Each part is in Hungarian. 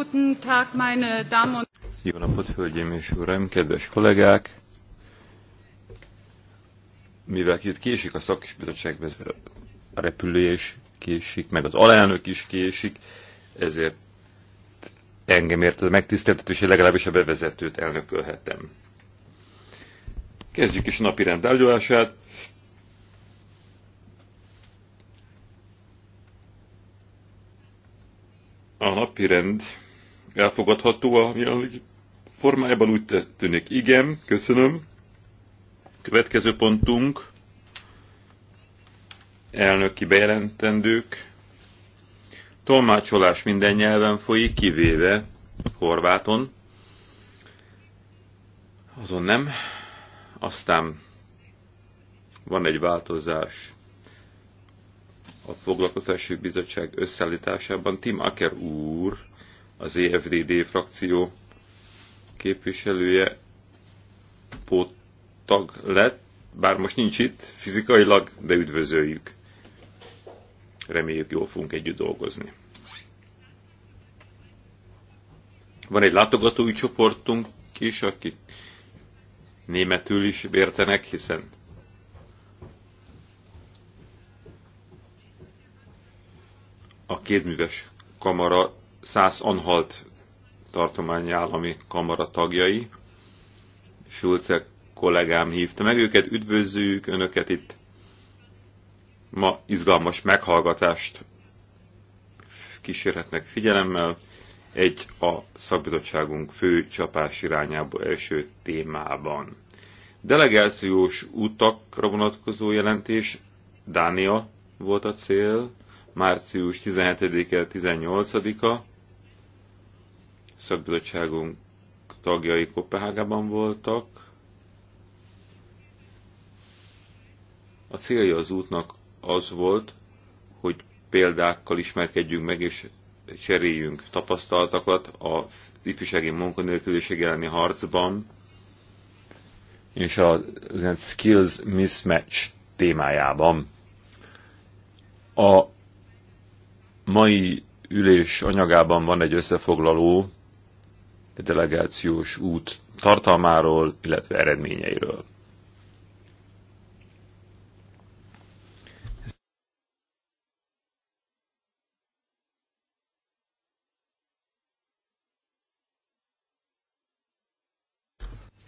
Guten Tag, meine Damen und Jó napot, hölgyeim és uraim, kedves kollégák! Mivel itt késik a szakbizottság a repülés késik, meg az alelnök is késik, ezért engem érted a megtiszteltetés, hogy legalábbis a bevezetőt elnökölhetem. Kezdjük is a napi rend tárgyalását. A napi rend elfogadható a jelenlegi formájában, úgy tűnik igen, köszönöm. Következő pontunk, elnöki bejelentendők. Tolmácsolás minden nyelven folyik, kivéve horváton. Azon nem. Aztán van egy változás a foglalkozási bizottság összeállításában. Tim Aker úr az EFDD frakció képviselője pótag lett, bár most nincs itt fizikailag, de üdvözöljük. Reméljük, jól fogunk együtt dolgozni. Van egy látogatói csoportunk is, akik németül is értenek, hiszen a kézműves kamara száz anhalt tartományi állami kamara tagjai. Schulze kollégám hívta meg őket, üdvözlőjük önöket itt. Ma izgalmas meghallgatást kísérhetnek figyelemmel. Egy a szakbizottságunk fő csapás irányába első témában. Delegációs utakra vonatkozó jelentés, Dánia volt a cél, március 17-e, 18-a, szakbizottságunk tagjai Kopenhágában voltak. A célja az útnak az volt, hogy példákkal ismerkedjünk meg, és cseréljünk tapasztalatokat a ifjúsági munkanélküliség elleni harcban, és a skills mismatch témájában. A mai ülés anyagában van egy összefoglaló, a delegációs út tartalmáról, illetve eredményeiről.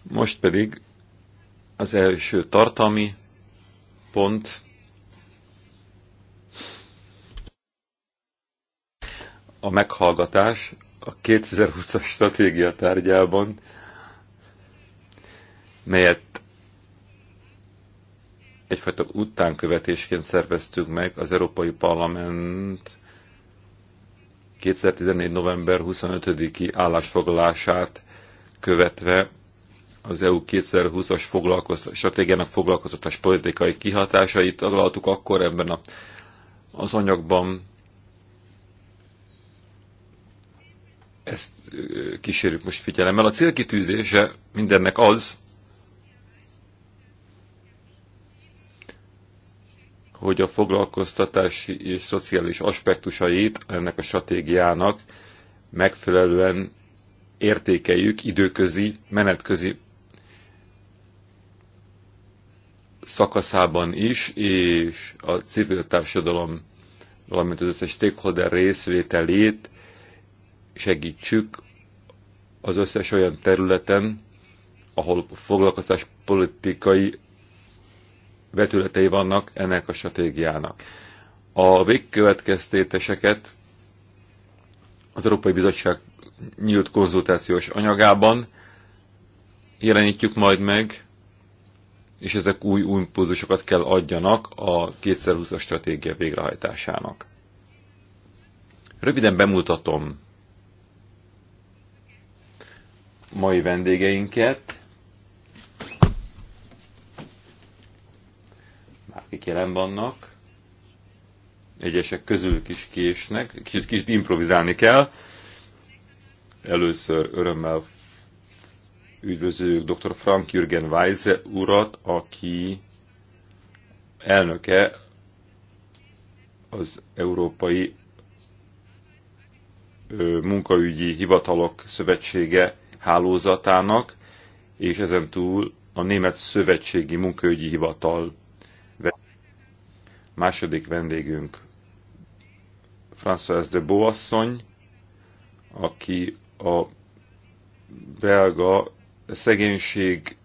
Most pedig az első tartalmi pont a meghallgatás a 2020-as stratégia tárgyában, melyet egyfajta utánkövetésként szerveztük meg az Európai Parlament 2014. november 25-i állásfoglalását követve az EU 2020-as foglalkoztat, stratégiának foglalkoztatás politikai kihatásait taglaltuk akkor ebben a, az anyagban, ezt kísérjük most figyelemmel. A célkitűzése mindennek az, hogy a foglalkoztatási és szociális aspektusait ennek a stratégiának megfelelően értékeljük időközi, menetközi szakaszában is, és a civil társadalom, valamint az összes stakeholder részvételét segítsük az összes olyan területen, ahol foglalkoztás politikai vetületei vannak ennek a stratégiának. A végkövetkeztéteseket az Európai Bizottság nyílt konzultációs anyagában jelenítjük majd meg, és ezek új impulzusokat kell adjanak a 2020-as stratégia végrehajtásának. Röviden bemutatom mai vendégeinket. Akik jelen vannak, egyesek közülük is késnek, kicsit, kicsit improvizálni kell. Először örömmel üdvözöljük dr. Frank Jürgen Weise urat, aki elnöke az Európai Munkaügyi Hivatalok Szövetsége hálózatának, és ezen túl a Német Szövetségi Munkaügyi Hivatal második vendégünk François de Beauasszony, aki a belga szegénység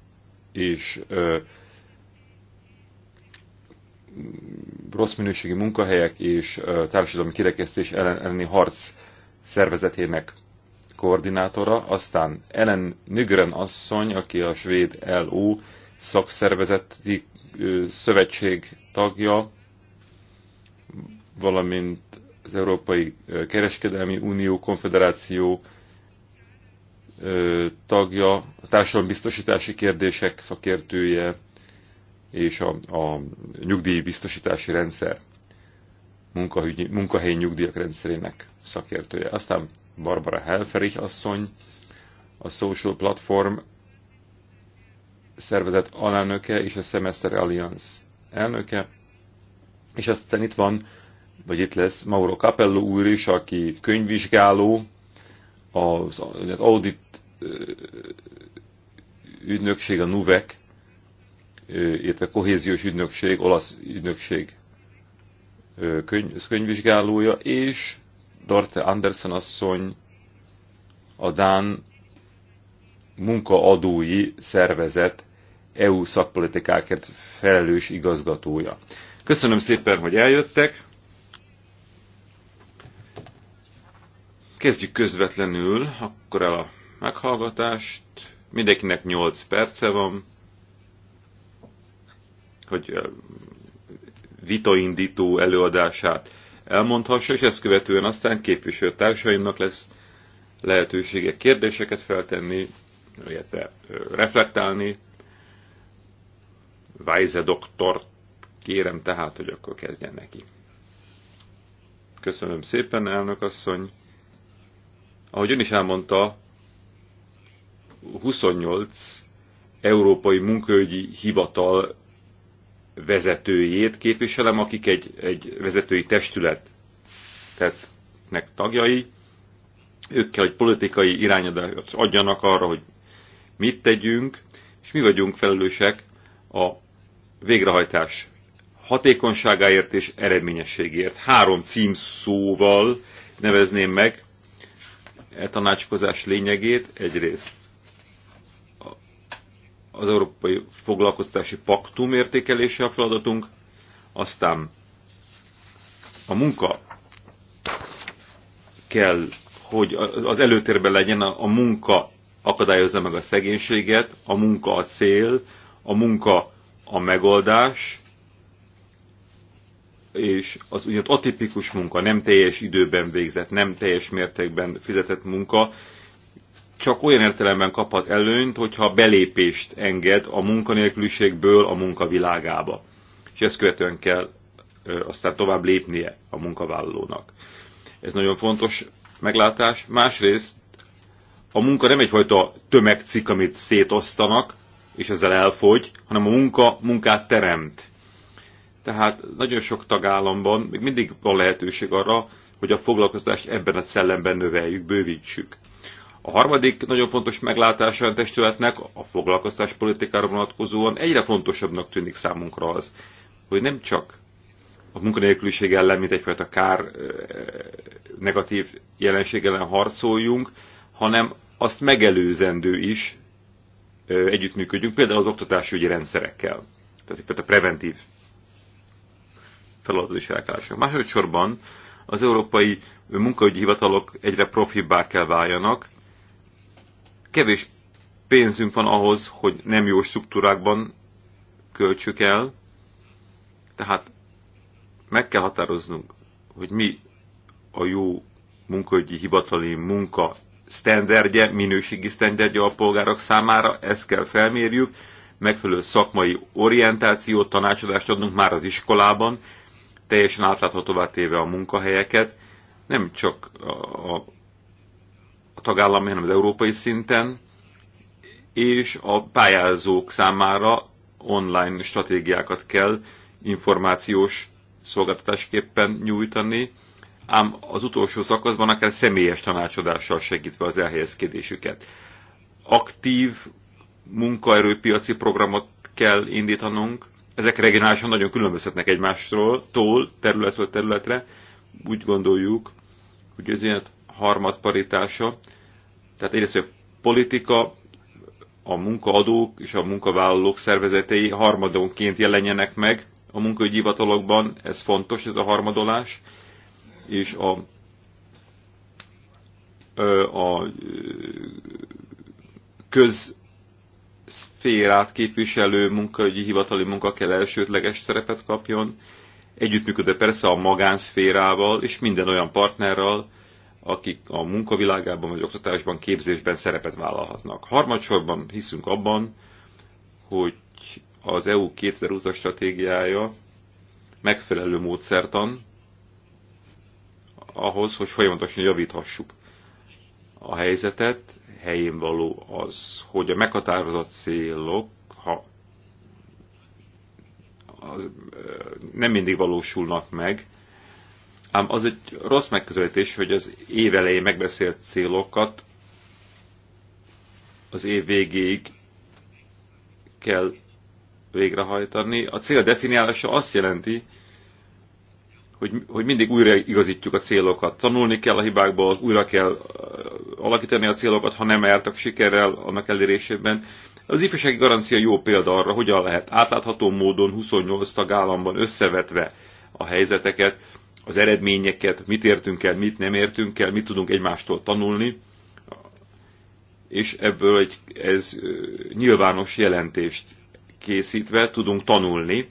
és ö, rossz minőségi munkahelyek és ö, társadalmi kirekesztés elleni harc szervezetének koordinátora, aztán Ellen Nygren asszony, aki a svéd LO szakszervezeti szövetség tagja, valamint az Európai Kereskedelmi Unió Konfederáció tagja, a társadalombiztosítási kérdések szakértője és a, a nyugdíjbiztosítási rendszer munkahelyi nyugdíjak rendszerének szakértője. Aztán Barbara Helferich asszony, a Social Platform szervezet alelnöke és a Semester Alliance elnöke, és aztán itt van, vagy itt lesz Mauro Capello úr is, aki könyvvizsgáló, az, az audit ügynökség, a NUVEC, illetve kohéziós ügynökség, olasz ügynökség könyv, könyvvizsgálója, és Dorte Andersen asszony a Dán munkaadói szervezet EU szakpolitikákért felelős igazgatója. Köszönöm szépen, hogy eljöttek. Kezdjük közvetlenül akkor el a meghallgatást. Mindenkinek 8 perce van, hogy vitaindító előadását elmondhassa, és ezt követően aztán képviselőtársaimnak lesz lehetősége kérdéseket feltenni, illetve reflektálni. Weise doktor, kérem tehát, hogy akkor kezdjen neki. Köszönöm szépen, elnök asszony. Ahogy ön is elmondta, 28 európai munkaügyi hivatal vezetőjét képviselem, akik egy, egy vezetői testület nek tagjai. Ők kell, hogy politikai irányadást adjanak arra, hogy mit tegyünk, és mi vagyunk felelősek a végrehajtás hatékonyságáért és eredményességért. Három címszóval nevezném meg e tanácskozás lényegét. Egyrészt az Európai Foglalkoztási Paktum értékelése a feladatunk, aztán a munka kell, hogy az előtérben legyen a, a munka akadályozza meg a szegénységet, a munka a cél, a munka a megoldás, és az úgynevezett atipikus munka, nem teljes időben végzett, nem teljes mértékben fizetett munka, csak olyan értelemben kaphat előnyt, hogyha belépést enged a munkanélküliségből a munkavilágába. És ezt követően kell aztán tovább lépnie a munkavállalónak. Ez nagyon fontos meglátás. Másrészt a munka nem egyfajta tömegcik, amit szétosztanak, és ezzel elfogy, hanem a munka munkát teremt. Tehát nagyon sok tagállamban még mindig van lehetőség arra, hogy a foglalkoztást ebben a szellemben növeljük, bővítsük. A harmadik nagyon fontos meglátása a testületnek a politikára vonatkozóan egyre fontosabbnak tűnik számunkra az, hogy nem csak a munkanélküliség ellen, mint egyfajta kár negatív jelenség ellen harcoljunk, hanem azt megelőzendő is együttműködjünk, például az oktatási ügyi rendszerekkel. Tehát egyfajta preventív feladat is elkállása. Másodszorban az európai munkaügyi hivatalok egyre profibbá kell váljanak, Kevés pénzünk van ahhoz, hogy nem jó struktúrákban költsük el, tehát meg kell határoznunk, hogy mi a jó munkaügyi hivatali munka sztenderdje, minőségi sztenderdje a polgárok számára, ezt kell felmérjük, megfelelő szakmai orientációt, tanácsadást adnunk már az iskolában, teljesen átláthatóvá téve a munkahelyeket, nem csak a, a a tagállami, hanem az európai szinten, és a pályázók számára online stratégiákat kell információs szolgáltatásképpen nyújtani, ám az utolsó szakaszban akár személyes tanácsadással segítve az elhelyezkedésüket. Aktív munkaerőpiaci programot kell indítanunk, ezek regionálisan nagyon különbözhetnek egymástól, tól, területről területre. Úgy gondoljuk, hogy ez ilyen harmadparitása. Tehát egyrészt, hogy a politika, a munkaadók és a munkavállalók szervezetei harmadonként jelenjenek meg a munkaügyi hivatalokban, ez fontos, ez a harmadolás, és a, a, a közszférát képviselő munkaügyi hivatali munka kell elsődleges szerepet kapjon, együttműködve persze a magánszférával és minden olyan partnerrel, akik a munkavilágában vagy oktatásban, képzésben szerepet vállalhatnak. Harmadsorban hiszünk abban, hogy az EU 2020-as stratégiája megfelelő módszertan ahhoz, hogy folyamatosan javíthassuk a helyzetet, helyén való az, hogy a meghatározott célok, ha az, nem mindig valósulnak meg, Ám az egy rossz megközelítés, hogy az év elején megbeszélt célokat az év végéig kell végrehajtani. A cél definiálása azt jelenti, hogy, hogy mindig újra igazítjuk a célokat. Tanulni kell a hibákból, újra kell uh, alakítani a célokat, ha nem jártak sikerrel annak elérésében. Az ifjúsági garancia jó példa arra, hogyan lehet átlátható módon 28 tagállamban összevetve a helyzeteket az eredményeket, mit értünk el, mit nem értünk el, mit tudunk egymástól tanulni, és ebből egy, ez nyilvános jelentést készítve tudunk tanulni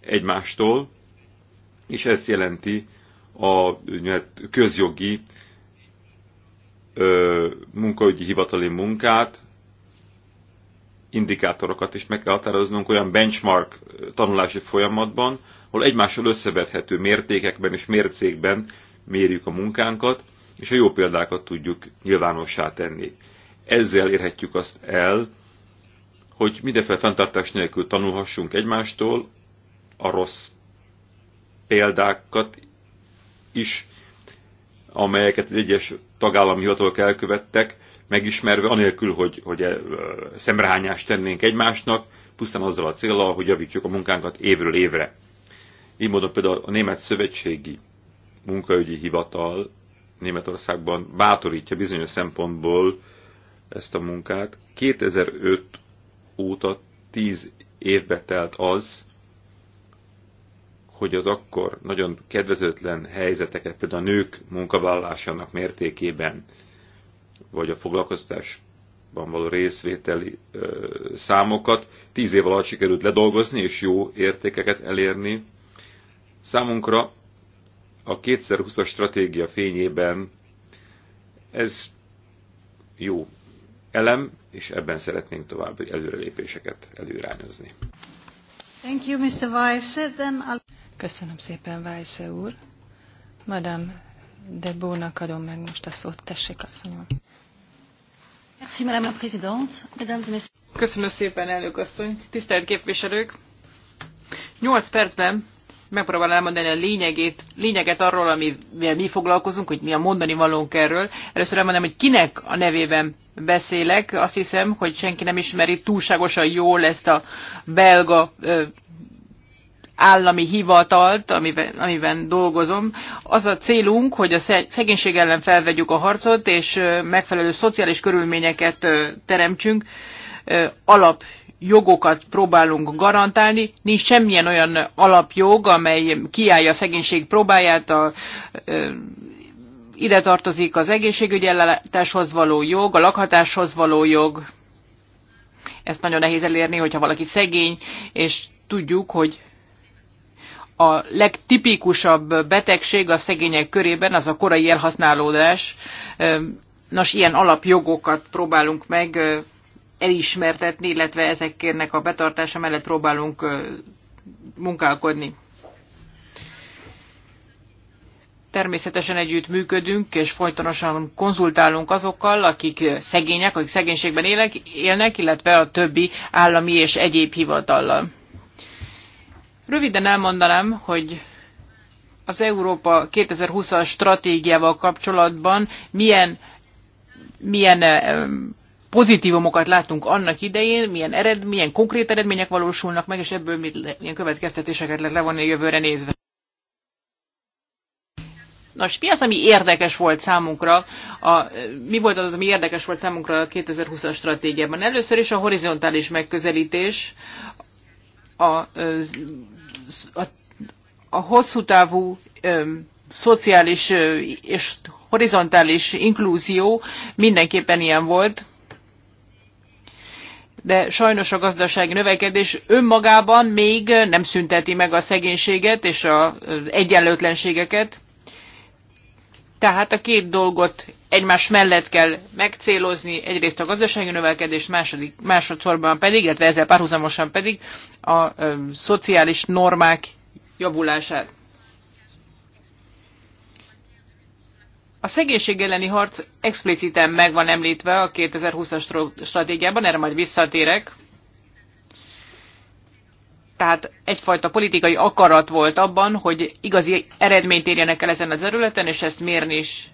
egymástól, és ezt jelenti a közjogi munkaügyi hivatali munkát, indikátorokat is meg kell határoznunk olyan benchmark tanulási folyamatban, ahol egymással összevethető mértékekben és mércékben mérjük a munkánkat, és a jó példákat tudjuk nyilvánossá tenni. Ezzel érhetjük azt el, hogy mindenféle fenntartás nélkül tanulhassunk egymástól, a rossz példákat is, amelyeket az egyes tagállami hivatalok elkövettek, megismerve, anélkül, hogy, hogy e, szemrehányást tennénk egymásnak, pusztán azzal a célral, hogy javítsuk a munkánkat évről évre. Így módon például a Német Szövetségi Munkaügyi Hivatal Németországban bátorítja bizonyos szempontból ezt a munkát. 2005 óta 10 évbe telt az, hogy az akkor nagyon kedvezőtlen helyzeteket, például a nők munkavállalásának mértékében vagy a foglalkoztatásban való részvételi ö, számokat tíz év alatt sikerült ledolgozni és jó értékeket elérni. Számunkra a 2020-as stratégia fényében ez jó elem, és ebben szeretnénk további előrelépéseket előrányozni. Thank you, Mr. Weiss. Then I'll... Köszönöm szépen, Weisse úr. Madame de Bónak adom meg most a szót, tessék asszonyom. Köszönöm szépen, elnök asszony. Tisztelt képviselők! nyolc percben megpróbálom elmondani a lényegét, lényeget arról, amivel mi foglalkozunk, hogy mi a mondani valónk erről. Először elmondom, hogy kinek a nevében beszélek. Azt hiszem, hogy senki nem ismeri túlságosan jól ezt a belga állami hivatalt, amiben, amiben dolgozom. Az a célunk, hogy a szegénység ellen felvegyük a harcot, és megfelelő szociális körülményeket teremtsünk, alap jogokat próbálunk garantálni. Nincs semmilyen olyan alapjog, amely kiállja a szegénység próbáját, a, ide tartozik az egészségügyi ellátáshoz való jog, a lakhatáshoz való jog. Ezt nagyon nehéz elérni, hogyha valaki szegény, és tudjuk, hogy a legtipikusabb betegség a szegények körében az a korai elhasználódás. Nos, ilyen alapjogokat próbálunk meg elismertetni, illetve ezeknek a betartása mellett próbálunk munkálkodni. Természetesen együtt működünk, és folytonosan konzultálunk azokkal, akik szegények, akik szegénységben élek, élnek, illetve a többi állami és egyéb hivatallal. Röviden elmondanám, hogy az Európa 2020-as stratégiával kapcsolatban milyen, milyen pozitívumokat látunk annak idején, milyen, ered, milyen konkrét eredmények valósulnak meg, és ebből milyen következtetéseket lehet levonni a jövőre nézve. Nos, mi az, ami érdekes volt számunkra, a, mi volt az, ami érdekes volt számunkra a 2020-as stratégiában? Először is a horizontális megközelítés, a, a, a hosszú távú szociális és horizontális inklúzió mindenképpen ilyen volt, de sajnos a gazdasági növekedés önmagában még nem szünteti meg a szegénységet és az egyenlőtlenségeket. Tehát a két dolgot egymás mellett kell megcélozni, egyrészt a gazdasági növekedés, második, másodszorban pedig, illetve ezzel párhuzamosan pedig a ö, szociális normák javulását. A szegénység elleni harc expliciten meg van említve a 2020-as stratégiában, erre majd visszatérek tehát egyfajta politikai akarat volt abban, hogy igazi eredményt érjenek el ezen a területen, és ezt mérni is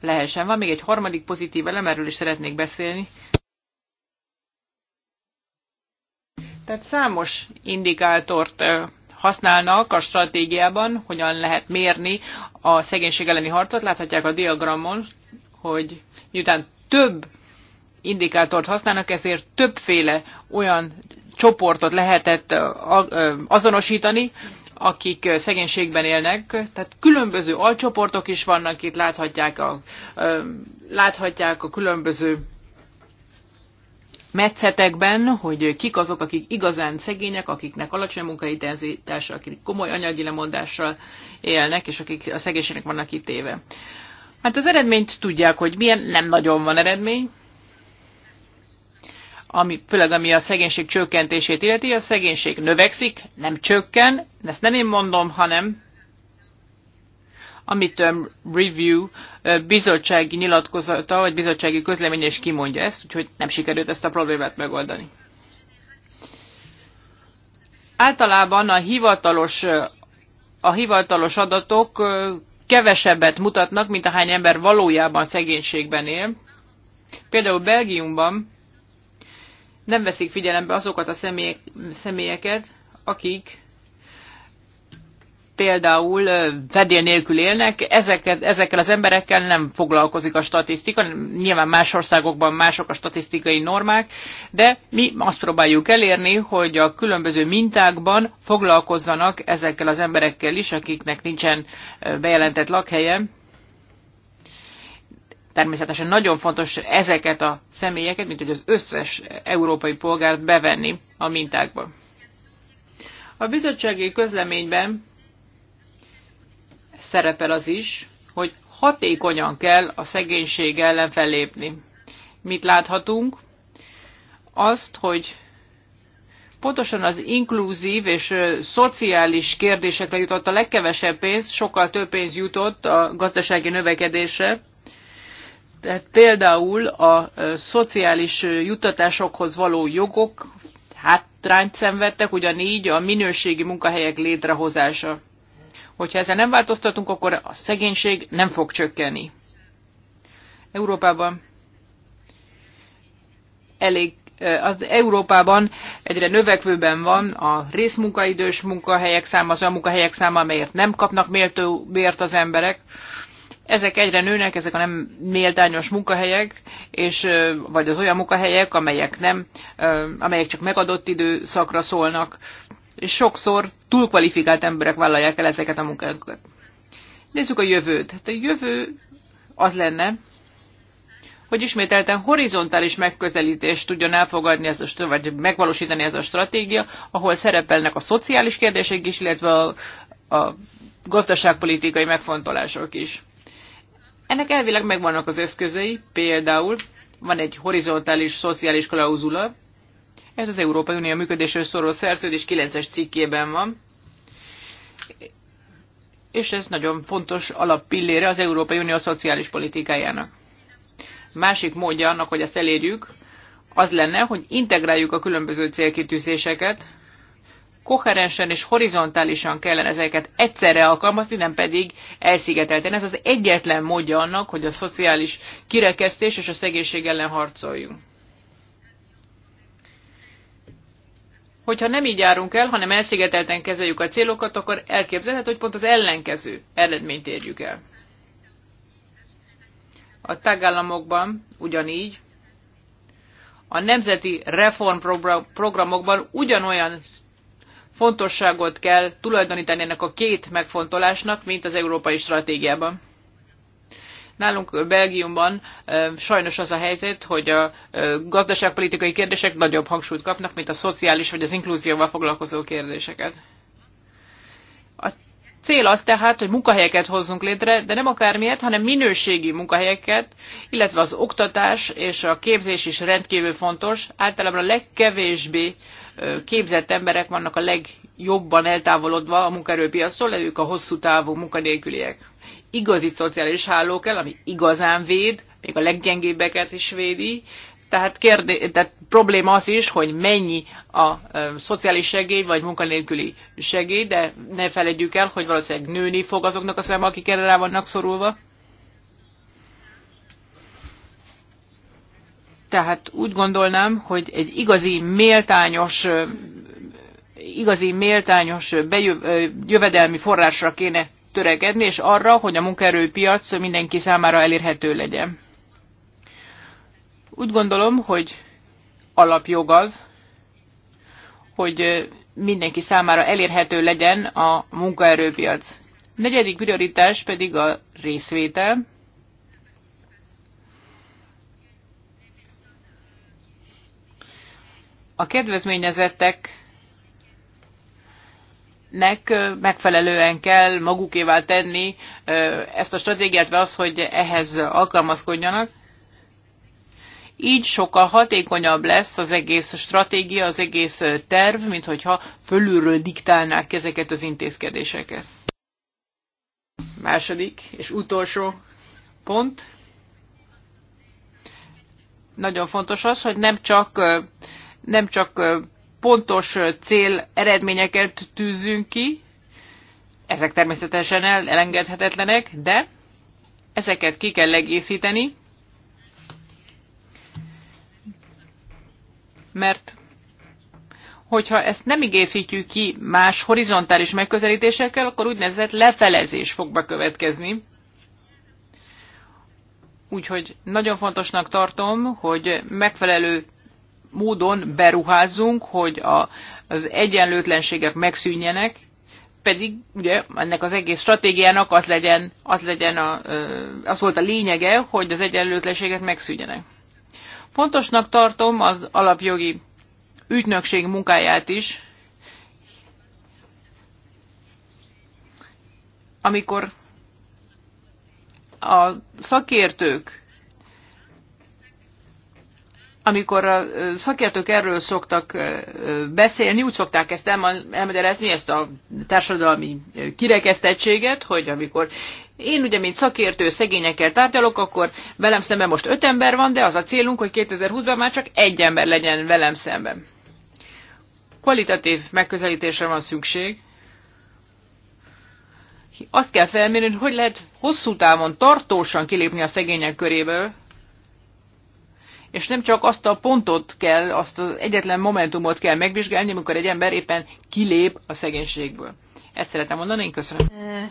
lehessen. Van még egy harmadik pozitív elem, erről is szeretnék beszélni. Tehát számos indikátort használnak a stratégiában, hogyan lehet mérni a szegénység elleni harcot. Láthatják a diagramon, hogy miután több indikátort használnak, ezért többféle olyan csoportot lehetett azonosítani, akik szegénységben élnek. Tehát különböző alcsoportok is vannak itt, láthatják a, láthatják a különböző metszetekben, hogy kik azok, akik igazán szegények, akiknek alacsony munkaintenzitása, akik komoly anyagi lemondással élnek, és akik a szegénységnek vannak ítéve. Hát az eredményt tudják, hogy milyen, nem nagyon van eredmény ami, főleg ami a szegénység csökkentését illeti, a szegénység növekszik, nem csökken, ezt nem én mondom, hanem a review bizottsági nyilatkozata, vagy bizottsági közlemény is kimondja ezt, úgyhogy nem sikerült ezt a problémát megoldani. Általában a hivatalos, a hivatalos adatok kevesebbet mutatnak, mint ahány ember valójában szegénységben él. Például Belgiumban nem veszik figyelembe azokat a személyek, személyeket, akik például vedél nélkül élnek, ezeket, ezekkel az emberekkel nem foglalkozik a statisztika, nyilván más országokban mások a statisztikai normák, de mi azt próbáljuk elérni, hogy a különböző mintákban foglalkozzanak ezekkel az emberekkel is, akiknek nincsen bejelentett lakhelye, Természetesen nagyon fontos ezeket a személyeket, mint hogy az összes európai polgárt bevenni a mintákba. A bizottsági közleményben szerepel az is, hogy hatékonyan kell a szegénység ellen fellépni. Mit láthatunk? Azt, hogy pontosan az inkluzív és szociális kérdésekre jutott a legkevesebb pénz, sokkal több pénz jutott a gazdasági növekedésre, tehát például a szociális juttatásokhoz való jogok hátrányt szenvedtek, ugyanígy a minőségi munkahelyek létrehozása. Hogyha ezzel nem változtatunk, akkor a szegénység nem fog csökkenni. Európában elég az Európában egyre növekvőben van a részmunkaidős munkahelyek száma, az olyan munkahelyek száma, amelyet nem kapnak méltó bért az emberek. Ezek egyre nőnek, ezek a nem méltányos munkahelyek, és, vagy az olyan munkahelyek, amelyek, nem, amelyek csak megadott időszakra szólnak, és sokszor túlkvalifikált emberek vállalják el ezeket a munkákat. Nézzük a jövőt. Hát a jövő az lenne, hogy ismételten horizontális megközelítést tudjon elfogadni, ez a, vagy megvalósítani ez a stratégia, ahol szerepelnek a szociális kérdések is, illetve a, a gazdaságpolitikai megfontolások is. Ennek elvileg megvannak az eszközei, például van egy horizontális szociális klauzula, ez az Európai Unió működésről szóló szerződés 9-es cikkében van, és ez nagyon fontos alappillére az Európai Unió szociális politikájának. Másik módja annak, hogy ezt elérjük, az lenne, hogy integráljuk a különböző célkitűzéseket, koherensen és horizontálisan kellene ezeket egyszerre alkalmazni, nem pedig elszigetelten. Ez az egyetlen módja annak, hogy a szociális kirekesztés és a szegénység ellen harcoljunk. Hogyha nem így járunk el, hanem elszigetelten kezeljük a célokat, akkor elképzelhet, hogy pont az ellenkező eredményt érjük el. A tagállamokban ugyanígy a nemzeti reformprogramokban ugyanolyan fontosságot kell tulajdonítani ennek a két megfontolásnak, mint az európai stratégiában. Nálunk Belgiumban sajnos az a helyzet, hogy a gazdaságpolitikai kérdések nagyobb hangsúlyt kapnak, mint a szociális vagy az inkluzióval foglalkozó kérdéseket. A cél az tehát, hogy munkahelyeket hozzunk létre, de nem akármilyet, hanem minőségi munkahelyeket, illetve az oktatás és a képzés is rendkívül fontos, általában a legkevésbé képzett emberek vannak a legjobban eltávolodva a munkaerőpiasztól, ők a hosszú távú munkanélküliek. Igazi szociális háló kell, ami igazán véd, még a leggyengébbeket is védi, tehát, kérdé, tehát probléma az is, hogy mennyi a ö, szociális segély vagy munkanélküli segély, de ne felejtjük el, hogy valószínűleg nőni fog azoknak a szem, akik erre rá vannak szorulva. Tehát úgy gondolnám, hogy egy igazi méltányos igazi méltányos jövedelmi forrásra kéne töregedni, és arra, hogy a munkaerőpiac mindenki számára elérhető legyen. Úgy gondolom, hogy alapjog az, hogy mindenki számára elérhető legyen a munkaerőpiac. negyedik prioritás pedig a részvétel. a kedvezményezetteknek megfelelően kell magukévá tenni ezt a stratégiát, vagy az, hogy ehhez alkalmazkodjanak. Így sokkal hatékonyabb lesz az egész stratégia, az egész terv, mint hogyha fölülről diktálnák ezeket az intézkedéseket. Második és utolsó pont. Nagyon fontos az, hogy nem csak nem csak pontos cél eredményeket tűzünk ki, ezek természetesen elengedhetetlenek, de ezeket ki kell egészíteni, mert hogyha ezt nem igészítjük ki más horizontális megközelítésekkel, akkor úgynevezett lefelezés fog bekövetkezni. Úgyhogy nagyon fontosnak tartom, hogy megfelelő módon beruházunk, hogy a, az egyenlőtlenségek megszűnjenek, pedig ugye ennek az egész stratégiának az legyen, az, legyen a, az volt a lényege, hogy az egyenlőtlenséget megszűnjenek. Fontosnak tartom az alapjogi ügynökség munkáját is, amikor a szakértők amikor a szakértők erről szoktak beszélni, úgy szokták ezt elmagyarázni, ezt a társadalmi kirekesztettséget, hogy amikor én ugye, mint szakértő szegényekkel tárgyalok, akkor velem szemben most öt ember van, de az a célunk, hogy 2020-ban már csak egy ember legyen velem szemben. Kvalitatív megközelítésre van szükség. Azt kell felmérni, hogy lehet hosszú távon tartósan kilépni a szegények köréből, és nem csak azt a pontot kell, azt az egyetlen momentumot kell megvizsgálni, amikor egy ember éppen kilép a szegénységből. Ezt szeretem mondani, én köszönöm. Eh,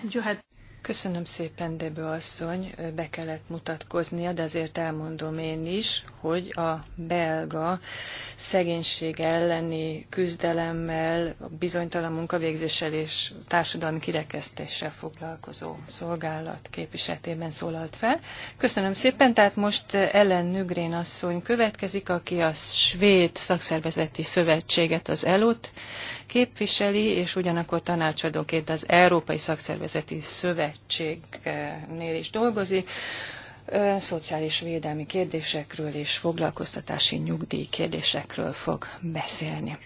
Köszönöm szépen, Debő asszony, be kellett mutatkoznia, de azért elmondom én is, hogy a belga szegénység elleni küzdelemmel, bizonytalan munkavégzéssel és társadalmi kirekesztéssel foglalkozó szolgálat képviseletében szólalt fel. Köszönöm szépen, tehát most Ellen Nügrén asszony következik, aki a Svéd Szakszervezeti Szövetséget, az ELOT képviseli, és ugyanakkor tanácsadóként az Európai Szakszervezeti Szövetségnél is dolgozik, szociális védelmi kérdésekről és foglalkoztatási nyugdíj kérdésekről fog beszélni.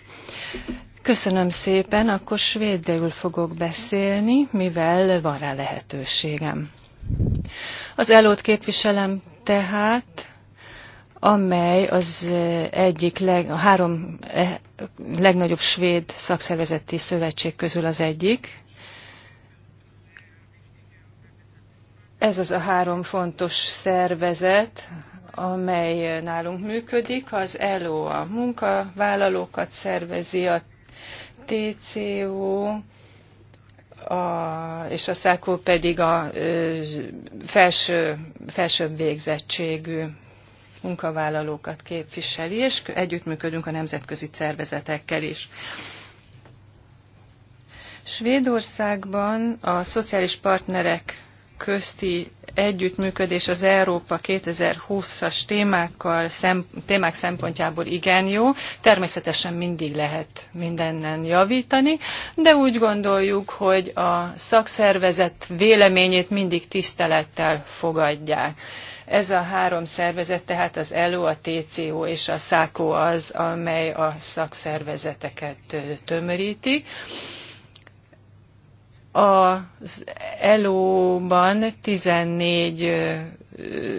Köszönöm szépen, akkor svédül fogok beszélni, mivel van rá lehetőségem. Az elót képviselem tehát, amely az egyik leg, a három eh, legnagyobb svéd szakszervezeti szövetség közül az egyik. Ez az a három fontos szervezet, amely nálunk működik. Az ELO a munkavállalókat szervezi, a TCO, a, és a SZÁKÓ pedig a ö, felső, felsőbb végzettségű munkavállalókat képviseli, és együttműködünk a nemzetközi szervezetekkel is. Svédországban a szociális partnerek közti együttműködés az Európa 2020-as témákkal, szem, témák szempontjából igen jó. Természetesen mindig lehet mindennen javítani, de úgy gondoljuk, hogy a szakszervezet véleményét mindig tisztelettel fogadják ez a három szervezet, tehát az ELO, a TCO és a SZÁKO az, amely a szakszervezeteket tömöríti. Az ELO-ban 14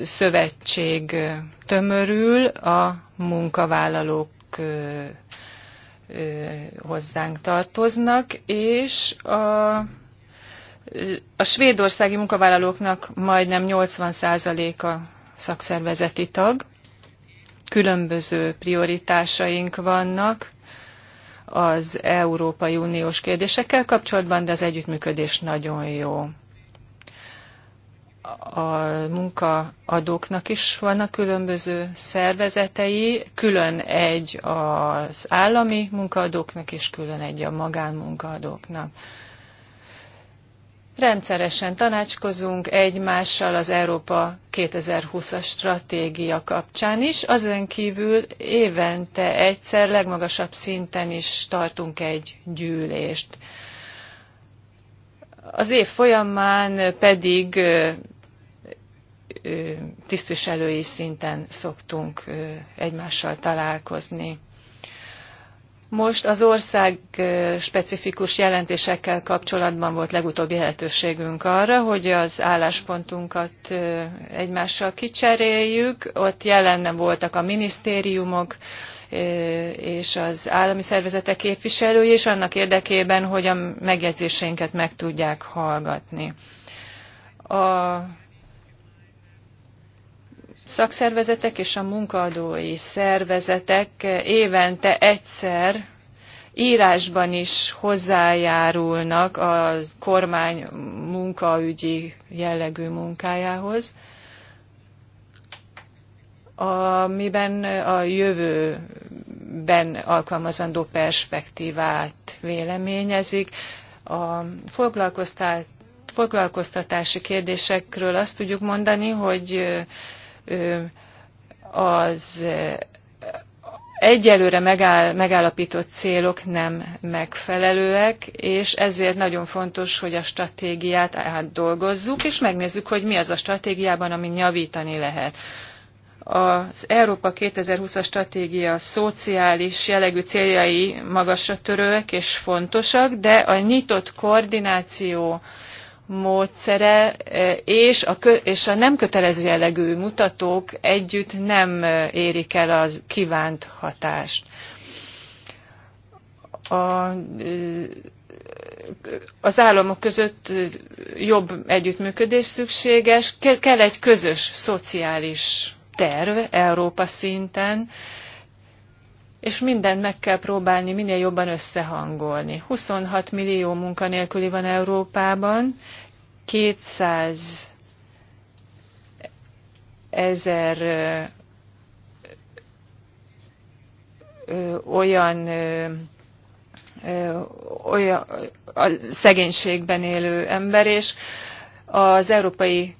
szövetség tömörül a munkavállalók hozzánk tartoznak, és a a svédországi munkavállalóknak majdnem 80%-a szakszervezeti tag, különböző prioritásaink vannak az Európai Uniós kérdésekkel kapcsolatban, de az együttműködés nagyon jó. A munkaadóknak is vannak különböző szervezetei, külön egy az állami munkaadóknak, és külön egy a magánmunkaadóknak Rendszeresen tanácskozunk egymással az Európa 2020-as stratégia kapcsán is. Azon kívül évente egyszer legmagasabb szinten is tartunk egy gyűlést. Az év folyamán pedig tisztviselői szinten szoktunk egymással találkozni. Most az ország specifikus jelentésekkel kapcsolatban volt legutóbbi lehetőségünk arra, hogy az álláspontunkat egymással kicseréljük. Ott jelen voltak a minisztériumok, és az állami szervezetek képviselői, és annak érdekében, hogy a megjegyzéseinket meg tudják hallgatni. A szakszervezetek és a munkaadói szervezetek évente egyszer írásban is hozzájárulnak a kormány munkaügyi jellegű munkájához, amiben a jövőben alkalmazandó perspektívát véleményezik. A foglalkoztatási kérdésekről azt tudjuk mondani, hogy az egyelőre megáll, megállapított célok nem megfelelőek, és ezért nagyon fontos, hogy a stratégiát átdolgozzuk, és megnézzük, hogy mi az a stratégiában, amin javítani lehet. Az Európa 2020-as stratégia szociális jellegű céljai magasra törőek és fontosak, de a nyitott koordináció, módszere eh, és a, kö, és a nem kötelező jellegű mutatók együtt nem eh, érik el az kívánt hatást. A, eh, az államok között jobb együttműködés szükséges, kell egy közös szociális terv Európa szinten, és mindent meg kell próbálni minél jobban összehangolni. 26 millió munkanélküli van Európában, 200 ezer olyan olyan a szegénységben élő ember, és az európai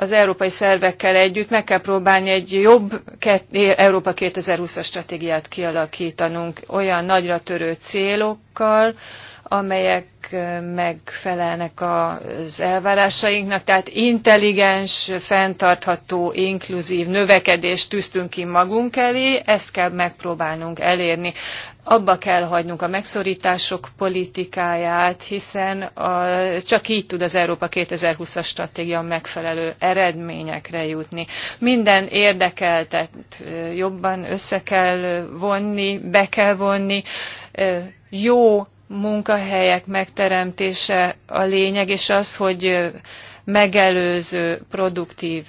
az európai szervekkel együtt meg kell próbálni egy jobb Európa 2020-as stratégiát kialakítanunk olyan nagyra törő célokkal, amelyek megfelelnek az elvárásainknak, tehát intelligens, fenntartható, inkluzív növekedést tűztünk ki magunk elé, ezt kell megpróbálnunk elérni. Abba kell hagynunk a megszorítások politikáját, hiszen a, csak így tud az Európa 2020-as stratégia megfelelő eredményekre jutni. Minden érdekeltet jobban össze kell vonni, be kell vonni, jó munkahelyek megteremtése a lényeg, és az, hogy megelőző produktív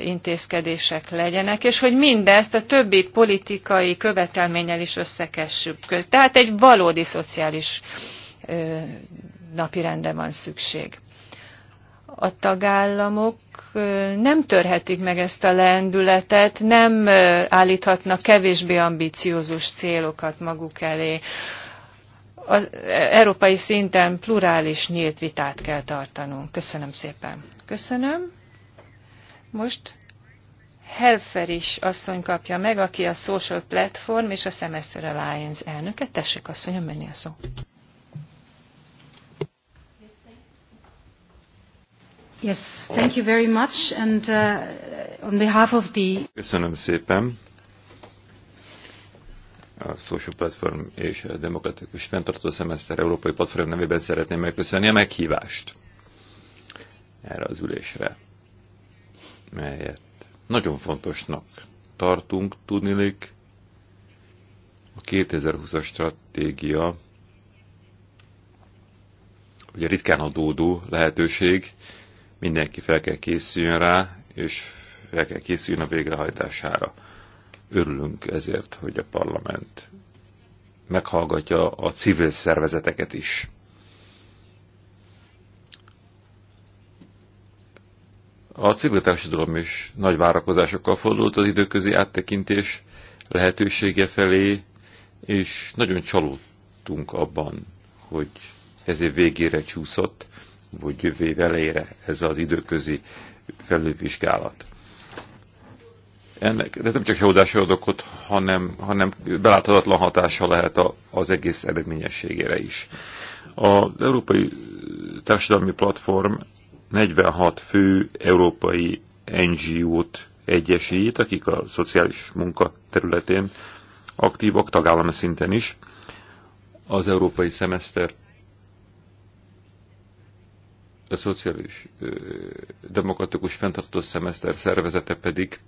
intézkedések legyenek, és hogy mindezt a többi politikai követelménnyel is összekessük köz. Tehát egy valódi szociális napirendre van szükség. A tagállamok nem törhetik meg ezt a lendületet, nem állíthatnak kevésbé ambiciózus célokat maguk elé az e, európai szinten plurális nyílt vitát kell tartanunk. Köszönöm szépen. Köszönöm. Most Helfer is asszony kapja meg, aki a Social Platform és a Semester Alliance elnöke. Tessék asszonyom, menni a szó. Yes, thank you very much, and uh, on behalf of the... Köszönöm szépen a Social Platform és a Demokratikus Fentartó Szemeszter Európai Platform nevében szeretném megköszönni a meghívást erre az ülésre, melyet nagyon fontosnak tartunk, tudnilik, a 2020-as stratégia ugye ritkán adódó lehetőség, mindenki fel kell készüljön rá, és fel kell készüljön a végrehajtására. Örülünk ezért, hogy a parlament meghallgatja a civil szervezeteket is. A civil társadalom is nagy várakozásokkal fordult az időközi áttekintés lehetősége felé, és nagyon csalódtunk abban, hogy ez év végére csúszott, vagy jövő év elejére ez az időközi felülvizsgálat ennek, ez nem csak csalódásra ad okot, hanem, hanem beláthatatlan hatása lehet a, az egész eredményességére is. Az Európai Társadalmi Platform 46 fő európai NGO-t egyesít, akik a szociális munka területén aktívak, tagállami szinten is. Az európai szemeszter a szociális demokratikus fenntartó szemeszter szervezete pedig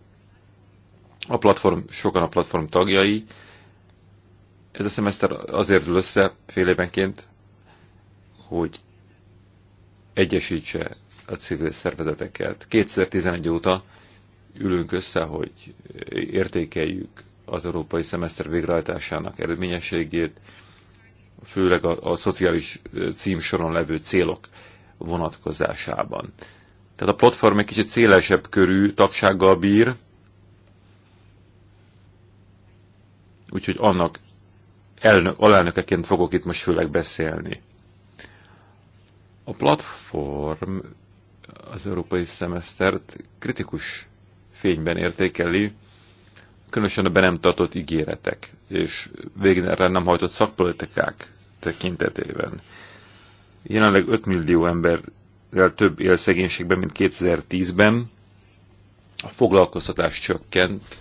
a platform, sokan a platform tagjai. Ez a szemeszter azért ül össze fél évenként, hogy egyesítse a civil szervezeteket. 2011 óta ülünk össze, hogy értékeljük az európai szemeszter végrehajtásának eredményességét, főleg a, a szociális címsoron levő célok vonatkozásában. Tehát a platform egy kicsit szélesebb körű tagsággal bír, úgyhogy annak elnök, alelnökeként fogok itt most főleg beszélni. A platform az európai szemesztert kritikus fényben értékeli, különösen a be nem tartott ígéretek és erre nem hajtott szakpolitikák tekintetében. Jelenleg 5 millió emberrel több él szegénységben, mint 2010-ben, a foglalkoztatás csökkent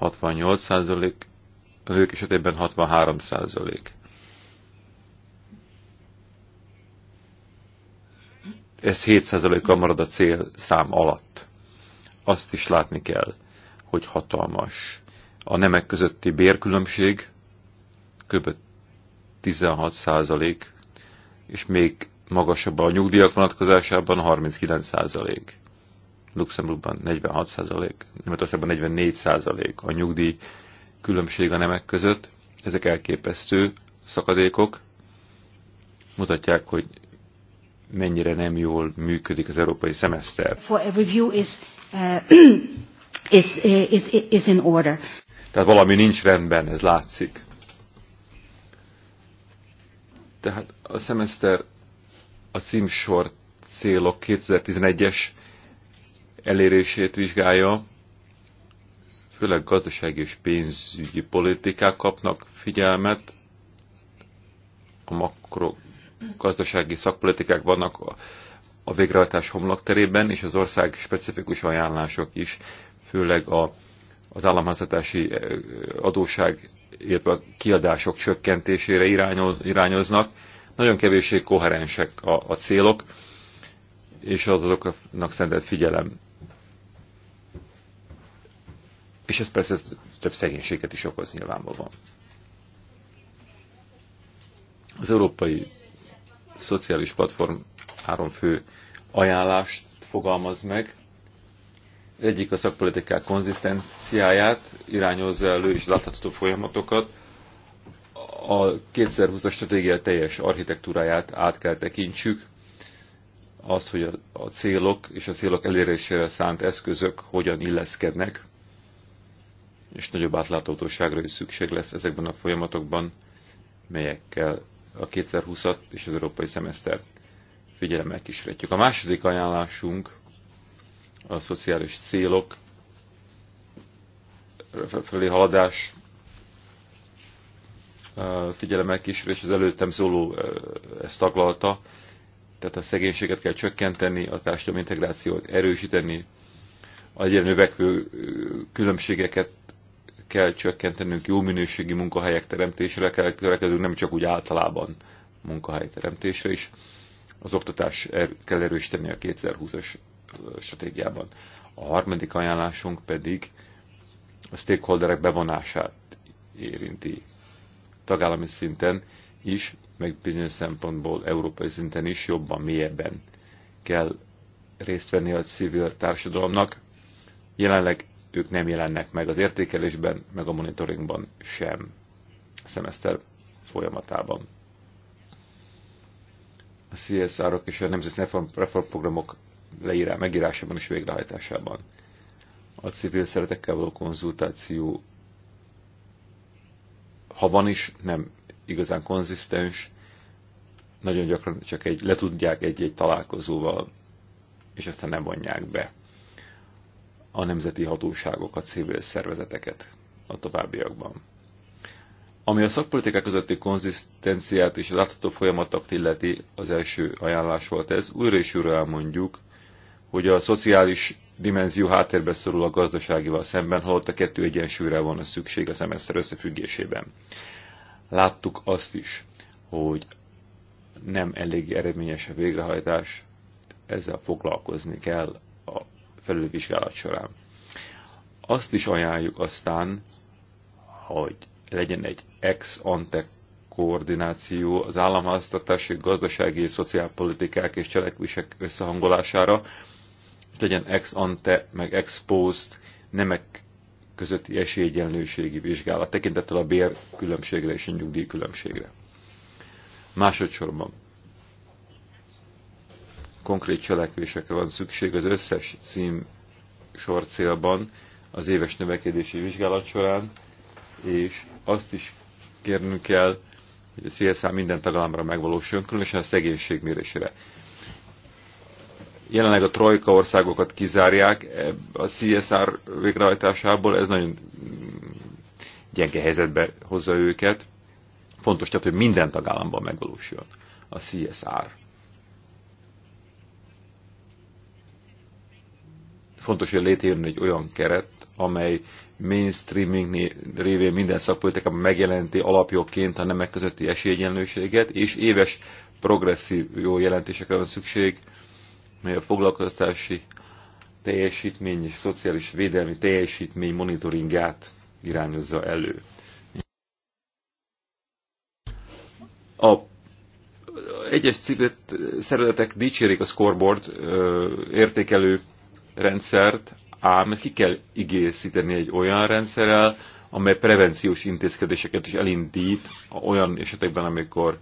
68 százalék, a nők esetében 63 százalék. Ez 7 százalékkal marad a cél szám alatt. Azt is látni kell, hogy hatalmas. A nemek közötti bérkülönbség kb. 16%, százalék, és még magasabb a nyugdíjak vonatkozásában 39%. százalék. Luxemburgban 46 százalék, Németországban 44 százalék a nyugdíj különbség a nemek között. Ezek elképesztő szakadékok, mutatják, hogy mennyire nem jól működik az európai szemeszter. Uh, uh, Tehát valami nincs rendben, ez látszik. Tehát a szemeszter a címsor célok 2011-es elérését vizsgálja, főleg gazdasági és pénzügyi politikák kapnak figyelmet, a makrogazdasági szakpolitikák vannak a végrehajtás homlokterében, és az ország specifikus ajánlások is, főleg a, az államházatási eh, adóság, illetve a kiadások csökkentésére irányoz, irányoznak. Nagyon kevéssé koherensek a, a célok, és az azoknak szentelt figyelem és ez persze több szegénységet is okoz nyilvánvalóan. Az Európai Szociális Platform három fő ajánlást fogalmaz meg. Egyik a szakpolitikák konzisztenciáját irányozza elő és látható folyamatokat. A 2020-as stratégia teljes architektúráját át kell tekintsük. Az, hogy a célok és a célok elérésére szánt eszközök hogyan illeszkednek és nagyobb átláthatóságra is szükség lesz ezekben a folyamatokban, melyekkel a 2020-at és az európai szemesztert figyelemmel kísérhetjük. A második ajánlásunk a szociális célok felé haladás figyelemmel kísérés az előttem szóló ezt taglalta, tehát a szegénységet kell csökkenteni, a társadalmi integrációt erősíteni, a egyre növekvő különbségeket kell csökkentenünk, jó minőségi munkahelyek teremtésére kell törekednünk, nem csak úgy általában munkahely teremtésre is. Az oktatás er kell erősíteni a 2020-as stratégiában. A harmadik ajánlásunk pedig a stakeholderek bevonását érinti. Tagállami szinten is, meg bizonyos szempontból európai szinten is jobban, mélyebben kell részt venni a civil társadalomnak. Jelenleg ők nem jelennek meg az értékelésben, meg a monitoringban sem a szemeszter folyamatában. A CSR-ok és a nemzeti reformprogramok leírá, megírásában és végrehajtásában. A civil szeretekkel való konzultáció, ha van is, nem igazán konzisztens, nagyon gyakran csak egy, letudják egy-egy találkozóval, és aztán nem vonják be a nemzeti hatóságokat, civil szervezeteket a továbbiakban. Ami a szakpolitikák közötti konzisztenciát és a látható folyamatokat illeti, az első ajánlás volt ez. Újra és újra elmondjuk, hogy a szociális dimenzió háttérbe szorul a gazdaságival szemben, holott a kettő egyensúlyra van a szükség a szemeszter összefüggésében. Láttuk azt is, hogy nem elég eredményes a végrehajtás, ezzel foglalkozni kell a felülvizsgálat során. Azt is ajánljuk aztán, hogy legyen egy ex-ante koordináció az államháztatási, gazdasági és szociálpolitikák és cselekvések összehangolására, legyen ex-ante, meg ex-post, nemek közötti esélyegyenlőségi vizsgálat, tekintettel a bérkülönbségre és a nyugdíjkülönbségre. Másodszorban konkrét cselekvésekre van szükség az összes cím sor célban az éves növekedési vizsgálat során, és azt is kérnünk kell, hogy a CSA minden tagállamra megvalósuljon, különösen a szegénység mérésére. Jelenleg a trojka országokat kizárják a CSR végrehajtásából, ez nagyon gyenge helyzetbe hozza őket. Fontos tehát, hogy minden tagállamban megvalósuljon a CSR. fontos, hogy létrejön egy olyan keret, amely mainstreaming révén minden szakpolitikában megjelenti alapjogként a nemek közötti esélyegyenlőséget, és éves progresszív jó jelentésekre van szükség, mely a foglalkoztási teljesítmény és szociális védelmi teljesítmény monitoringját irányozza elő. A egyes szervezetek dicsérik a scoreboard ö, értékelő rendszert, ám ki kell igészíteni egy olyan rendszerrel, amely prevenciós intézkedéseket is elindít olyan esetekben, amikor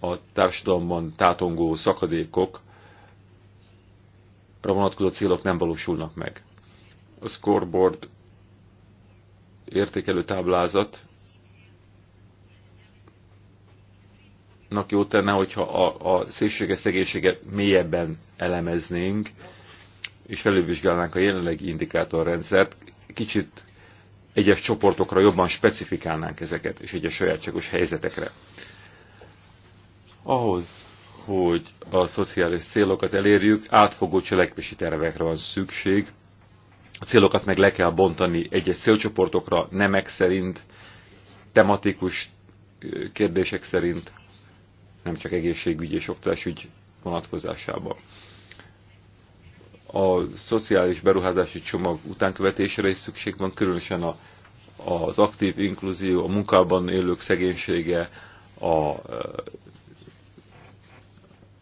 a társadalomban tátongó szakadékok vonatkozó célok nem valósulnak meg. A scoreboard értékelő táblázat jót tenne, hogyha a, a szélséges szegénységet mélyebben elemeznénk, és felülvizsgálnánk a jelenlegi indikátorrendszert, kicsit egyes csoportokra jobban specifikálnánk ezeket, és egyes sajátságos helyzetekre. Ahhoz, hogy a szociális célokat elérjük, átfogó cselekvési tervekre van szükség. A célokat meg le kell bontani egyes célcsoportokra, nemek szerint, tematikus kérdések szerint, nem csak egészségügy és oktatásügy vonatkozásában a szociális beruházási csomag utánkövetésére is szükség van, különösen a, az aktív inkluzió, a munkában élők szegénysége, a, a e,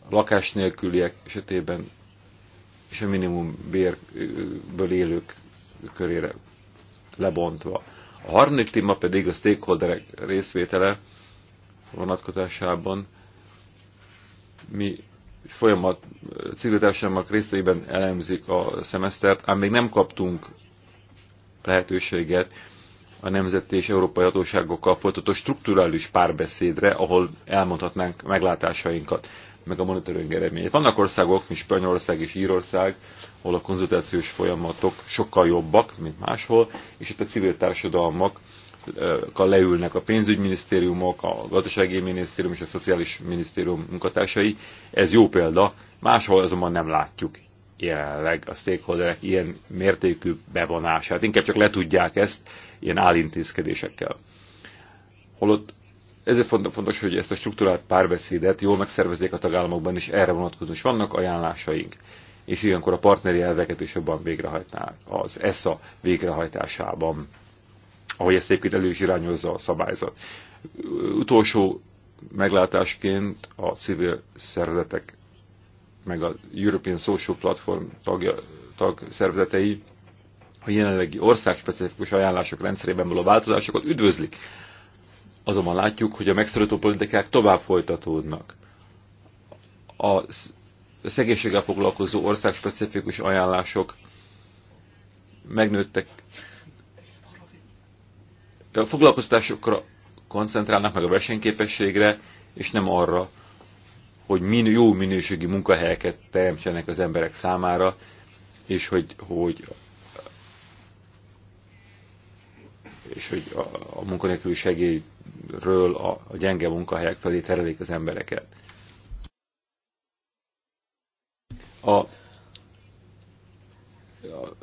lakás nélküliek esetében és a minimum bérből élők körére lebontva. A harmadik téma pedig a stakeholderek részvétele vonatkozásában mi folyamat civil társadalmak részeiben elemzik a szemesztert, ám még nem kaptunk lehetőséget a nemzeti és európai hatóságokkal folytató strukturális párbeszédre, ahol elmondhatnánk meglátásainkat, meg a monitoring eredményét. Vannak országok, mint Spanyolország és Írország, ahol a konzultációs folyamatok sokkal jobbak, mint máshol, és itt a civil társadalmak leülnek a pénzügyminisztériumok, a gazdasági minisztérium és a szociális minisztérium munkatársai. Ez jó példa, máshol azonban nem látjuk jelenleg a stakeholderek ilyen mértékű bevonását. Inkább csak letudják ezt ilyen állintézkedésekkel. Holott ezért fontos, hogy ezt a struktúrált párbeszédet jól megszervezzék a tagállamokban is, erre vonatkozóan is vannak ajánlásaink, és ilyenkor a partneri elveket is jobban végrehajtnák az ESSA végrehajtásában ahogy ezt egyébként elő is irányozza a szabályzat. Utolsó meglátásként a civil szervezetek, meg a European Social Platform tagja, tag szervezetei a jelenlegi országspecifikus ajánlások rendszerében való változásokat üdvözlik. Azonban látjuk, hogy a megszorító politikák tovább folytatódnak. A szegénységgel foglalkozó országspecifikus ajánlások megnőttek a foglalkoztásokra koncentrálnak meg a versenyképességre, és nem arra, hogy min jó minőségi munkahelyeket teremtsenek az emberek számára, és hogy, hogy és hogy a, a munkanélküli segélyről a, a gyenge munkahelyek felé terelik az embereket. A,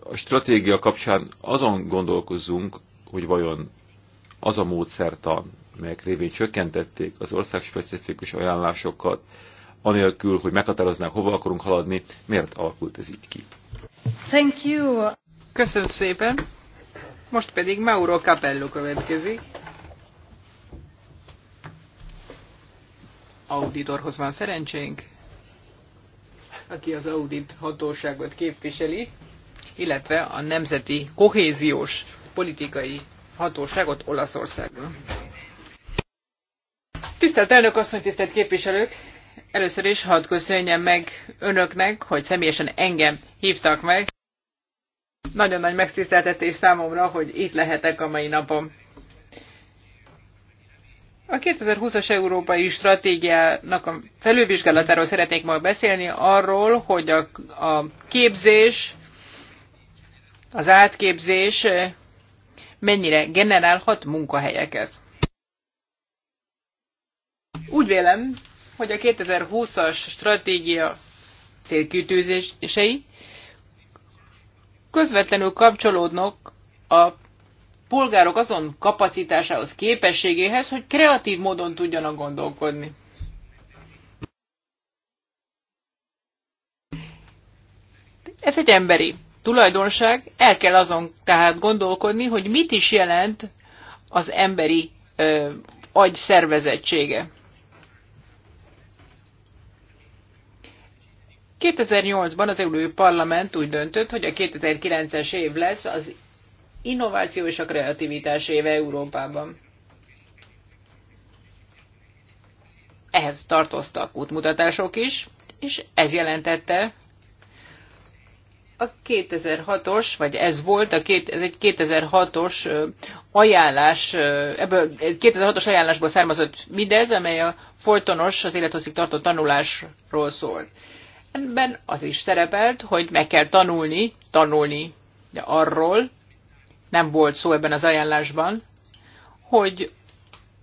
a stratégia kapcsán azon gondolkozzunk, hogy vajon az a módszertan, melyek révén csökkentették az országspecifikus ajánlásokat, anélkül, hogy meghatároznák, hova akarunk haladni, miért alakult ez így ki? Thank you. Köszönöm szépen. Most pedig Mauro Capello következik. Auditorhoz van szerencsénk, aki az audit hatóságot képviseli, illetve a nemzeti kohéziós politikai hatóságot Olaszországban. Tisztelt elnök asszony, tisztelt képviselők! Először is hadd köszönjem meg önöknek, hogy személyesen engem hívtak meg. Nagyon nagy megtiszteltetés számomra, hogy itt lehetek a mai napon. A 2020-as európai stratégiának a felülvizsgálatáról szeretnék ma beszélni, arról, hogy a, a képzés, az átképzés mennyire generálhat munkahelyeket. Úgy vélem, hogy a 2020-as stratégia célkütőzései közvetlenül kapcsolódnak a polgárok azon kapacitásához, képességéhez, hogy kreatív módon tudjanak gondolkodni. Ez egy emberi tulajdonság, el kell azon tehát gondolkodni, hogy mit is jelent az emberi ö, agy szervezettsége. 2008-ban az Európai Parlament úgy döntött, hogy a 2009-es év lesz az innováció és a kreativitás éve Európában. Ehhez tartoztak útmutatások is, és ez jelentette, a 2006-os, vagy ez volt, a két, ez egy 2006-os ajánlás, ebből 2006-os ajánlásból származott mindez, amely a folytonos, az élethosszig tartó tanulásról szólt. Ebben az is szerepelt, hogy meg kell tanulni, tanulni de arról, nem volt szó ebben az ajánlásban, hogy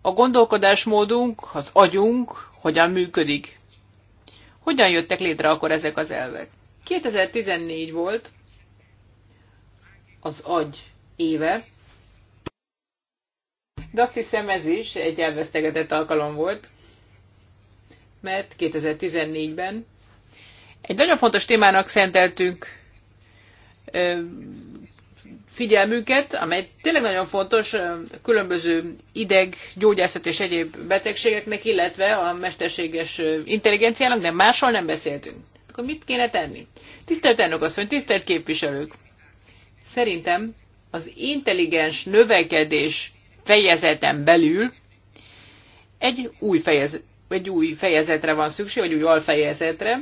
a gondolkodásmódunk, az agyunk hogyan működik. Hogyan jöttek létre akkor ezek az elvek? 2014 volt az agy éve, de azt hiszem ez is egy elvesztegetett alkalom volt, mert 2014-ben egy nagyon fontos témának szenteltünk figyelmünket, amely tényleg nagyon fontos különböző ideg, gyógyászat és egyéb betegségeknek, illetve a mesterséges intelligenciának, de máshol nem beszéltünk. Akkor mit kéne tenni? Tisztelt elnök asszony, tisztelt képviselők! Szerintem az intelligens növekedés fejezeten belül egy új, fejez, egy új fejezetre van szükség, vagy új alfejezetre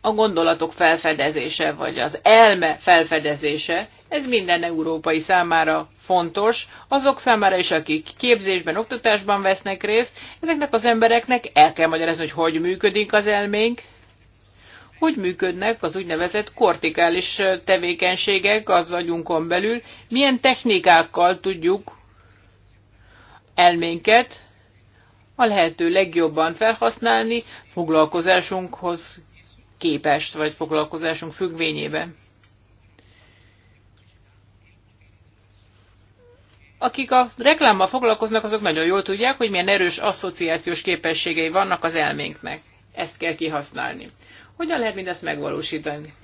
a gondolatok felfedezése, vagy az elme felfedezése, ez minden európai számára fontos, azok számára is, akik képzésben, oktatásban vesznek részt, ezeknek az embereknek el kell magyarázni, hogy hogy működik az elménk, hogy működnek az úgynevezett kortikális tevékenységek az agyunkon belül, milyen technikákkal tudjuk elménket a lehető legjobban felhasználni, foglalkozásunkhoz képest, vagy foglalkozásunk függvényében. Akik a reklámmal foglalkoznak, azok nagyon jól tudják, hogy milyen erős asszociációs képességei vannak az elménknek. Ezt kell kihasználni. Hogyan lehet mindezt megvalósítani?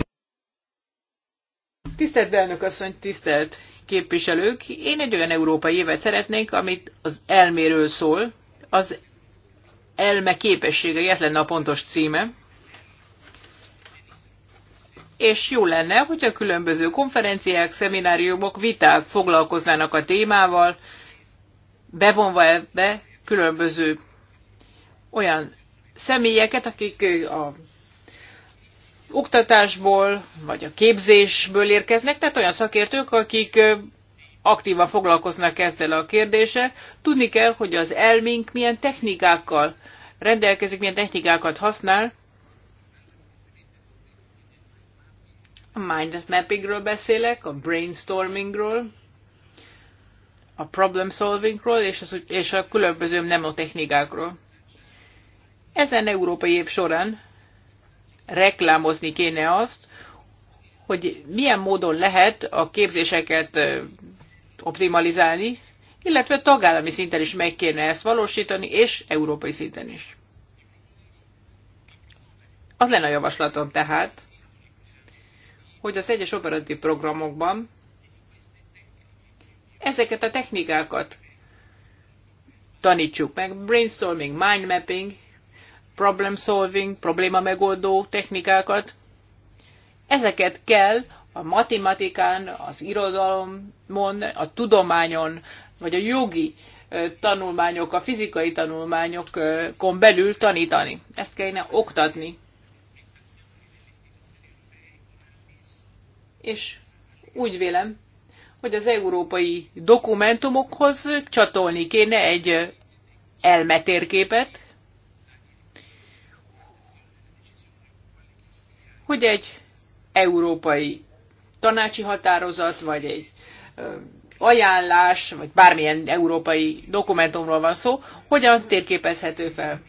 Tisztelt elnök asszony, tisztelt képviselők, én egy olyan európai évet szeretnék, amit az elméről szól, az elme képességei, ez lenne a pontos címe és jó lenne, hogy a különböző konferenciák, szemináriumok, viták foglalkoznának a témával, bevonva ebbe különböző olyan személyeket, akik a oktatásból, vagy a képzésből érkeznek, tehát olyan szakértők, akik aktívan foglalkoznak ezzel a kérdése, Tudni kell, hogy az elménk milyen technikákkal rendelkezik, milyen technikákat használ, A mind mappingről beszélek, a brainstormingról, a problem solvingról és, az, és a különböző mnemotechnikákról. Ezen európai év során reklámozni kéne azt, hogy milyen módon lehet a képzéseket optimalizálni, illetve tagállami szinten is meg kéne ezt valósítani, és európai szinten is. Az lenne a javaslatom tehát, hogy az egyes operatív programokban ezeket a technikákat tanítsuk meg. Brainstorming, mind mapping, problem solving, probléma megoldó technikákat. Ezeket kell a matematikán, az irodalomon, a tudományon, vagy a jogi tanulmányok, a fizikai tanulmányokon belül tanítani. Ezt kellene oktatni és úgy vélem, hogy az európai dokumentumokhoz csatolni kéne egy elmetérképet, hogy egy európai tanácsi határozat, vagy egy ajánlás, vagy bármilyen európai dokumentumról van szó, hogyan térképezhető fel.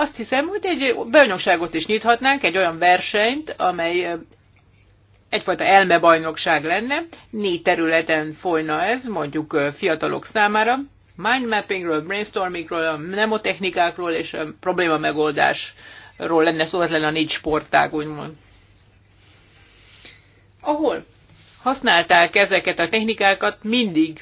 Azt hiszem, hogy egy bajnokságot is nyithatnánk, egy olyan versenyt, amely egyfajta elmebajnokság lenne. Négy területen folyna ez, mondjuk fiatalok számára. Mindmappingről, brainstormingról, a mnemotechnikákról és a probléma megoldásról lenne szó, szóval ez lenne a négy sportág, úgymond. Ahol használták ezeket a technikákat, mindig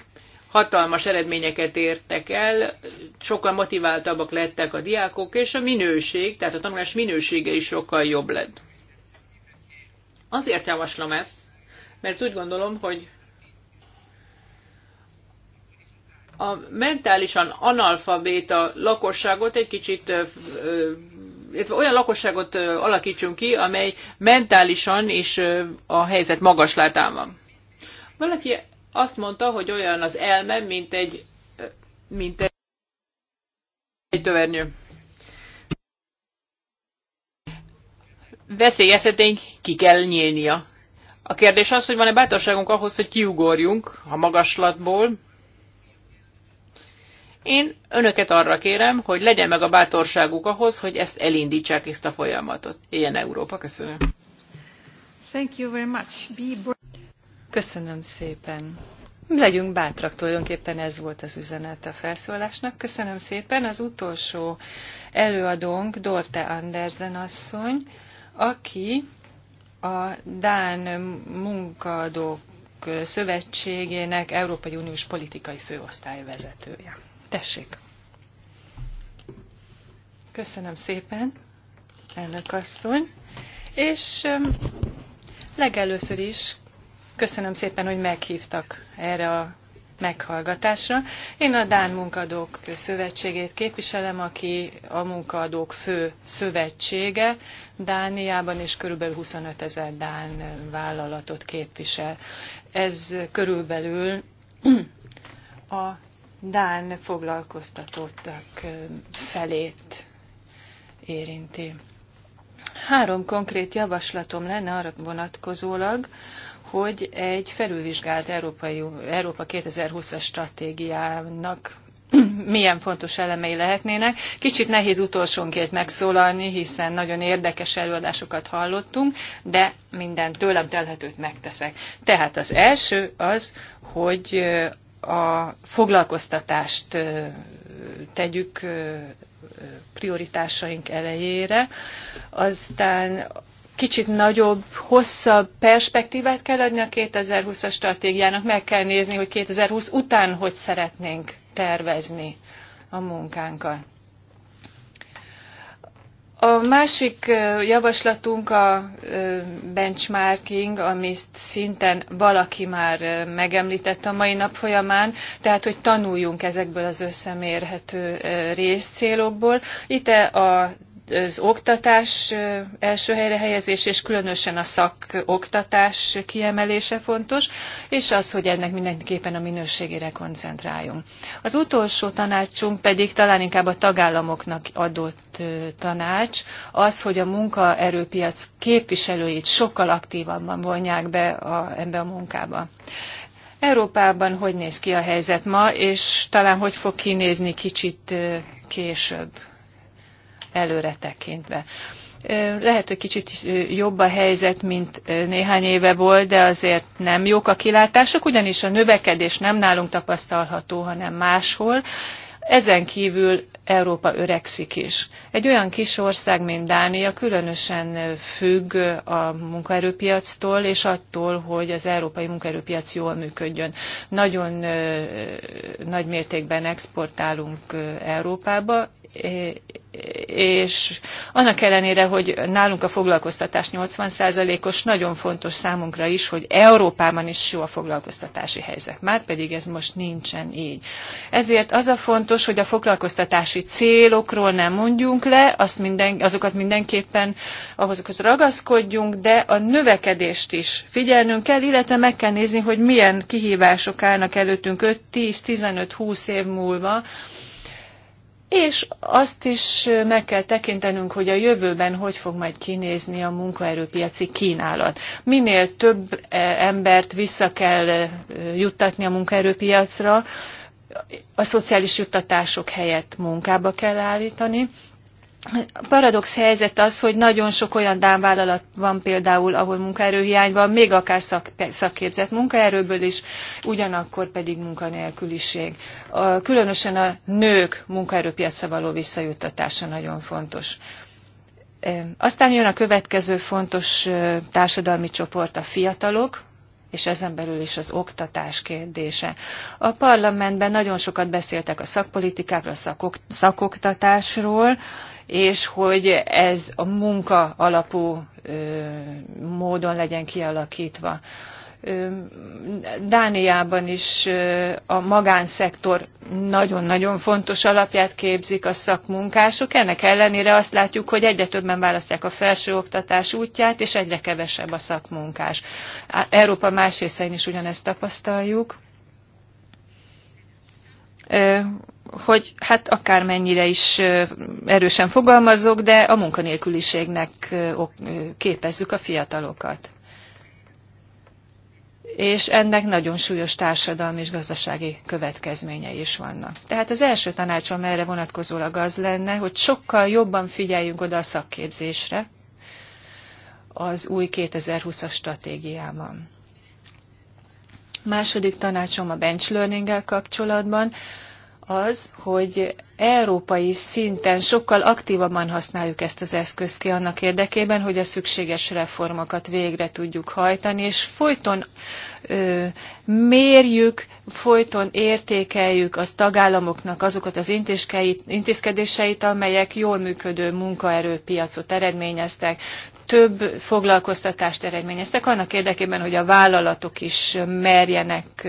hatalmas eredményeket értek el, sokkal motiváltabbak lettek a diákok, és a minőség, tehát a tanulás minősége is sokkal jobb lett. Azért javaslom ezt, mert úgy gondolom, hogy a mentálisan analfabéta lakosságot egy kicsit olyan lakosságot alakítsunk ki, amely mentálisan is a helyzet magaslátán van. Valaki azt mondta, hogy olyan az elme, mint egy, mint egy, egy tövernyő. Veszély esetén ki kell nyílnia. A kérdés az, hogy van-e bátorságunk ahhoz, hogy kiugorjunk a magaslatból. Én önöket arra kérem, hogy legyen meg a bátorságuk ahhoz, hogy ezt elindítsák, ezt a folyamatot. Ilyen Európa. Köszönöm. Thank you very much. Be Köszönöm szépen. Legyünk bátrak, tulajdonképpen ez volt az üzenet a felszólásnak. Köszönöm szépen. Az utolsó előadónk Dorte Andersen asszony, aki a Dán Munkadók Szövetségének Európai Uniós Politikai Főosztály vezetője. Tessék! Köszönöm szépen, elnök asszony, és um, legelőször is Köszönöm szépen, hogy meghívtak erre a meghallgatásra. Én a Dán Munkadók Szövetségét képviselem, aki a munkadók fő szövetsége Dániában, és körülbelül 25 ezer Dán vállalatot képvisel. Ez körülbelül a Dán foglalkoztatottak felét érinti. Három konkrét javaslatom lenne arra vonatkozólag, hogy egy felülvizsgált Európai, Európa 2020-as stratégiának milyen fontos elemei lehetnének. Kicsit nehéz utolsónként megszólalni, hiszen nagyon érdekes előadásokat hallottunk, de minden tőlem telhetőt megteszek. Tehát az első az, hogy a foglalkoztatást tegyük prioritásaink elejére, aztán kicsit nagyobb, hosszabb perspektívát kell adni a 2020-as stratégiának, meg kell nézni, hogy 2020 után hogy szeretnénk tervezni a munkánkat. A másik javaslatunk a benchmarking, amit szinten valaki már megemlített a mai nap folyamán, tehát hogy tanuljunk ezekből az összemérhető részcélokból. Itt a az oktatás első helyre helyezés, és különösen a szakoktatás kiemelése fontos, és az, hogy ennek mindenképpen a minőségére koncentráljunk. Az utolsó tanácsunk pedig talán inkább a tagállamoknak adott tanács, az, hogy a munkaerőpiac képviselőit sokkal aktívabban vonják be a, ebbe a munkába. Európában hogy néz ki a helyzet ma, és talán hogy fog kinézni kicsit később? előre tekintve. Lehet, hogy kicsit jobb a helyzet, mint néhány éve volt, de azért nem jók a kilátások, ugyanis a növekedés nem nálunk tapasztalható, hanem máshol. Ezen kívül Európa öregszik is. Egy olyan kis ország, mint Dánia különösen függ a munkaerőpiactól, és attól, hogy az európai munkaerőpiac jól működjön. Nagyon ö, nagy mértékben exportálunk Európába, és annak ellenére, hogy nálunk a foglalkoztatás 80%-os, nagyon fontos számunkra is, hogy Európában is jó a foglalkoztatási helyzet. Már pedig ez most nincsen így. Ezért az a fontos, hogy a foglalkoztatási célokról nem mondjunk le, azt minden, azokat mindenképpen ahhoz ragaszkodjunk, de a növekedést is figyelnünk kell, illetve meg kell nézni, hogy milyen kihívások állnak előttünk 5-10-15-20 év múlva, és azt is meg kell tekintenünk, hogy a jövőben hogy fog majd kinézni a munkaerőpiaci kínálat. Minél több e, embert vissza kell e, juttatni a munkaerőpiacra, a szociális juttatások helyett munkába kell állítani, paradox helyzet az, hogy nagyon sok olyan dámvállalat van például, ahol munkaerőhiány van, még akár szak, szakképzett munkaerőből is, ugyanakkor pedig munkanélküliség. A, különösen a nők munkaerőpiacra való visszajuttatása nagyon fontos. Aztán jön a következő fontos társadalmi csoport, a fiatalok, és ezen belül is az oktatás kérdése. A parlamentben nagyon sokat beszéltek a szakpolitikákról, a szakok, szakoktatásról, és hogy ez a munka alapú módon legyen kialakítva. Dániában is a magánszektor nagyon-nagyon fontos alapját képzik a szakmunkások. Ennek ellenére azt látjuk, hogy egyre többen választják a felsőoktatás útját, és egyre kevesebb a szakmunkás. Európa más részein is ugyanezt tapasztaljuk hogy hát akármennyire is erősen fogalmazok, de a munkanélküliségnek képezzük a fiatalokat. És ennek nagyon súlyos társadalmi és gazdasági következményei is vannak. Tehát az első tanácsom erre vonatkozólag az lenne, hogy sokkal jobban figyeljünk oda a szakképzésre az új 2020-as stratégiában. Második tanácsom a bench learning kapcsolatban az, hogy európai szinten sokkal aktívabban használjuk ezt az eszközt ki annak érdekében, hogy a szükséges reformokat végre tudjuk hajtani, és folyton ö, mérjük, folyton értékeljük az tagállamoknak azokat az intézkedéseit, amelyek jól működő munkaerőpiacot eredményeztek, több foglalkoztatást eredményeztek, annak érdekében, hogy a vállalatok is merjenek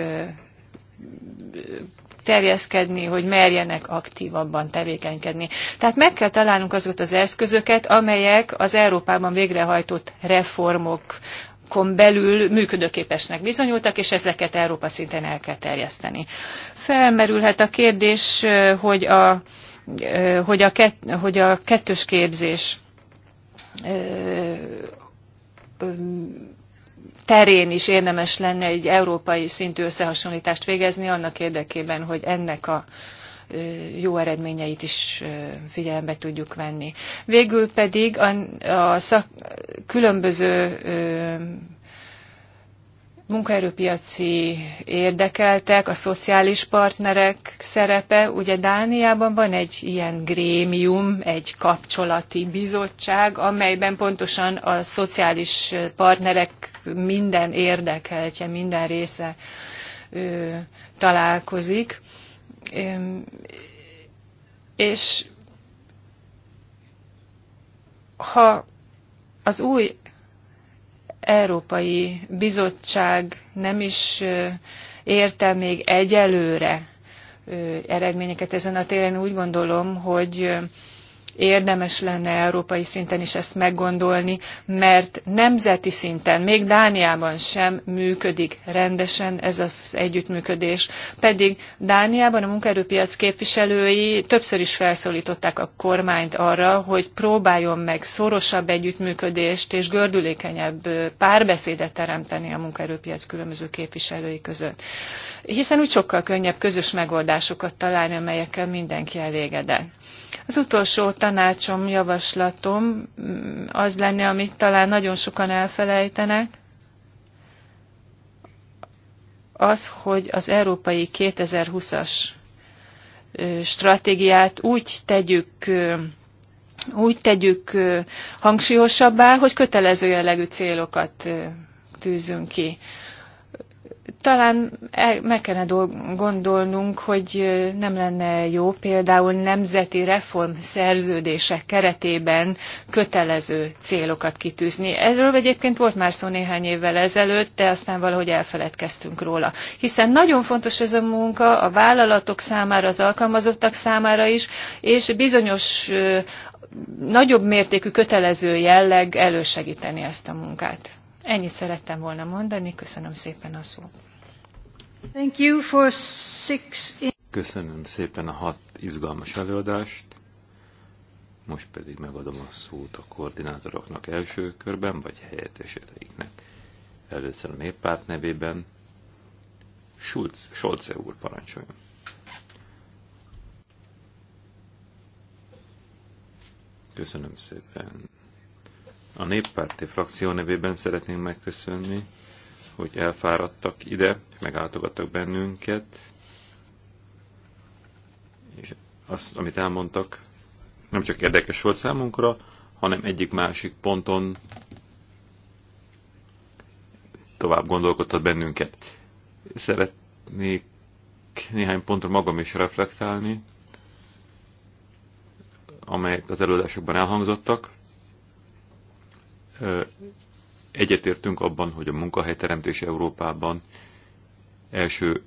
terjeszkedni, hogy merjenek aktívabban tevékenykedni. Tehát meg kell találnunk azokat az eszközöket, amelyek az Európában végrehajtott reformok kon belül működőképesnek bizonyultak, és ezeket Európa szinten el kell terjeszteni. Felmerülhet a kérdés, hogy a, hogy a, kett, hogy a kettős képzés terén is érdemes lenne egy európai szintű összehasonlítást végezni annak érdekében, hogy ennek a jó eredményeit is figyelembe tudjuk venni. Végül pedig a, a szak, különböző munkaerőpiaci érdekeltek, a szociális partnerek szerepe. Ugye Dániában van egy ilyen grémium, egy kapcsolati bizottság, amelyben pontosan a szociális partnerek minden érdekeltje, minden része ö, találkozik. Ö, és ha az új Európai Bizottság nem is ért el még egyelőre eredményeket ezen a téren. Úgy gondolom, hogy érdemes lenne európai szinten is ezt meggondolni, mert nemzeti szinten, még Dániában sem működik rendesen ez az együttműködés. Pedig Dániában a munkaerőpiac képviselői többször is felszólították a kormányt arra, hogy próbáljon meg szorosabb együttműködést és gördülékenyebb párbeszédet teremteni a munkaerőpiac különböző képviselői között. Hiszen úgy sokkal könnyebb közös megoldásokat találni, amelyekkel mindenki elégedett. Az utolsó tanácsom, javaslatom mm, az lenne, amit talán nagyon sokan elfelejtenek, az, hogy az európai 2020-as stratégiát úgy tegyük úgy tegyük hangsúlyosabbá, hogy kötelező jellegű célokat tűzünk ki talán el, meg kellene gondolnunk, hogy nem lenne jó például nemzeti reform szerződések keretében kötelező célokat kitűzni. Erről egyébként volt már szó néhány évvel ezelőtt, de aztán valahogy elfeledkeztünk róla. Hiszen nagyon fontos ez a munka a vállalatok számára, az alkalmazottak számára is, és bizonyos nagyobb mértékű kötelező jelleg elősegíteni ezt a munkát. Ennyit szerettem volna mondani, köszönöm szépen a szót. Thank you for six... Köszönöm szépen a hat izgalmas előadást. Most pedig megadom a szót a koordinátoroknak első körben, vagy helyetteseteiknek. Először a néppárt nevében Schulz, Scholze úr parancsoljon. Köszönöm szépen. A néppárti frakció nevében szeretnénk megköszönni, hogy elfáradtak ide, megáltogattak bennünket, és azt, amit elmondtak, nem csak érdekes volt számunkra, hanem egyik másik ponton tovább gondolkodtat bennünket. Szeretnék néhány pontra magam is reflektálni, amelyek az előadásokban elhangzottak egyetértünk abban, hogy a munkahelyteremtés Európában első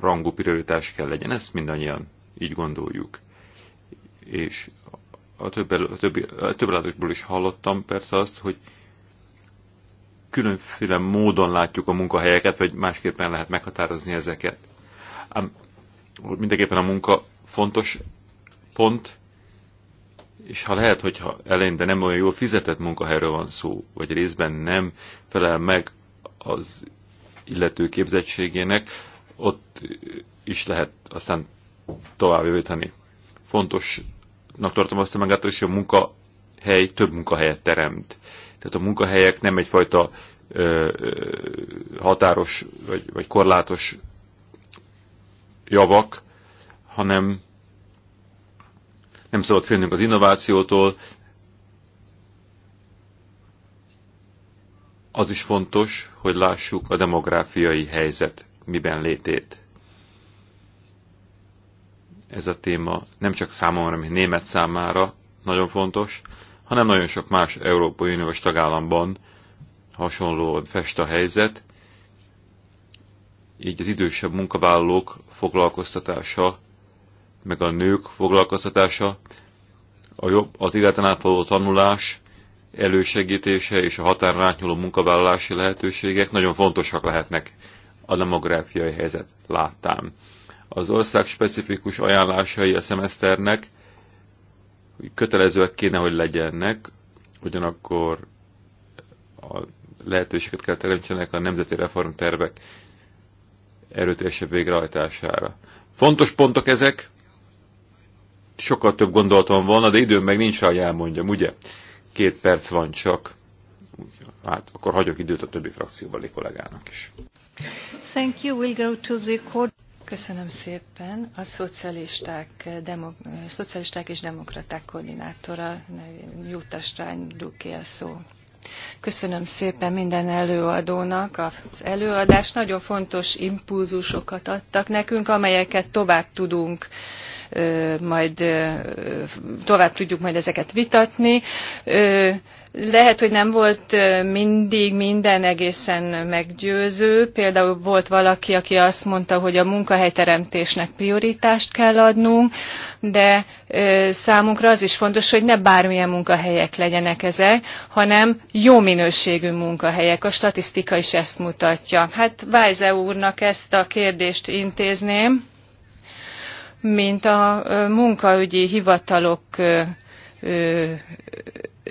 rangú prioritás kell legyen. Ezt mindannyian így gondoljuk. És a több, a több, a több is hallottam persze azt, hogy különféle módon látjuk a munkahelyeket, vagy másképpen lehet meghatározni ezeket. Ám mindenképpen a munka fontos pont, és ha lehet, hogyha eleinte nem olyan jól fizetett munkahelyről van szó, vagy részben nem felel meg az illető képzettségének, ott is lehet aztán tovább jövőteni. Fontosnak tartom azt a megállítást, hogy a munkahely több munkahelyet teremt. Tehát a munkahelyek nem egyfajta ö, ö, határos vagy, vagy korlátos javak, hanem nem szabad félnünk az innovációtól. Az is fontos, hogy lássuk a demográfiai helyzet miben létét. Ez a téma nem csak számomra, mint német számára nagyon fontos, hanem nagyon sok más Európai Uniós tagállamban hasonló fest a helyzet, így az idősebb munkavállalók foglalkoztatása meg a nők foglalkoztatása, a jobb, az életen átvaló tanulás elősegítése és a határon átnyúló munkavállalási lehetőségek nagyon fontosak lehetnek a demográfiai helyzet láttán. Az ország specifikus ajánlásai a szemeszternek kötelezőek kéne, hogy legyenek, ugyanakkor a lehetőséget kell teremtsenek a nemzeti reformtervek erőteljesebb végrehajtására. Fontos pontok ezek, sokkal több gondolatom van, de időm meg nincs, hogy elmondjam, ugye? Két perc van csak. Hát akkor hagyok időt a többi frakcióbeli kollégának is. Thank you. We'll go to the court. Köszönöm szépen. A szocialisták, demok, szocialisták és demokraták koordinátora Jutta Stein Duki a szó. Köszönöm szépen minden előadónak az előadás. Nagyon fontos impulzusokat adtak nekünk, amelyeket tovább tudunk uh, majd tovább tudjuk majd ezeket vitatni lehet, hogy nem volt mindig minden egészen meggyőző. Például volt valaki, aki azt mondta, hogy a munkahelyteremtésnek prioritást kell adnunk, de számunkra az is fontos, hogy ne bármilyen munkahelyek legyenek ezek, hanem jó minőségű munkahelyek. A statisztika is ezt mutatja. Hát Vájze úrnak ezt a kérdést intézném mint a munkaügyi hivatalok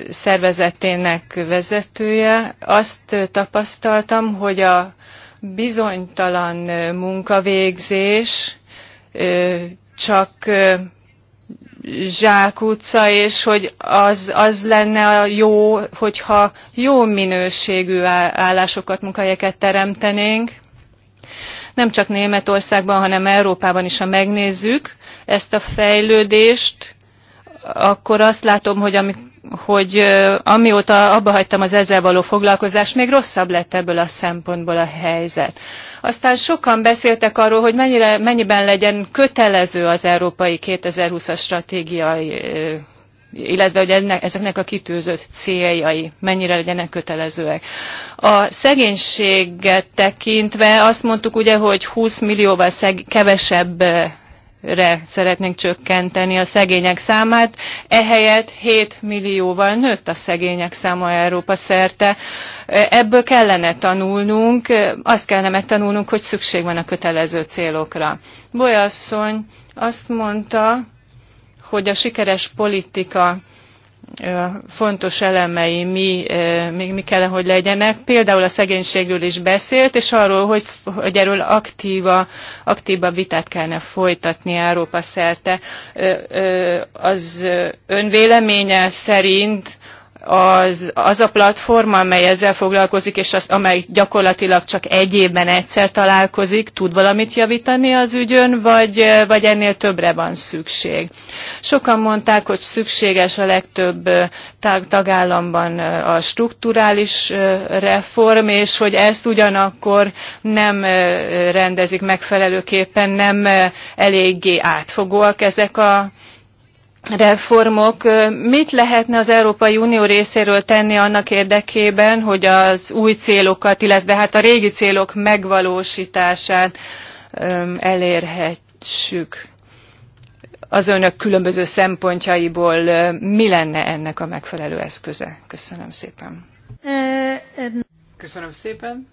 szervezetének vezetője, azt tapasztaltam, hogy a bizonytalan munkavégzés csak zsákutca, és hogy az, az lenne a jó, hogyha jó minőségű állásokat, munkahelyeket teremtenénk, nem csak Németországban, hanem Európában is, ha megnézzük ezt a fejlődést, akkor azt látom, hogy, ami, hogy amióta abba hagytam az ezzel való foglalkozást, még rosszabb lett ebből a szempontból a helyzet. Aztán sokan beszéltek arról, hogy mennyire, mennyiben legyen kötelező az európai 2020-as stratégiai illetve hogy ennek, ezeknek a kitűzött céljai mennyire legyenek kötelezőek. A szegénységet tekintve azt mondtuk ugye, hogy 20 millióval szeg, kevesebb re szeretnénk csökkenteni a szegények számát, ehelyett 7 millióval nőtt a szegények száma Európa szerte. Ebből kellene tanulnunk, azt kellene megtanulnunk, hogy szükség van a kötelező célokra. Bolyasszony azt mondta, hogy a sikeres politika fontos elemei mi, mi, mi kell, hogy legyenek. Például a szegénységről is beszélt, és arról, hogy, hogy erről aktíva, aktíva vitát kellene folytatni Európa szerte. Az önvéleménye szerint az, az a platform, amely ezzel foglalkozik, és az, amely gyakorlatilag csak egy évben egyszer találkozik, tud valamit javítani az ügyön, vagy, vagy ennél többre van szükség. Sokan mondták, hogy szükséges a legtöbb tag, tagállamban a strukturális reform, és hogy ezt ugyanakkor nem rendezik megfelelőképpen, nem eléggé átfogóak ezek a reformok. Mit lehetne az Európai Unió részéről tenni annak érdekében, hogy az új célokat, illetve hát a régi célok megvalósítását elérhessük? Az önök különböző szempontjaiból mi lenne ennek a megfelelő eszköze? Köszönöm szépen. Köszönöm szépen.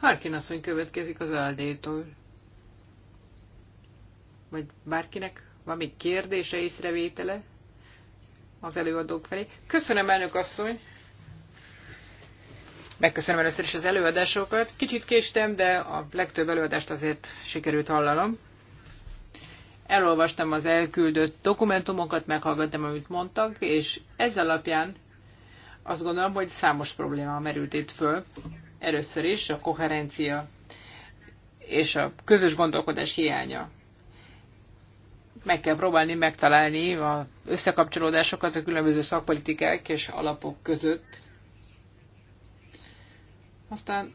Harkin asszony következik az Aldétól. Vagy bárkinek? Van még kérdése, észrevétele az előadók felé? Köszönöm, elnök asszony! Megköszönöm először is az előadásokat. Kicsit késtem, de a legtöbb előadást azért sikerült hallanom. Elolvastam az elküldött dokumentumokat, meghallgattam, amit mondtak, és ez alapján azt gondolom, hogy számos probléma merült itt föl. Először is a koherencia és a közös gondolkodás hiánya meg kell próbálni megtalálni az összekapcsolódásokat a különböző szakpolitikák és alapok között. Aztán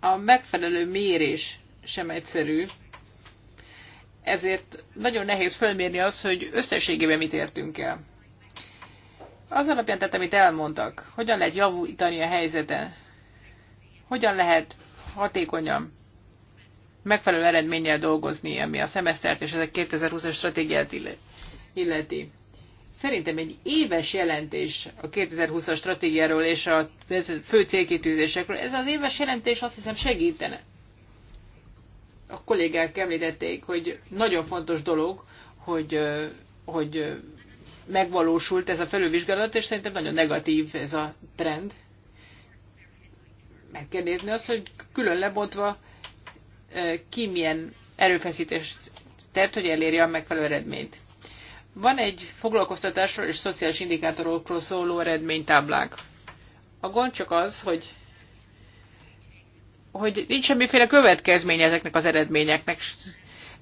a megfelelő mérés sem egyszerű, ezért nagyon nehéz fölmérni azt, hogy összességében mit értünk el. Az alapján tehát, amit elmondtak, hogyan lehet javítani a helyzeten, hogyan lehet hatékonyan megfelelő eredménnyel dolgozni, ami a szemesztert és ezek 2020-as stratégiát illeti. Szerintem egy éves jelentés a 2020-as stratégiáról és a fő célkitűzésekről, ez az éves jelentés azt hiszem segítene. A kollégák említették, hogy nagyon fontos dolog, hogy, hogy megvalósult ez a felülvizsgálat, és szerintem nagyon negatív ez a trend. Meg kell nézni azt, hogy külön lebontva ki milyen erőfeszítést tett, hogy elérje a megfelelő eredményt. Van egy foglalkoztatásról és szociális indikátorokról szóló eredménytáblák. A gond csak az, hogy hogy nincs semmiféle következménye ezeknek az eredményeknek.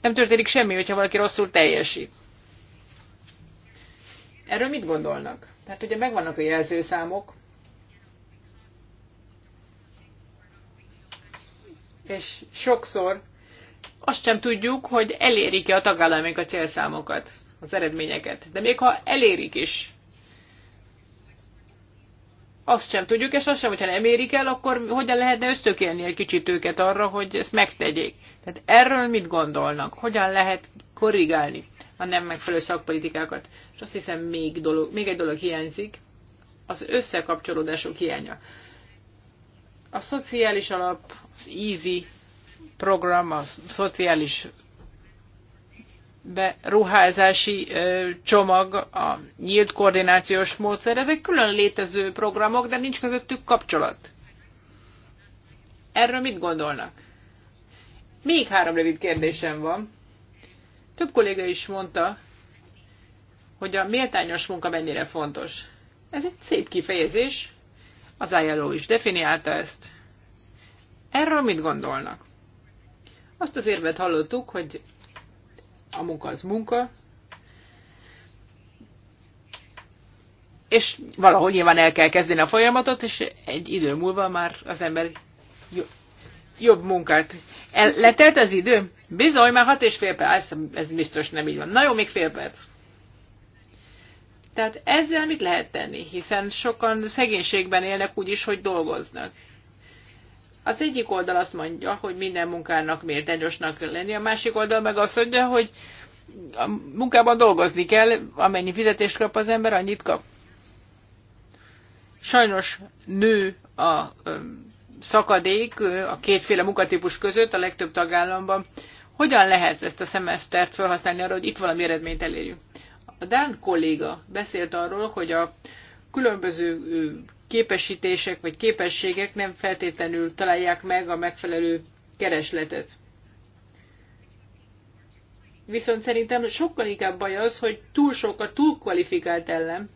Nem történik semmi, hogyha valaki rosszul teljesít. Erről mit gondolnak? Tehát ugye megvannak a jelzőszámok, és sokszor azt sem tudjuk, hogy elérik-e a tagállamok a célszámokat, az eredményeket. De még ha elérik is, azt sem tudjuk, és azt sem, hogyha nem érik el, akkor hogyan lehetne ösztökélni egy kicsit őket arra, hogy ezt megtegyék. Tehát erről mit gondolnak? Hogyan lehet korrigálni a nem megfelelő szakpolitikákat? És azt hiszem, még, dolog, még egy dolog hiányzik, az összekapcsolódások hiánya. A szociális alap, az EASY program, a szociális beruházási csomag, a nyílt koordinációs módszer, ezek külön létező programok, de nincs közöttük kapcsolat. Erről mit gondolnak? Még három rövid kérdésem van. Több kolléga is mondta, hogy a méltányos munka mennyire fontos. Ez egy szép kifejezés, az ILO is definiálta ezt. Erről mit gondolnak? Azt az érvet hallottuk, hogy a munka az munka, és valahogy nyilván el kell kezdeni a folyamatot, és egy idő múlva már az ember jobb munkát. El, letelt az idő? Bizony, már hat és fél perc, ez biztos nem így van. Na jó, még fél perc. Tehát ezzel mit lehet tenni? Hiszen sokan szegénységben élnek úgy is, hogy dolgoznak. Az egyik oldal azt mondja, hogy minden munkának méltányosnak kell lenni, a másik oldal meg azt mondja, hogy a munkában dolgozni kell, amennyi fizetést kap az ember, annyit kap. Sajnos nő a szakadék a kétféle munkatípus között a legtöbb tagállamban. Hogyan lehet ezt a szemesztert felhasználni arra, hogy itt valami eredményt elérjünk? A Dán kolléga beszélt arról, hogy a különböző képesítések vagy képességek nem feltétlenül találják meg a megfelelő keresletet. Viszont szerintem sokkal inkább baj az, hogy túl sok a túl kvalifikált ellen.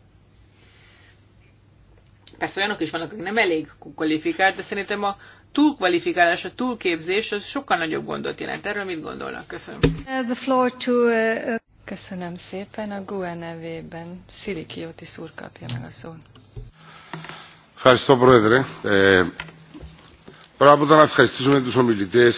Persze olyanok is vannak, akik nem elég kvalifikált, de szerintem a túlkvalifikálás, a túlképzés az sokkal nagyobb gondot jelent. Erről mit gondolnak? Köszönöm. Uh, the floor to, uh, Köszönöm szépen. A GUE nevében Szili Kioti úr kapja meg a szót. Ευχαριστώ, Πρόεδρε. Ε, Πράγματα να ευχαριστήσουμε τους ομιλητές.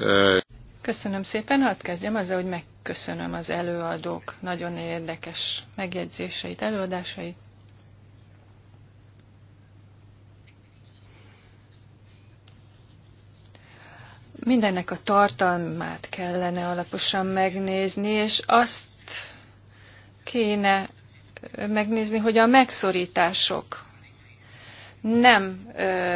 Ε... Köszönöm szépen, hadd kezdjem azzal, hogy megköszönöm az előadók nagyon érdekes megjegyzéseit, előadásait. mindennek a tartalmát kellene alaposan megnézni, és azt kéne megnézni, hogy a megszorítások nem ö,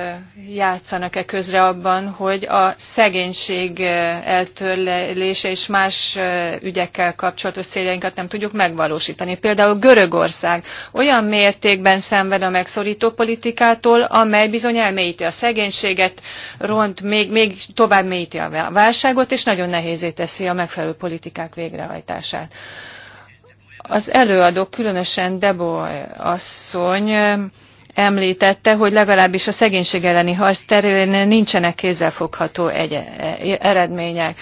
játszanak-e közre abban, hogy a szegénység eh, eltörlése és más eh, ügyekkel kapcsolatos céljainkat nem tudjuk megvalósítani. Például Görögország olyan mértékben szenved a megszorító politikától, amely bizony elmélyíti a szegénységet, ront, még, még tovább mélyíti a válságot, és nagyon nehézé teszi a megfelelő politikák végrehajtását az előadó, különösen Debo asszony eh, említette, hogy legalábbis a szegénység elleni harc terén nincsenek kézzelfogható e- eredmények.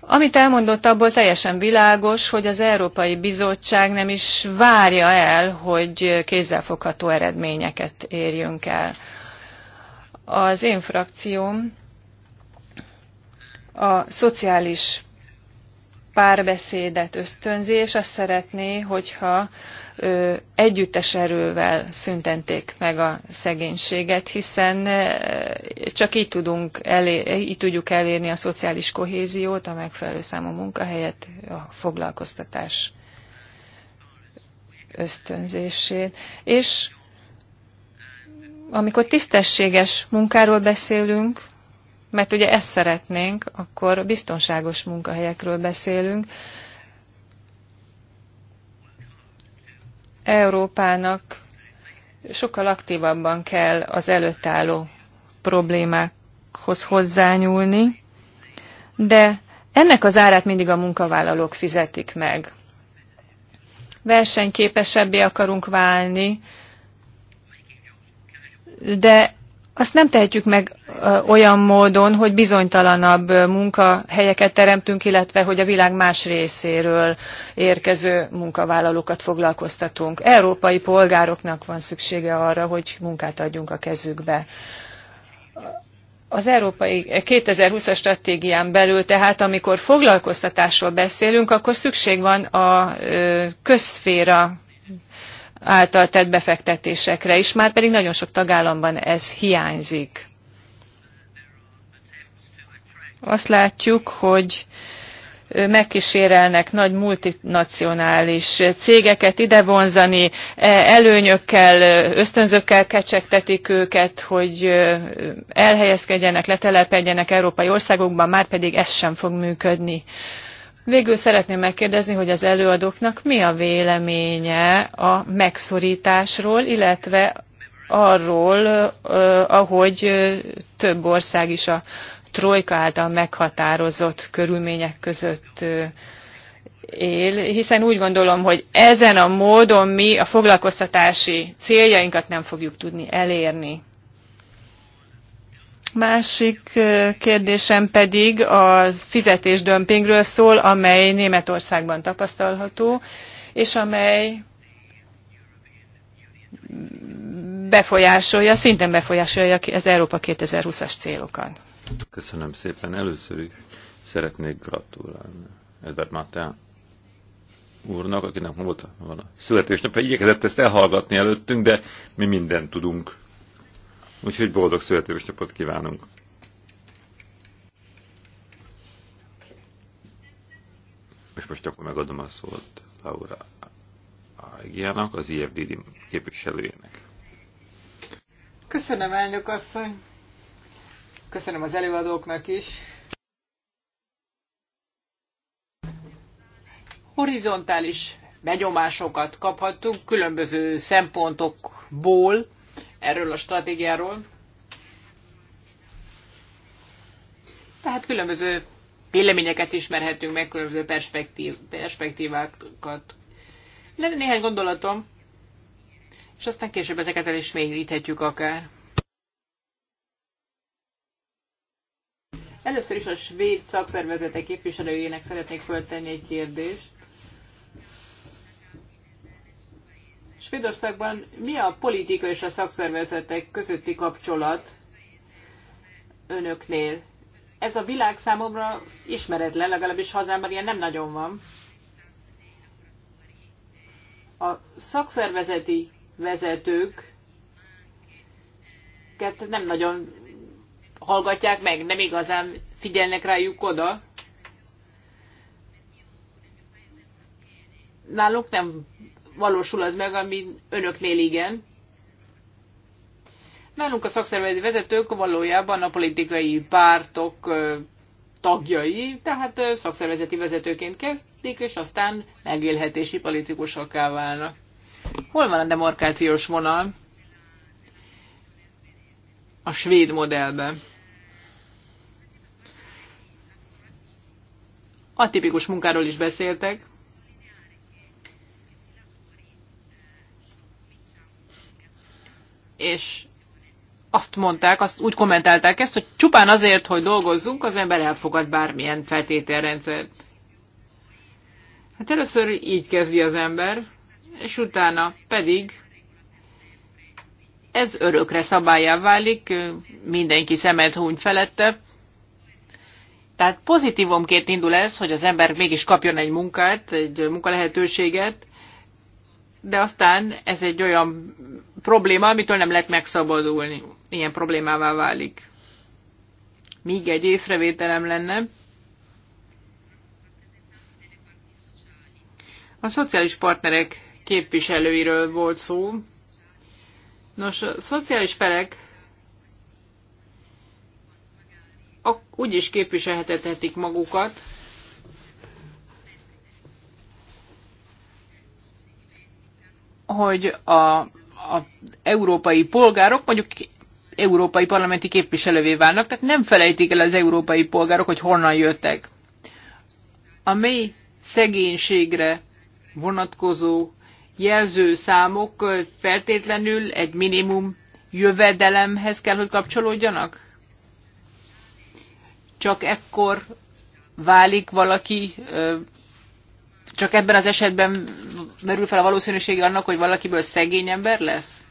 Amit elmondott, abból teljesen világos, hogy az Európai Bizottság nem is várja el, hogy kézzelfogható eredményeket érjünk el. Az én frakcióm a szociális párbeszédet ösztönzi, és azt szeretné, hogyha ö, együttes erővel szüntenték meg a szegénységet, hiszen ö, csak így, tudunk elér, így tudjuk elérni a szociális kohéziót, a megfelelő számú munkahelyet, a foglalkoztatás ösztönzését. És amikor tisztességes munkáról beszélünk, mert ugye ezt szeretnénk, akkor biztonságos munkahelyekről beszélünk. Európának sokkal aktívabban kell az előtt álló problémákhoz hozzányúlni, de ennek az árát mindig a munkavállalók fizetik meg. Versenyképesebbé akarunk válni, de azt nem tehetjük meg olyan módon, hogy bizonytalanabb munkahelyeket teremtünk, illetve hogy a világ más részéről érkező munkavállalókat foglalkoztatunk. Európai polgároknak van szüksége arra, hogy munkát adjunk a kezükbe. Az Európai 2020-as eh, stratégián belül tehát, amikor foglalkoztatásról beszélünk, akkor szükség van a közszféra által tett befektetésekre is, már pedig nagyon sok tagállamban ez hiányzik. Azt látjuk, hogy megkísérelnek nagy multinacionális cégeket ide vonzani, e, előnyökkel, ösztönzőkkel kecsegtetik őket, hogy elhelyezkedjenek, letelepedjenek európai országokban, már pedig ez sem fog működni. Végül szeretném megkérdezni, hogy az előadóknak mi a véleménye a megszorításról, illetve arról, ahogy több ország is a trojka által meghatározott körülmények között él, hiszen úgy gondolom, hogy ezen a módon mi a foglalkoztatási céljainkat nem fogjuk tudni elérni. Másik kérdésem pedig a fizetésdömpingről szól, amely Németországban tapasztalható, és amely befolyásolja, szintén befolyásolja az Európa 2020-as célokat. Köszönöm szépen. Először is szeretnék gratulálni Edward Martin úrnak, akinek volt a születésnap, igyekezett ezt elhallgatni előttünk, de mi mindent tudunk Úgyhogy boldog születésnapot kívánunk! És most akkor megadom a szót Laura Ágiának, az IFDD képviselőjének. Köszönöm, elnök asszony! Köszönöm az előadóknak is! Horizontális benyomásokat kaphattunk különböző szempontokból, erről a stratégiáról. Tehát különböző véleményeket ismerhetünk meg, különböző perspektív, perspektívákat. Lenne néhány gondolatom, és aztán később ezeket el is mélyíthetjük akár. Először is a svéd szakszervezetek képviselőjének szeretnék föltenni egy kérdést. Svédországban mi a politika és a szakszervezetek közötti kapcsolat önöknél? Ez a világ számomra ismeretlen, legalábbis hazámban ilyen nem nagyon van. A szakszervezeti vezetők nem nagyon hallgatják meg, nem igazán figyelnek rájuk oda. Nálunk nem valósul az meg, ami önöknél igen. Nálunk a szakszervezeti vezetők valójában a politikai pártok tagjai, tehát szakszervezeti vezetőként kezdik, és aztán megélhetési politikusokká válnak. Hol van a demarkációs vonal? A svéd modellben. A tipikus munkáról is beszéltek, és azt mondták, azt úgy kommentálták ezt, hogy csupán azért, hogy dolgozzunk, az ember elfogad bármilyen feltételrendszert. Hát először így kezdi az ember, és utána pedig ez örökre szabályá válik, mindenki szemet húny felette. Tehát pozitívomként indul ez, hogy az ember mégis kapjon egy munkát, egy munkalehetőséget, de aztán ez egy olyan probléma, amitől nem lehet megszabadulni. Ilyen problémává válik. Míg egy észrevételem lenne, a szociális partnerek képviselőiről volt szó. Nos, a szociális felek úgy is képviselhetetik magukat, hogy a, a európai polgárok mondjuk európai parlamenti képviselővé válnak, tehát nem felejtik el az európai polgárok, hogy honnan jöttek. A mély szegénységre vonatkozó jelzőszámok feltétlenül egy minimum jövedelemhez kell, hogy kapcsolódjanak? Csak ekkor válik valaki csak ebben az esetben merül fel a valószínűsége annak, hogy valakiből szegény ember lesz?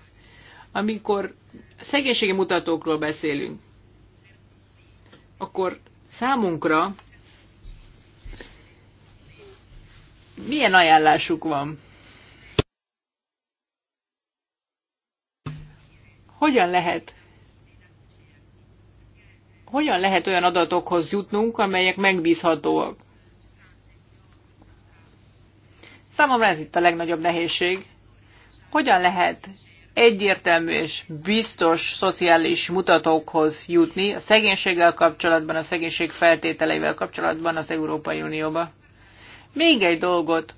Amikor szegénységi mutatókról beszélünk, akkor számunkra milyen ajánlásuk van? Hogyan lehet hogyan lehet olyan adatokhoz jutnunk, amelyek megbízhatóak? Számomra ez itt a legnagyobb nehézség. Hogyan lehet egyértelmű és biztos szociális mutatókhoz jutni a szegénységgel kapcsolatban, a szegénység feltételeivel kapcsolatban az Európai Unióba. Még egy dolgot,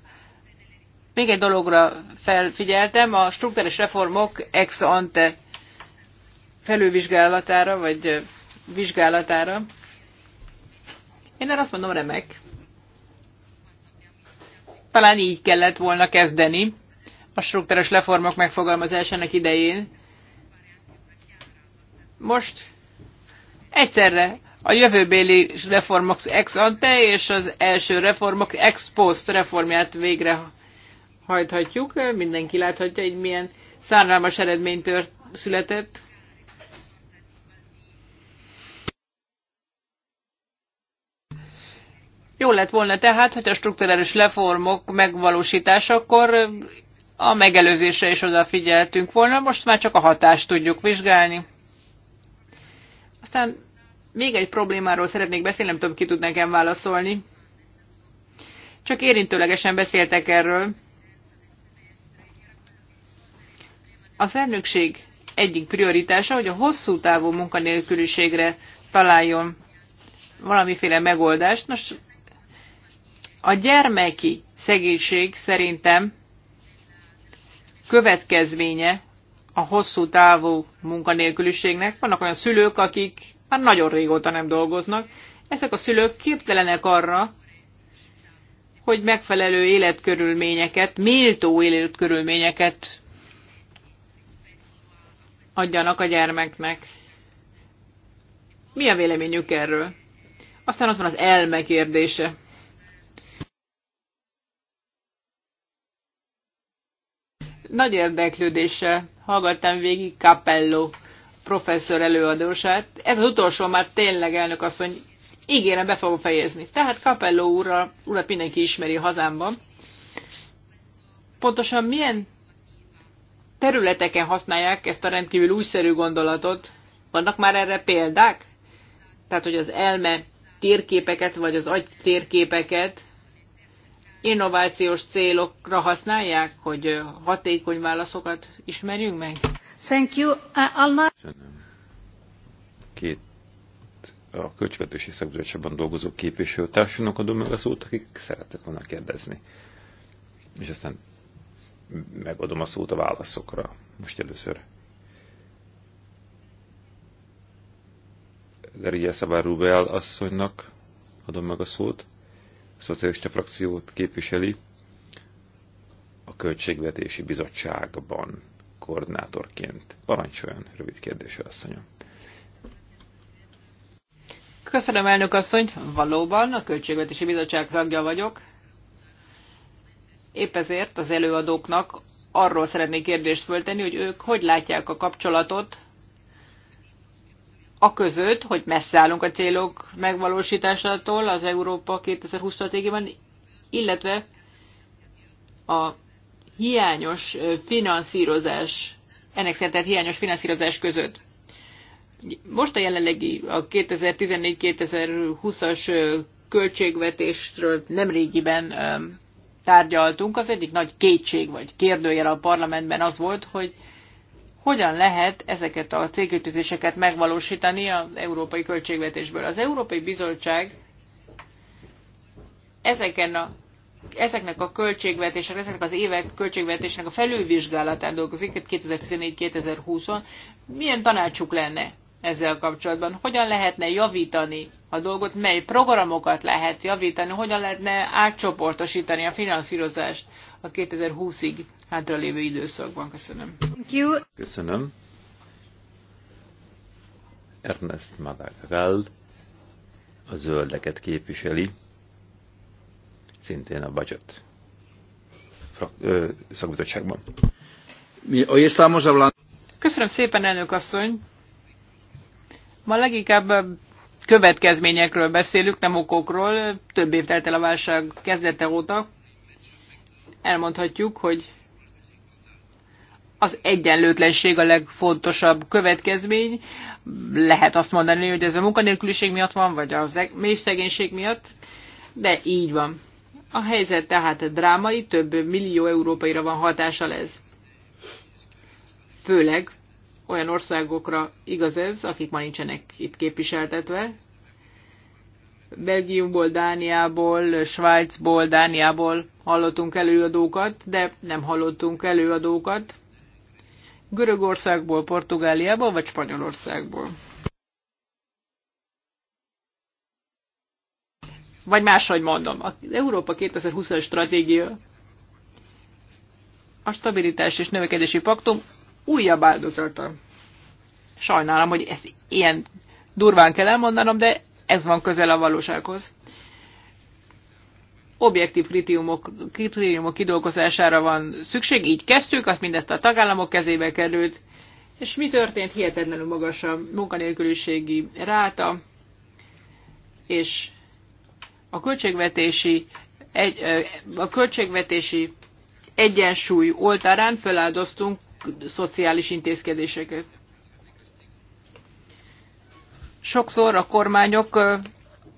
még egy dologra felfigyeltem, a struktúrális reformok ex ante felülvizsgálatára, vagy vizsgálatára. Én erre azt mondom, remek. Talán így kellett volna kezdeni a struktúrás reformok megfogalmazásának idején. Most egyszerre a jövőbéli reformok ex ante és az első reformok ex post reformját végre hajthatjuk. Mindenki láthatja, hogy milyen szárnalmas eredmény született. Jó lett volna tehát, hogy a strukturális reformok megvalósításakor a megelőzésre is odafigyeltünk volna, most már csak a hatást tudjuk vizsgálni. Aztán még egy problémáról szeretnék beszélni, nem tudom, ki tud nekem válaszolni. Csak érintőlegesen beszéltek erről. Az elnökség egyik prioritása, hogy a hosszú távú munkanélküliségre találjon valamiféle megoldást. Most a gyermeki szegénység szerintem következménye a hosszú távú munkanélküliségnek. Vannak olyan szülők, akik már nagyon régóta nem dolgoznak. Ezek a szülők képtelenek arra, hogy megfelelő életkörülményeket, méltó életkörülményeket adjanak a gyermeknek. Mi a véleményük erről? Aztán ott van az elme kérdése. Nagy érdeklődéssel hallgattam végig Capello professzor előadósát. Ez az utolsó már tényleg elnök asszony, ígérem, be fogom fejezni. Tehát Capello úrra, urat mindenki ismeri a hazámban. Pontosan milyen területeken használják ezt a rendkívül újszerű gondolatot? Vannak már erre példák? Tehát, hogy az elme térképeket, vagy az agy térképeket innovációs célokra használják, hogy hatékony válaszokat ismerjünk meg? Thank you. Uh, Anna. Köszönöm. Két a költségvetési szakbizottságban dolgozó képviselőtársunknak adom meg a szót, akik szerettek volna kérdezni. És aztán megadom a szót a válaszokra. Most először. Lerigyel Szabár Rubel asszonynak adom meg a szót szocialista frakciót képviseli a Költségvetési Bizottságban koordinátorként. Parancsoljon, rövid kérdés, asszonyom. Köszönöm, elnök asszony. Valóban a Költségvetési Bizottság tagja vagyok. Épp ezért az előadóknak arról szeretnék kérdést föltenni, hogy ők hogy látják a kapcsolatot a között, hogy messze állunk a célok megvalósításától az Európa 2020 stratégiában, illetve a hiányos finanszírozás, ennek szerint hiányos finanszírozás között. Most a jelenlegi, a 2014-2020-as költségvetésről nemrégiben tárgyaltunk, az egyik nagy kétség vagy kérdőjel a parlamentben az volt, hogy hogyan lehet ezeket a cégütőzéseket megvalósítani az európai költségvetésből. Az Európai Bizottság ezeken a, ezeknek a költségvetések, ezeknek az évek költségvetésnek a felülvizsgálatán dolgozik, 2014-2020-on. Milyen tanácsuk lenne ezzel kapcsolatban? Hogyan lehetne javítani a dolgot? Mely programokat lehet javítani? Hogyan lehetne átcsoportosítani a finanszírozást a 2020-ig hátralévő időszakban. Köszönöm. Thank you. Köszönöm. Ernest Madagall a zöldeket képviseli, szintén a budget szakbizottságban. Köszönöm szépen, elnök asszony! Ma leginkább következményekről beszélünk, nem okokról. Több év telt el a válság kezdete óta. Elmondhatjuk, hogy az egyenlőtlenség a legfontosabb következmény. Lehet azt mondani, hogy ez a munkanélküliség miatt van, vagy a e- mély szegénység miatt, de így van. A helyzet tehát drámai, több millió európaira van hatása ez. Főleg olyan országokra igaz ez, akik ma nincsenek itt képviseltetve. Belgiumból, Dániából, Svájcból, Dániából hallottunk előadókat, de nem hallottunk előadókat Görögországból, Portugáliából vagy Spanyolországból? Vagy máshogy mondom, az Európa 2020-as stratégia, a stabilitás és növekedési paktum újabb áldozata. Sajnálom, hogy ezt ilyen durván kell elmondanom, de ez van közel a valósághoz objektív kritériumok, kritériumok kidolgozására van szükség, így kezdtük, azt mindezt a tagállamok kezébe került, és mi történt? Hihetetlenül magas a munkanélküliségi ráta, és a költségvetési, egy, a költségvetési egyensúly oltárán feláldoztunk szociális intézkedéseket. Sokszor a kormányok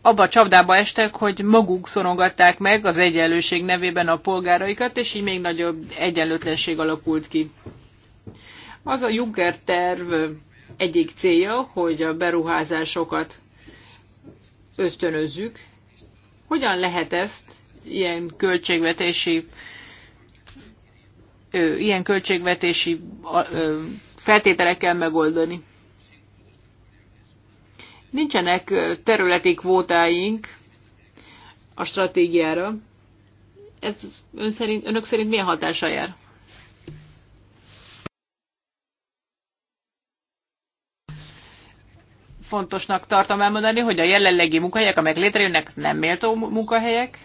abba a csapdába estek, hogy maguk szorongatták meg az egyenlőség nevében a polgáraikat, és így még nagyobb egyenlőtlenség alakult ki. Az a Juncker terv egyik célja, hogy a beruházásokat ösztönözzük. Hogyan lehet ezt ilyen költségvetési ilyen költségvetési feltételekkel megoldani? Nincsenek területi kvótáink a stratégiára. Ez ön szerint, önök szerint milyen hatása jár? Fontosnak tartom elmondani, hogy a jelenlegi munkahelyek, amelyek létrejönnek, nem méltó munkahelyek,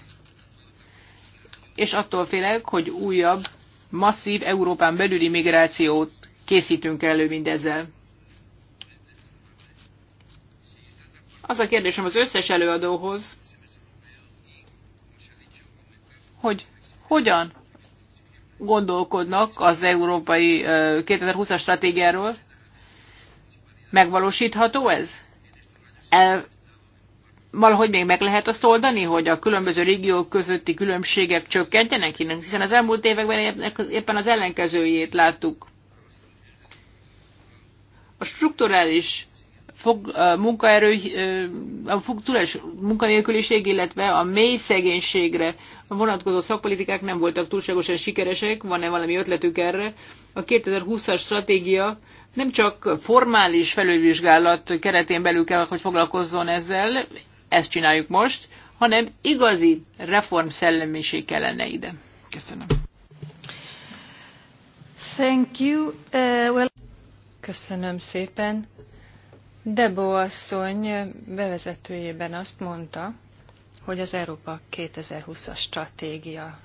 és attól félek, hogy újabb, masszív Európán belüli migrációt készítünk elő mindezzel. Az a kérdésem az összes előadóhoz, hogy hogyan gondolkodnak az európai 2020-as stratégiáról. Megvalósítható ez? El, valahogy még meg lehet azt oldani, hogy a különböző régiók közötti különbségek csökkentjenek, hiszen az elmúlt években éppen az ellenkezőjét láttuk. A strukturális fog, munkaerő, a funkcionális munkanélküliség, illetve a mély szegénységre a vonatkozó szakpolitikák nem voltak túlságosan sikeresek, van-e valami ötletük erre? A 2020-as stratégia nem csak formális felülvizsgálat keretén belül kell, hogy foglalkozzon ezzel, ezt csináljuk most, hanem igazi reform szellemiség kellene ide. Köszönöm. Thank you. Uh, well... Köszönöm szépen. Debo asszony bevezetőjében azt mondta, hogy az Európa 2020-as stratégia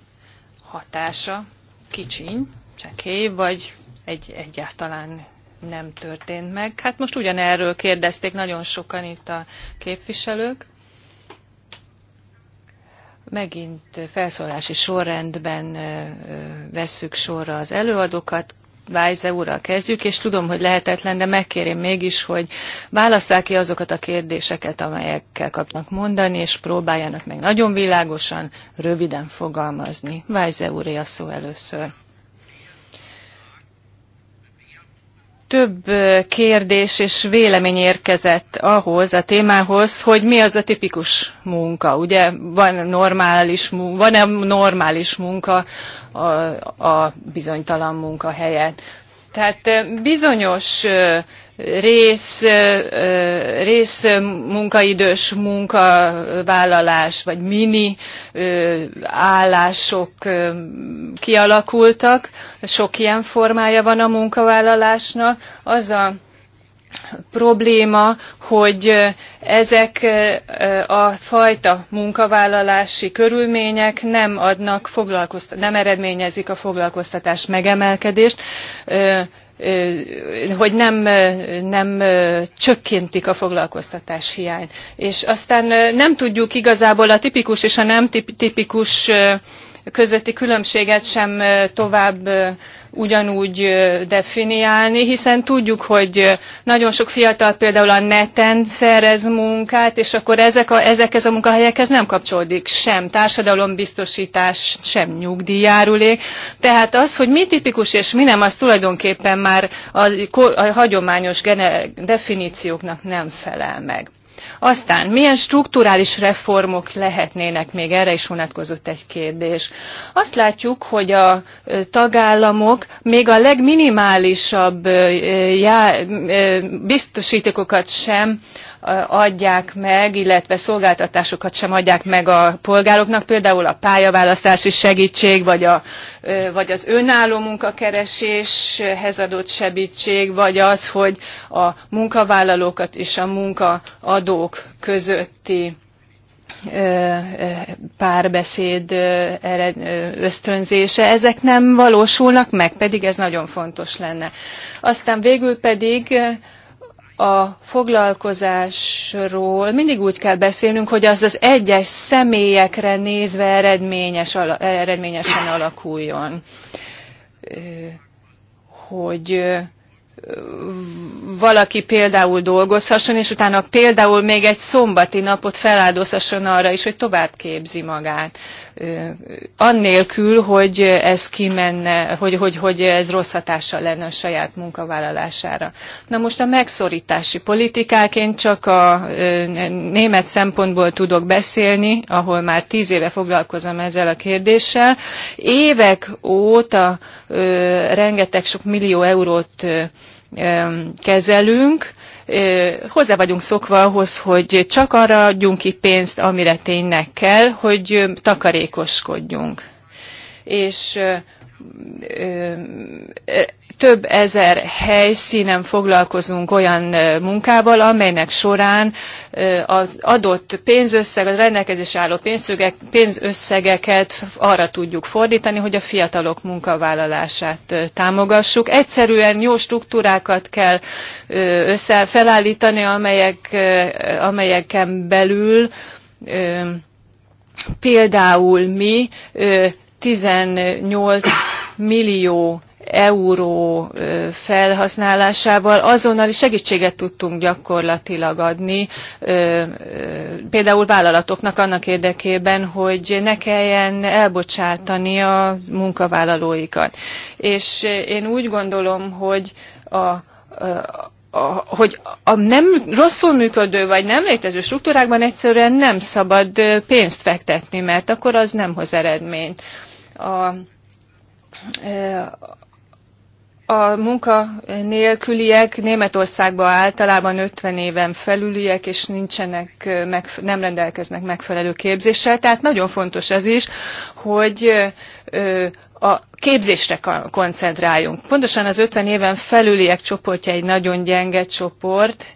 hatása kicsiny, csekély, vagy egy, egyáltalán nem történt meg. Hát most ugyanerről kérdezték nagyon sokan itt a képviselők. Megint felszólási sorrendben vesszük sorra az előadókat. Vájze úrral kezdjük, és tudom, hogy lehetetlen, de megkérem mégis, hogy válasszák ki azokat a kérdéseket, amelyekkel kapnak mondani, és próbáljanak meg nagyon világosan, röviden fogalmazni. Vájze úré a szó először. több kérdés és vélemény érkezett ahhoz a témához, hogy mi az a tipikus munka. Ugye van normális, van-e normális munka, a, a bizonytalan munkahelyet. Tehát bizonyos rész, rész munkaidős munkavállalás vagy mini állások kialakultak, sok ilyen formája van a munkavállalásnak. Az a probléma, hogy ezek a fajta munkavállalási körülmények nem adnak nem eredményezik a foglalkoztatás megemelkedést, hogy nem, nem csökkentik a foglalkoztatás hiányt. És aztán nem tudjuk igazából a tipikus és a nem tipikus közötti különbséget sem tovább ugyanúgy definiálni, hiszen tudjuk, hogy nagyon sok fiatal például a neten szerez munkát, és akkor ezek a, ezekhez a munkahelyekhez nem kapcsolódik sem társadalombiztosítás, sem nyugdíjárulék. Tehát az, hogy mi tipikus és mi nem, az tulajdonképpen már a, a hagyományos gene, definícióknak nem felel meg. Aztán milyen strukturális reformok lehetnének még? Erre is vonatkozott egy kérdés. Azt látjuk, hogy a tagállamok még a legminimálisabb biztosítékokat sem adják meg, illetve szolgáltatásokat sem adják meg a polgároknak, például a pályaválasztási segítség, vagy, a, vagy az önálló munkakereséshez adott segítség, vagy az, hogy a munkavállalókat és a munkaadók közötti párbeszéd ösztönzése, ezek nem valósulnak meg, pedig ez nagyon fontos lenne. Aztán végül pedig a foglalkozásról mindig úgy kell beszélnünk, hogy az az egyes személyekre nézve eredményes, eredményesen alakuljon. Hogy valaki például dolgozhasson, és utána például még egy szombati napot feláldozhasson arra is, hogy tovább képzi magát. Annélkül, hogy ez kimenne, hogy, hogy, hogy ez rossz hatással lenne a saját munkavállalására. Na most a megszorítási politikák, én csak a német szempontból tudok beszélni, ahol már tíz éve foglalkozom ezzel a kérdéssel. Évek óta rengeteg sok millió eurót kezelünk, hozzá vagyunk szokva ahhoz, hogy csak arra adjunk ki pénzt, amire tényleg kell, hogy takarékoskodjunk. És több ezer helyszínen foglalkozunk olyan munkával, amelynek során az adott pénzösszeg, a rendelkezés álló pénzösszegeket arra tudjuk fordítani, hogy a fiatalok munkavállalását támogassuk. Egyszerűen jó struktúrákat kell össze felállítani, amelyek, amelyeken belül például mi 18 millió euró felhasználásával azonnali segítséget tudtunk gyakorlatilag adni, például vállalatoknak annak érdekében, hogy ne kelljen elbocsátani a munkavállalóikat. És én úgy gondolom, hogy a, a hogy a nem rosszul működő vagy nem létező struktúrákban egyszerűen nem szabad pénzt fektetni, mert akkor az nem hoz eredményt. A, a munkanélküliek Németországban általában 50 éven felüliek, és nincsenek, meg, nem rendelkeznek megfelelő képzéssel. Tehát nagyon fontos ez is, hogy a képzésre koncentráljunk. Pontosan az 50 éven felüliek csoportja egy nagyon gyenge csoport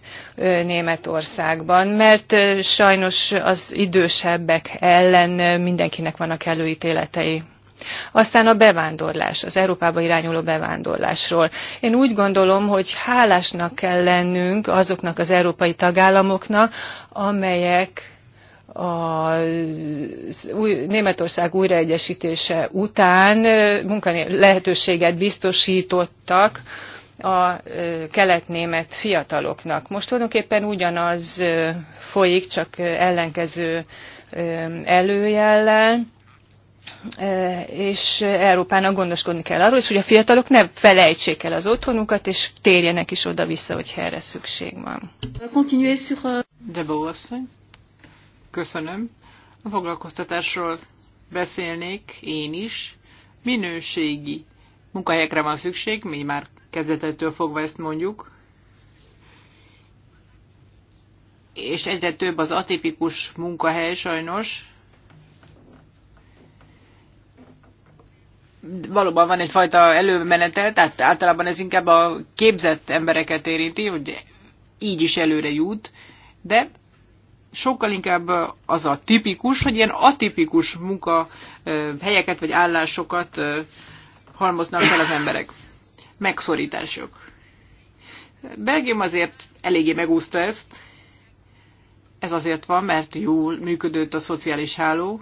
Németországban, mert sajnos az idősebbek ellen mindenkinek vannak előítéletei. Aztán a bevándorlás, az Európába irányuló bevándorlásról. Én úgy gondolom, hogy hálásnak kell lennünk azoknak az európai tagállamoknak, amelyek a Németország újraegyesítése után lehetőséget biztosítottak a kelet-német fiataloknak. Most tulajdonképpen ugyanaz folyik, csak ellenkező előjellel és Európának gondoskodni kell arról is, hogy a fiatalok ne felejtsék el az otthonukat, és térjenek is oda-vissza, hogy erre szükség van. Euh, De asszony, köszönöm. A foglalkoztatásról beszélnék én is. Minőségi munkahelyekre van szükség, mi már kezdetettől fogva ezt mondjuk, és egyre több az atipikus munkahely sajnos, valóban van egyfajta előmenetel, tehát általában ez inkább a képzett embereket érinti, hogy így is előre jut, de sokkal inkább az a tipikus, hogy ilyen atipikus munka helyeket vagy állásokat halmoznak fel az emberek. Megszorítások. Belgium azért eléggé megúszta ezt. Ez azért van, mert jól működött a szociális háló,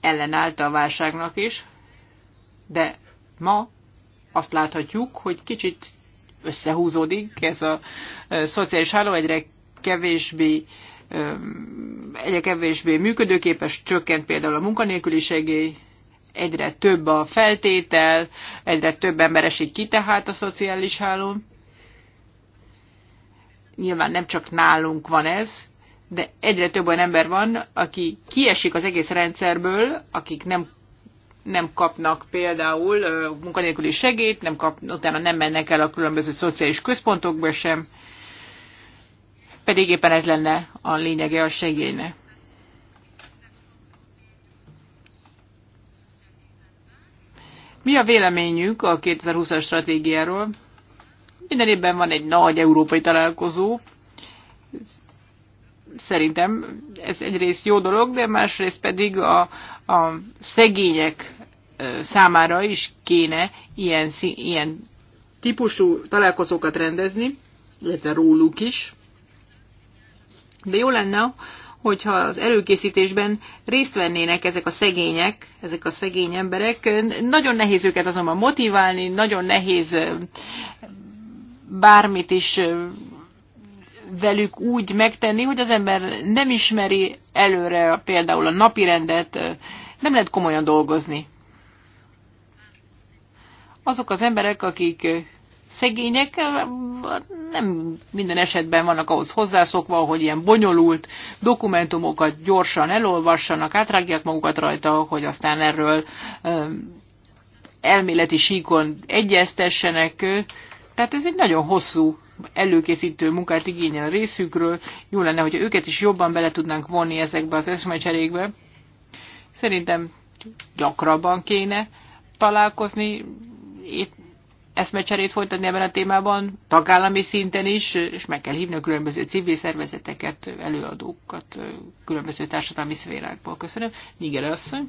ellenállta a válságnak is de ma azt láthatjuk, hogy kicsit összehúzódik ez a szociális háló, egyre kevésbé egyre kevésbé működőképes, csökkent például a munkanélküliségé, egyre több a feltétel, egyre több ember esik ki tehát a szociális hálón. Nyilván nem csak nálunk van ez, de egyre több olyan ember van, aki kiesik az egész rendszerből, akik nem nem kapnak például munkanélküli segélyt, nem kap, utána nem mennek el a különböző szociális központokba sem, pedig éppen ez lenne a lényege a segélynek. Mi a véleményünk a 2020-as stratégiáról? Minden évben van egy nagy európai találkozó, Szerintem ez egyrészt jó dolog, de másrészt pedig a, a szegények számára is kéne ilyen, ilyen típusú találkozókat rendezni, illetve róluk is. De jó lenne, hogyha az előkészítésben részt vennének ezek a szegények, ezek a szegény emberek. Nagyon nehéz őket azonban motiválni, nagyon nehéz bármit is velük úgy megtenni, hogy az ember nem ismeri előre például a napi rendet, nem lehet komolyan dolgozni. Azok az emberek, akik szegények, nem minden esetben vannak ahhoz hozzászokva, hogy ilyen bonyolult dokumentumokat gyorsan elolvassanak, átrágják magukat rajta, hogy aztán erről elméleti síkon egyeztessenek. Tehát ez egy nagyon hosszú előkészítő munkát igényel a részükről. Jó lenne, hogy őket is jobban bele tudnánk vonni ezekbe az eszmecserékbe. Szerintem gyakrabban kéne találkozni, épp eszmecserét folytatni ebben a témában, tagállami szinten is, és meg kell hívni a különböző civil szervezeteket, előadókat, különböző társadalmi szférákból. Köszönöm. Niger asszony.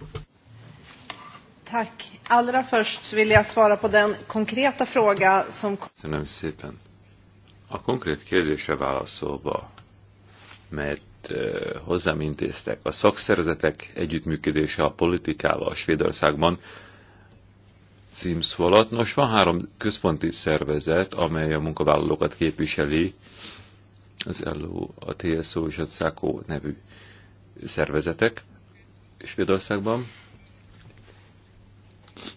Tack. Allra först vill jag svara på den konkreta fråga som... Köszönöm szépen. A konkrét kérdése válaszolva, mert hozzám intéztek, a szakszervezetek együttműködése a politikával a Svédországban címszó alatt. Nos, van három központi szervezet, amely a munkavállalókat képviseli, az LO, a TSO és a SZAKO nevű szervezetek Svédországban.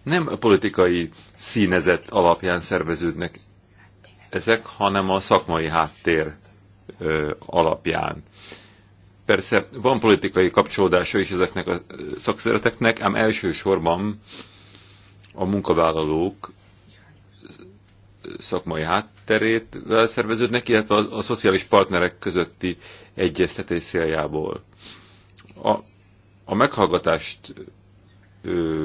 Nem a politikai színezet alapján szerveződnek ezek, hanem a szakmai háttér ö, alapján. Persze van politikai kapcsolódása is ezeknek a szakszereteknek, ám elsősorban a munkavállalók szakmai hátterét szerveződnek, illetve a, a szociális partnerek közötti egyeztetés céljából. A, a meghallgatást ö,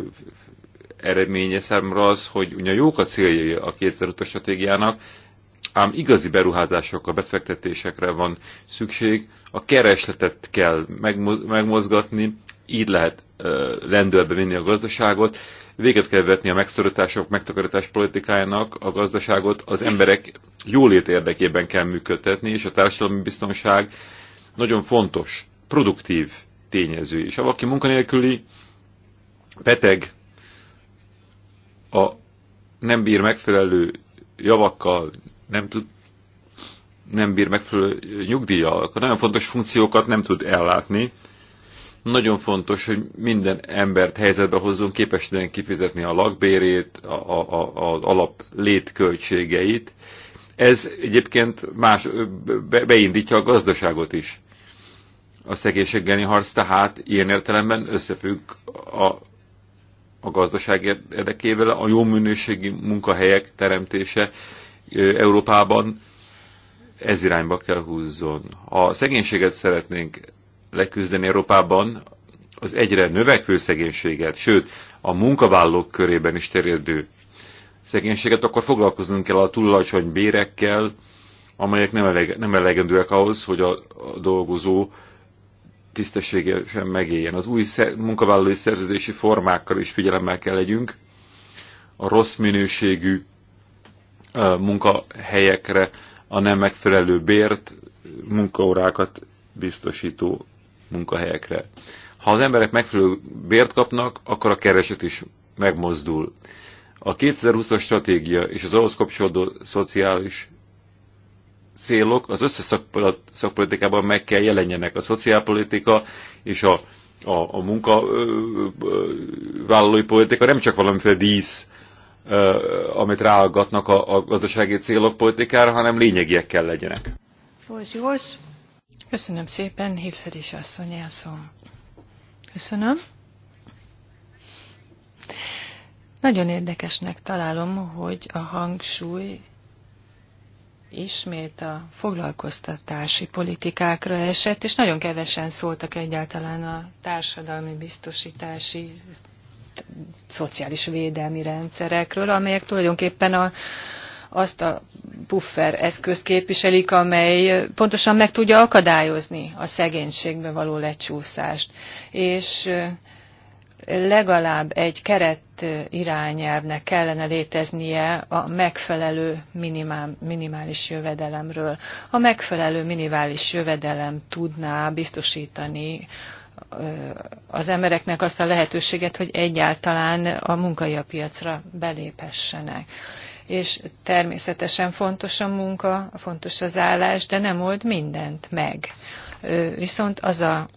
eredménye számra az, hogy ugye jók a céljai a 2005-ös stratégiának, Ám igazi beruházásokra, befektetésekre van szükség, a keresletet kell megmozgatni, így lehet lendületbe vinni a gazdaságot, véget kell vetni a megszorítások, megtakarítás politikájának, a gazdaságot az emberek jólét érdekében kell működtetni, és a társadalmi biztonság nagyon fontos, produktív tényező. És ha valaki munkanélküli, beteg, a nem bír megfelelő javakkal, nem tud nem bír megfelelő nyugdíjjal, akkor nagyon fontos funkciókat nem tud ellátni. Nagyon fontos, hogy minden embert helyzetbe hozzunk, képes legyen kifizetni a lakbérét, a, a, a, az alap létköltségeit. Ez egyébként más be, beindítja a gazdaságot is. A szegénységgeni harc tehát ilyen értelemben összefügg a, a gazdaság érdekével, a jó minőségi munkahelyek teremtése Európában ez irányba kell húzzon. Ha szegénységet szeretnénk leküzdeni Európában, az egyre növekvő szegénységet, sőt, a munkavállalók körében is terjedő szegénységet, akkor foglalkoznunk kell a túl alacsony bérekkel, amelyek nem, eleg, nem elegendőek ahhoz, hogy a, a dolgozó tisztességesen megéljen. Az új szer, munkavállalói szerződési formákkal is figyelemmel kell legyünk, a rossz minőségű munkahelyekre a nem megfelelő bért, munkaórákat biztosító munkahelyekre. Ha az emberek megfelelő bért kapnak, akkor a kereset is megmozdul. A 2020-as stratégia és az ahhoz kapcsolódó szociális célok az összes szakpolitikában meg kell jelenjenek. A szociálpolitika és a, a, a munkavállalói politika nem csak valamiféle dísz amit ráaggatnak a, a gazdasági célok politikára, hanem lényegiek kell legyenek. Köszönöm szépen, Hilfer is asszony, elszom. Köszönöm. Nagyon érdekesnek találom, hogy a hangsúly ismét a foglalkoztatási politikákra esett, és nagyon kevesen szóltak egyáltalán a társadalmi biztosítási szociális védelmi rendszerekről, amelyek tulajdonképpen a, azt a puffer eszközt képviselik, amely pontosan meg tudja akadályozni a szegénységbe való lecsúszást. És legalább egy keret irányelvnek kellene léteznie a megfelelő minimál, minimális jövedelemről. A megfelelő minimális jövedelem tudná biztosítani az embereknek azt a lehetőséget, hogy egyáltalán a piacra beléphessenek. És természetesen fontos a munka, fontos az állás, de nem old mindent meg. Viszont az a,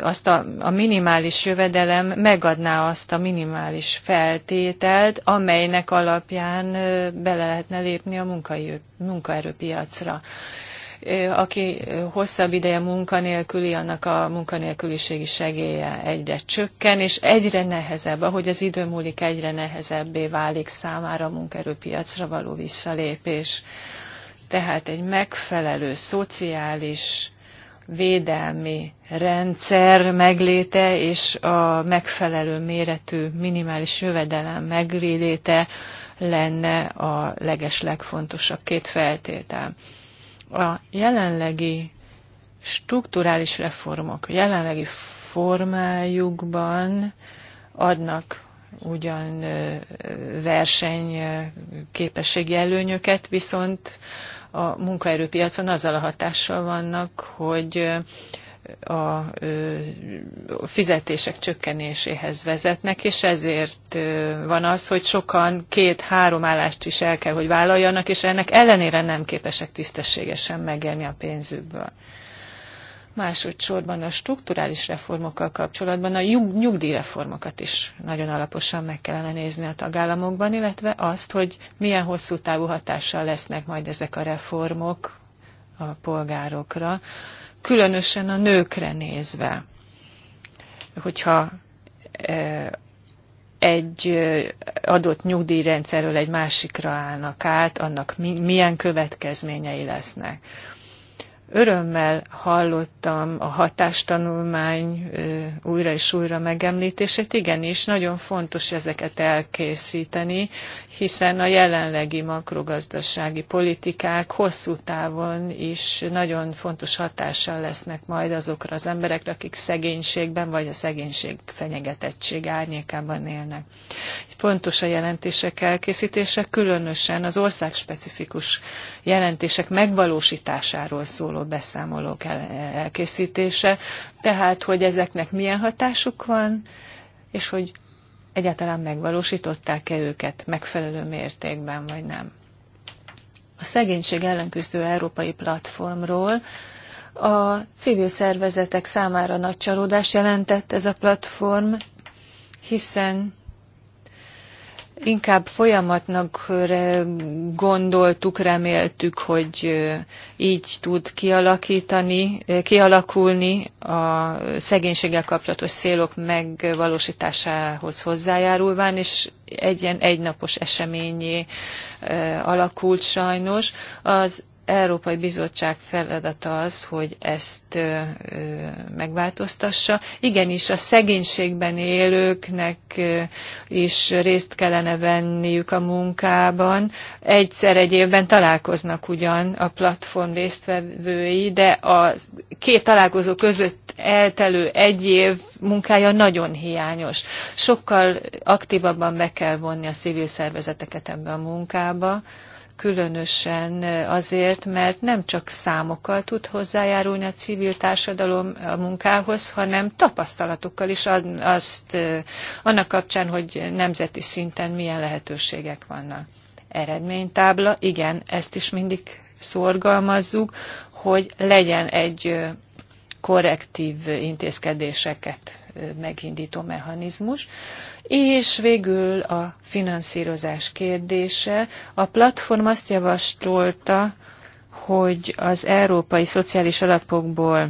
azt a, a minimális jövedelem megadná azt a minimális feltételt, amelynek alapján bele lehetne lépni a munkaerőpiacra aki hosszabb ideje munkanélküli, annak a munkanélküliségi segélye egyre csökken, és egyre nehezebb, ahogy az idő múlik, egyre nehezebbé válik számára a munkerőpiacra való visszalépés. Tehát egy megfelelő szociális védelmi rendszer megléte és a megfelelő méretű minimális jövedelem megléte lenne a leges legfontosabb két feltétel a jelenlegi strukturális reformok jelenlegi formájukban adnak ugyan versenyképességi előnyöket, viszont a munkaerőpiacon azzal a hatással vannak, hogy a fizetések csökkenéséhez vezetnek, és ezért van az, hogy sokan két-három állást is el kell, hogy vállaljanak, és ennek ellenére nem képesek tisztességesen megélni a pénzükből. Másodszorban a strukturális reformokkal kapcsolatban a nyugdíjreformokat is nagyon alaposan meg kellene nézni a tagállamokban, illetve azt, hogy milyen hosszú távú hatással lesznek majd ezek a reformok a polgárokra különösen a nőkre nézve. Hogyha e, egy e, adott nyugdíjrendszerről egy másikra állnak át, annak milyen következményei lesznek. Örömmel hallottam a hatástanulmány újra és újra megemlítését. Igenis, nagyon fontos ezeket elkészíteni, hiszen a jelenlegi makrogazdasági politikák hosszú távon is nagyon fontos hatással lesznek majd azokra az emberekre, akik szegénységben vagy a szegénység fenyegetettség árnyékában élnek. Fontos a jelentések elkészítése, különösen az országspecifikus jelentések megvalósításáról szóló beszámolók elkészítése, tehát hogy ezeknek milyen hatásuk van, és hogy egyáltalán megvalósították-e őket megfelelő mértékben, vagy nem. A szegénység ellenküzdő európai platformról a civil szervezetek számára nagy csalódás jelentett ez a platform, hiszen inkább folyamatnak gondoltuk, reméltük, hogy így tud kialakítani, kialakulni a szegénységgel kapcsolatos célok megvalósításához hozzájárulván, és egy ilyen egynapos eseményé alakult sajnos. Az Európai Bizottság feladata az, hogy ezt ö, ö, megváltoztassa. Igenis, a szegénységben élőknek ö, is részt kellene venniük a munkában. Egyszer egy évben találkoznak ugyan a platform résztvevői, de a két találkozó között eltelő egy év munkája nagyon hiányos. Sokkal aktívabban be kell vonni a civil szervezeteket ebbe a munkába különösen azért, mert nem csak számokkal tud hozzájárulni a civil társadalom a munkához, hanem tapasztalatokkal is azt, annak kapcsán, hogy nemzeti szinten milyen lehetőségek vannak. Eredménytábla, igen, ezt is mindig szorgalmazzuk, hogy legyen egy korrektív intézkedéseket megindító mechanizmus. És végül a finanszírozás kérdése. A platform azt javasolta, hogy az európai szociális alapokból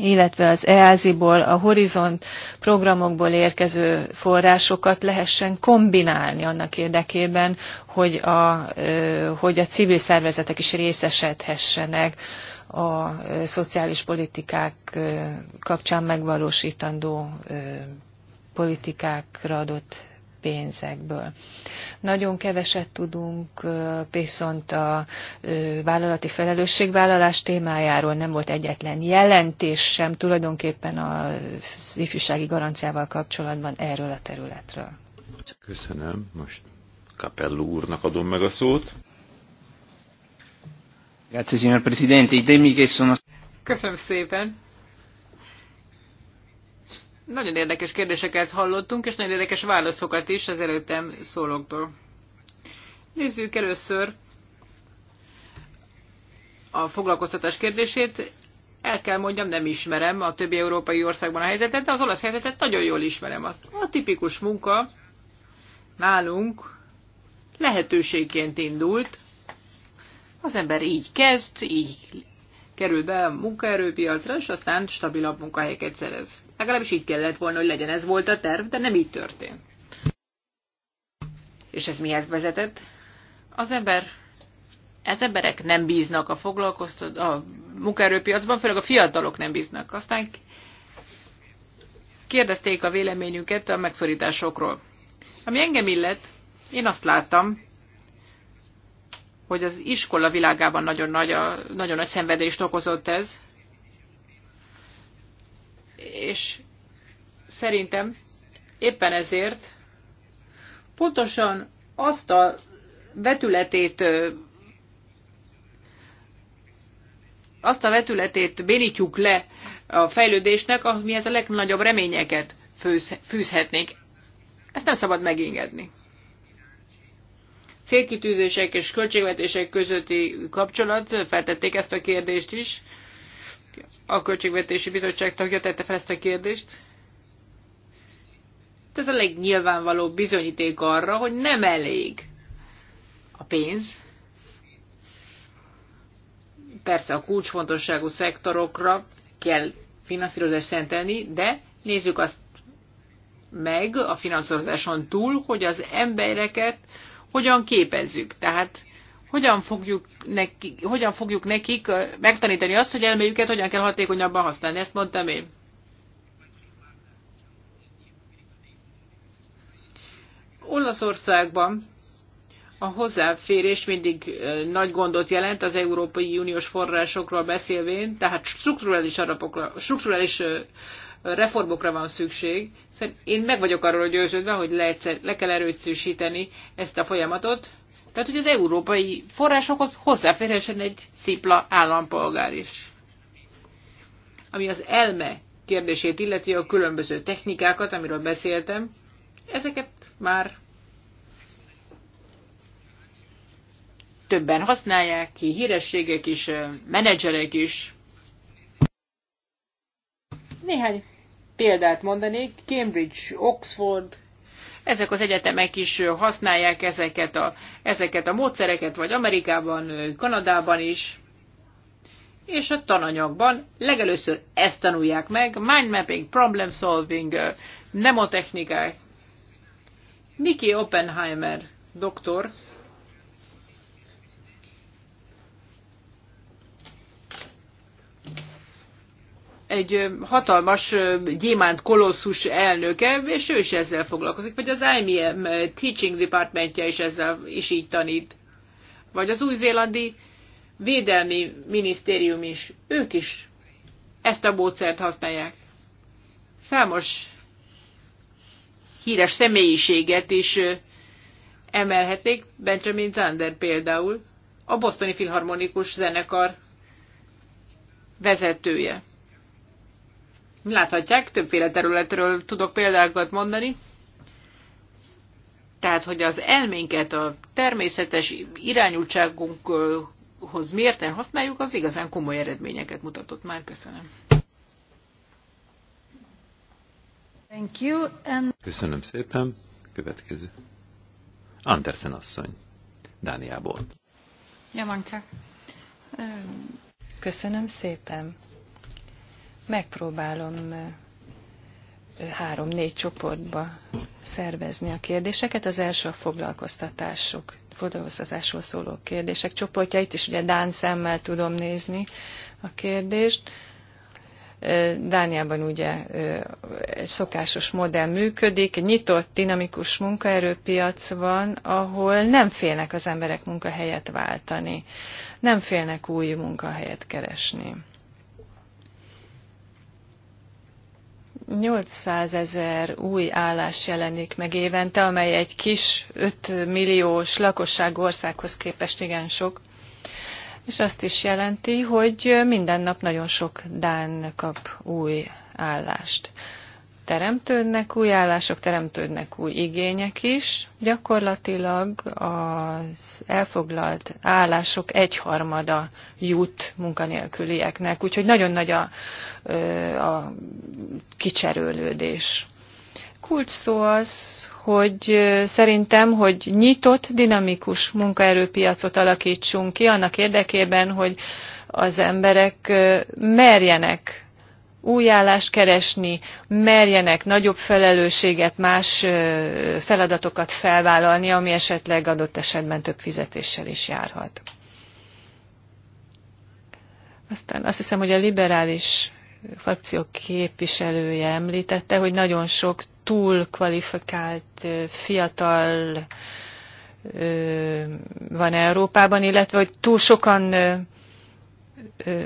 illetve az EASI-ból, a Horizont programokból érkező forrásokat lehessen kombinálni annak érdekében, hogy a, hogy a civil szervezetek is részesedhessenek a szociális politikák kapcsán megvalósítandó politikákra adott pénzekből. Nagyon keveset tudunk viszont a vállalati felelősségvállalás témájáról nem volt egyetlen jelentés sem tulajdonképpen az ifjúsági garanciával kapcsolatban erről a területről. Köszönöm. Most Capello úrnak adom meg a szót. Grazie, signor Presidente. I temi che sono... Köszönöm szépen. Nagyon érdekes kérdéseket hallottunk, és nagyon érdekes válaszokat is az előttem szólóktól. Nézzük először a foglalkoztatás kérdését. El kell mondjam, nem ismerem a többi európai országban a helyzetet, de az olasz helyzetet nagyon jól ismerem. A, tipikus munka nálunk lehetőségként indult. Az ember így kezd, így kerül be a munkaerőpiacra, és aztán stabilabb munkahelyeket szerez. Legalábbis így kellett volna, hogy legyen, ez volt a terv, de nem így történt. És ez mihez vezetett? Az ember, az emberek nem bíznak a foglalkoztató, a munkaerőpiacban, főleg a fiatalok nem bíznak. Aztán kérdezték a véleményünket a megszorításokról. Ami engem illet, én azt láttam, hogy az iskola világában nagyon nagy, a, nagyon nagy szenvedést okozott ez. És szerintem éppen ezért pontosan azt a vetületét azt a vetületét bénítjuk le a fejlődésnek, amihez a legnagyobb reményeket fűzhetnénk. Ezt nem szabad megengedni célkitűzések és költségvetések közötti kapcsolat, feltették ezt a kérdést is. A Költségvetési Bizottság tagja tette fel ezt a kérdést. Ez a legnyilvánvalóbb bizonyíték arra, hogy nem elég a pénz. Persze a kulcsfontosságú szektorokra kell finanszírozást szentelni, de nézzük azt meg a finanszírozáson túl, hogy az embereket hogyan képezzük. Tehát hogyan fogjuk, neki, hogyan fogjuk nekik megtanítani azt, hogy elméjüket hogyan kell hatékonyabban használni. Ezt mondtam én. Olaszországban a hozzáférés mindig nagy gondot jelent az Európai Uniós forrásokról beszélvén, tehát strukturális, arapokra strukturális reformokra van szükség. Én meg vagyok arról győződve, hogy le, egyszer, le kell erőszűsíteni ezt a folyamatot, tehát hogy az európai forrásokhoz hozzáférhessen egy szipla állampolgár is. Ami az elme kérdését illeti a különböző technikákat, amiről beszéltem, ezeket már többen használják ki, hírességek is, menedzserek is. Néhány példát mondanék, Cambridge, Oxford, ezek az egyetemek is használják ezeket a, ezeket a módszereket, vagy Amerikában, Kanadában is, és a tananyagban legelőször ezt tanulják meg, mind mapping, problem solving, eh, nemotechnikák. Niki Oppenheimer doktor egy hatalmas gyémánt kolosszus elnöke, és ő is ezzel foglalkozik, vagy az IMM e Teaching Departmentje is ezzel is így tanít, vagy az új-zélandi védelmi minisztérium is, ők is ezt a módszert használják. Számos híres személyiséget is emelhetnék, Benjamin Zander például, a bosztoni filharmonikus zenekar vezetője. Láthatják, többféle területről tudok példákat mondani. Tehát, hogy az elménket a természetes irányultságunkhoz mérten használjuk, az igazán komoly eredményeket mutatott már. Köszönöm. Thank you, and... Köszönöm szépen. Következő. Andersen asszony, Dániából. Ja, Köszönöm szépen megpróbálom három-négy csoportba szervezni a kérdéseket. Az első a foglalkoztatások, foglalkoztatásról szóló kérdések csoportja. Itt is ugye Dán szemmel tudom nézni a kérdést. Dániában ugye egy szokásos modell működik, egy nyitott, dinamikus munkaerőpiac van, ahol nem félnek az emberek munkahelyet váltani, nem félnek új munkahelyet keresni. 800 ezer új állás jelenik meg évente, amely egy kis 5 milliós lakosságú országhoz képest igen sok. És azt is jelenti, hogy minden nap nagyon sok Dán kap új állást teremtődnek új állások, teremtődnek új igények is. Gyakorlatilag az elfoglalt állások egyharmada jut munkanélkülieknek, úgyhogy nagyon nagy a, a kicserőlődés. Kulcs szó az, hogy szerintem, hogy nyitott, dinamikus munkaerőpiacot alakítsunk ki annak érdekében, hogy az emberek merjenek új állást keresni, merjenek nagyobb felelősséget, más feladatokat felvállalni, ami esetleg adott esetben több fizetéssel is járhat. Aztán azt hiszem, hogy a liberális frakció képviselője említette, hogy nagyon sok túl kvalifikált fiatal van Európában, illetve hogy túl sokan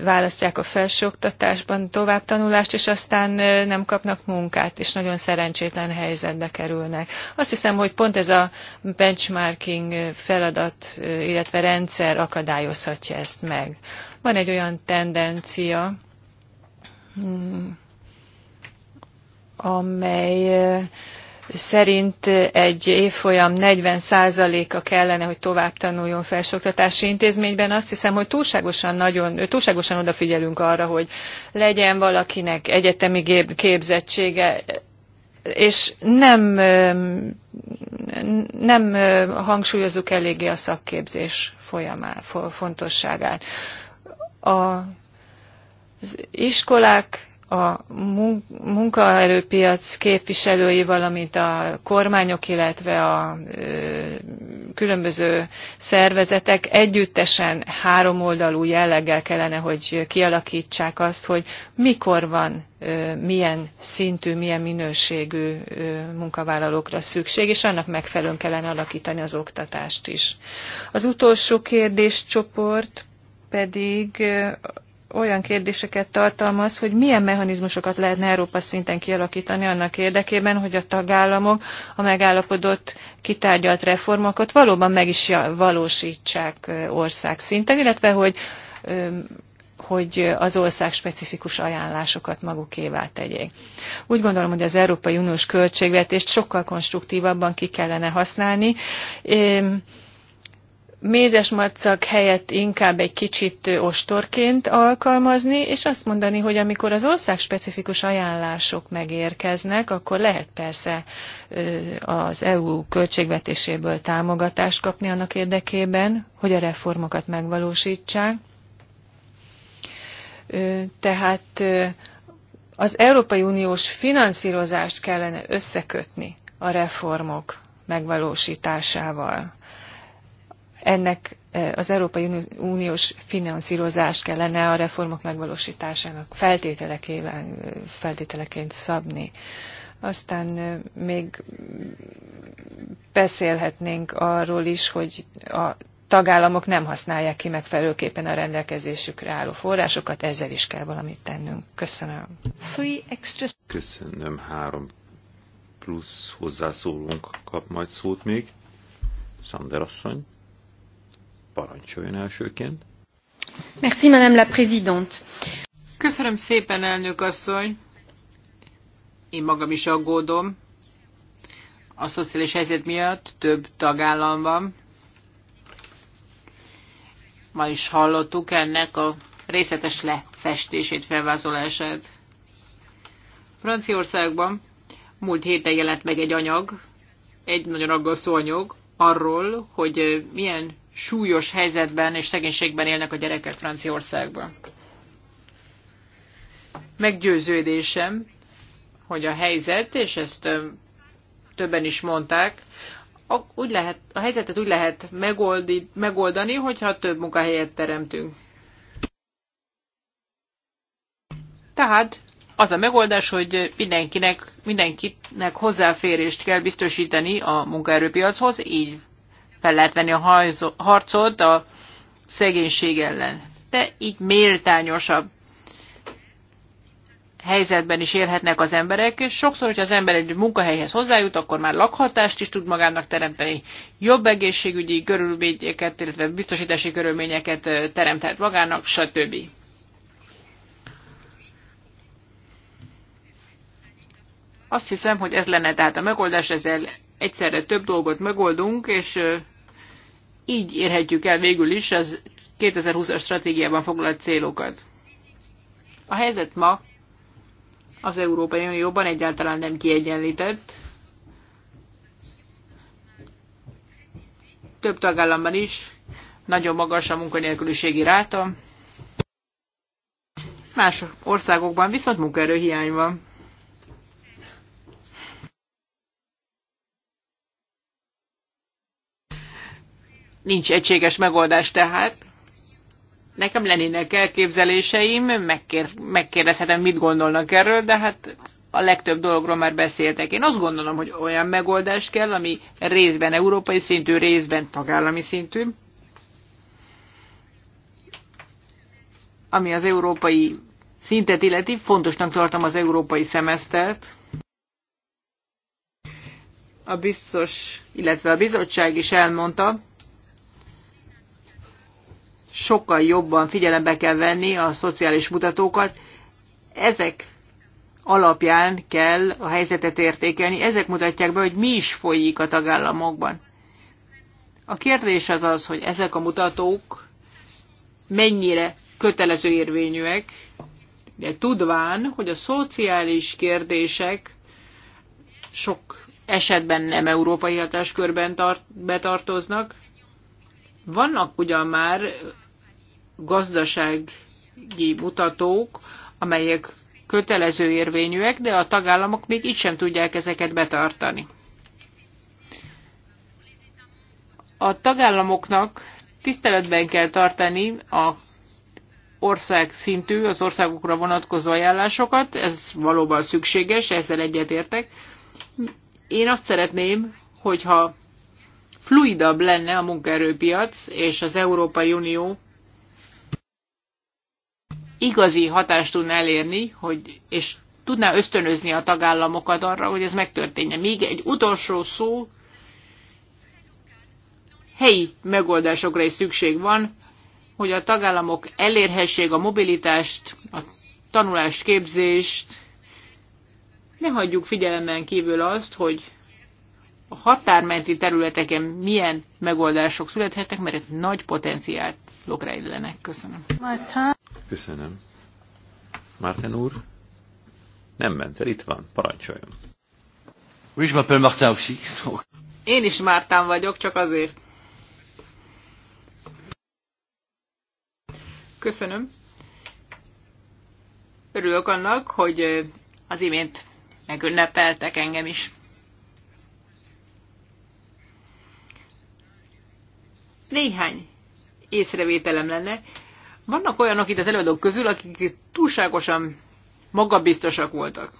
választják a felsőoktatásban továbbtanulást, és aztán nem kapnak munkát, és nagyon szerencsétlen helyzetbe kerülnek. Azt hiszem, hogy pont ez a benchmarking feladat, illetve rendszer akadályozhatja ezt meg. Van egy olyan tendencia, mm, amely szerint egy évfolyam 40%-a kellene, hogy tovább tanuljon felsőoktatási intézményben. Azt hiszem, hogy túlságosan, nagyon, túlságosan odafigyelünk arra, hogy legyen valakinek egyetemi képzettsége, és nem, nem hangsúlyozzuk eléggé a szakképzés folyamá, fontosságát. A, az iskolák a munkaerőpiac képviselői, valamint a kormányok, illetve a különböző szervezetek együttesen háromoldalú jelleggel kellene, hogy kialakítsák azt, hogy mikor van milyen szintű, milyen minőségű munkavállalókra szükség, és annak megfelelően kellene alakítani az oktatást is. Az utolsó kérdéscsoport pedig olyan kérdéseket tartalmaz, hogy milyen mechanizmusokat lehetne Európa szinten kialakítani annak érdekében, hogy a tagállamok a megállapodott kitárgyalt reformokat valóban meg is valósítsák ország szinten, illetve hogy hogy az ország specifikus ajánlásokat magukévá tegyék. Úgy gondolom, hogy az Európai Uniós költségvetést sokkal konstruktívabban ki kellene használni mézes macak helyett inkább egy kicsit ostorként alkalmazni, és azt mondani, hogy amikor az ország specifikus ajánlások megérkeznek, akkor lehet persze az EU költségvetéséből támogatást kapni annak érdekében, hogy a reformokat megvalósítsák. Tehát az Európai Uniós finanszírozást kellene összekötni a reformok megvalósításával ennek e, az Európai Uniós finanszírozás kellene a reformok megvalósításának feltételekében, e, feltételeként szabni. Aztán e, még beszélhetnénk arról is, hogy a tagállamok nem használják ki megfelelőképpen a rendelkezésükre álló forrásokat, ezzel is kell valamit tennünk. Köszönöm. Köszönöm, három plusz hozzászólónk kap majd szót még. Sander asszony. Parancsoljon elsőként. Merci, Madame la Présidente. Köszönöm szépen, elnök asszony. Én magam is aggódom. A szociális helyzet miatt több tagállamban. Ma is hallottuk ennek a részletes lefestését, felvázolását. Franciaországban múlt héten jelent meg egy anyag, egy nagyon aggasztó anyag arról, hogy milyen súlyos helyzetben és szegénységben élnek a gyerekek Franciaországban. Meggyőződésem, hogy a helyzet, és ezt többen is mondták, úgy lehet, a helyzetet úgy lehet megoldi, megoldani, hogyha több munkahelyet teremtünk. Tehát az a megoldás, hogy mindenkinek, mindenkinek hozzáférést kell biztosítani a munkaerőpiachoz, így fel lehet venni a harcot a szegénység ellen. De így méltányosabb helyzetben is élhetnek az emberek, és sokszor, hogyha az ember egy munkahelyhez hozzájut, akkor már lakhatást is tud magának teremteni, jobb egészségügyi körülményeket, illetve biztosítási körülményeket teremthet magának, stb. Azt hiszem, hogy ez lenne tehát a megoldás, ezzel egyszerre több dolgot megoldunk, és így érhetjük el végül is az 2020-as stratégiában foglalt célokat. A helyzet ma az Európai Unióban egyáltalán nem kiegyenlített. Több tagállamban is nagyon magas a munkanélküliségi ráta. Más országokban viszont munkaerőhiány van. Nincs egységes megoldás tehát. Nekem lennének elképzeléseim, megkér, megkérdezhetem, mit gondolnak erről, de hát a legtöbb dologról már beszéltek. Én azt gondolom, hogy olyan megoldás kell, ami részben európai szintű, részben tagállami szintű, ami az európai szintet illeti, fontosnak tartom az európai szemesztert. A biztos, illetve a bizottság is elmondta, sokkal jobban figyelembe kell venni a szociális mutatókat. Ezek alapján kell a helyzetet értékelni, ezek mutatják be, hogy mi is folyik a tagállamokban. A kérdés az az, hogy ezek a mutatók mennyire kötelező érvényűek, de tudván, hogy a szociális kérdések sok esetben nem európai hatáskörben tart, betartoznak. Vannak ugyan már gazdasági mutatók, amelyek kötelező érvényűek, de a tagállamok még így sem tudják ezeket betartani. A tagállamoknak tiszteletben kell tartani a ország szintű, az országokra vonatkozó ajánlásokat, ez valóban szükséges, ezzel egyetértek. Én azt szeretném, hogyha fluidabb lenne a munkaerőpiac, és az Európai Unió igazi hatást tudna elérni, hogy, és tudná ösztönözni a tagállamokat arra, hogy ez megtörténje. Még egy utolsó szó, helyi megoldásokra is szükség van, hogy a tagállamok elérhessék a mobilitást, a tanulás képzést. Ne hagyjuk figyelemben kívül azt, hogy a határmenti területeken milyen megoldások születhetnek, mert nagy potenciált logrejlenek. Köszönöm. Köszönöm. Márten úr? Nem ment el, itt van, parancsoljon. Martin Én is Mártán vagyok, csak azért. Köszönöm. Örülök annak, hogy az imént megünnepeltek engem is. Néhány észrevételem lenne. Vannak olyanok itt az előadók közül, akik túlságosan magabiztosak voltak.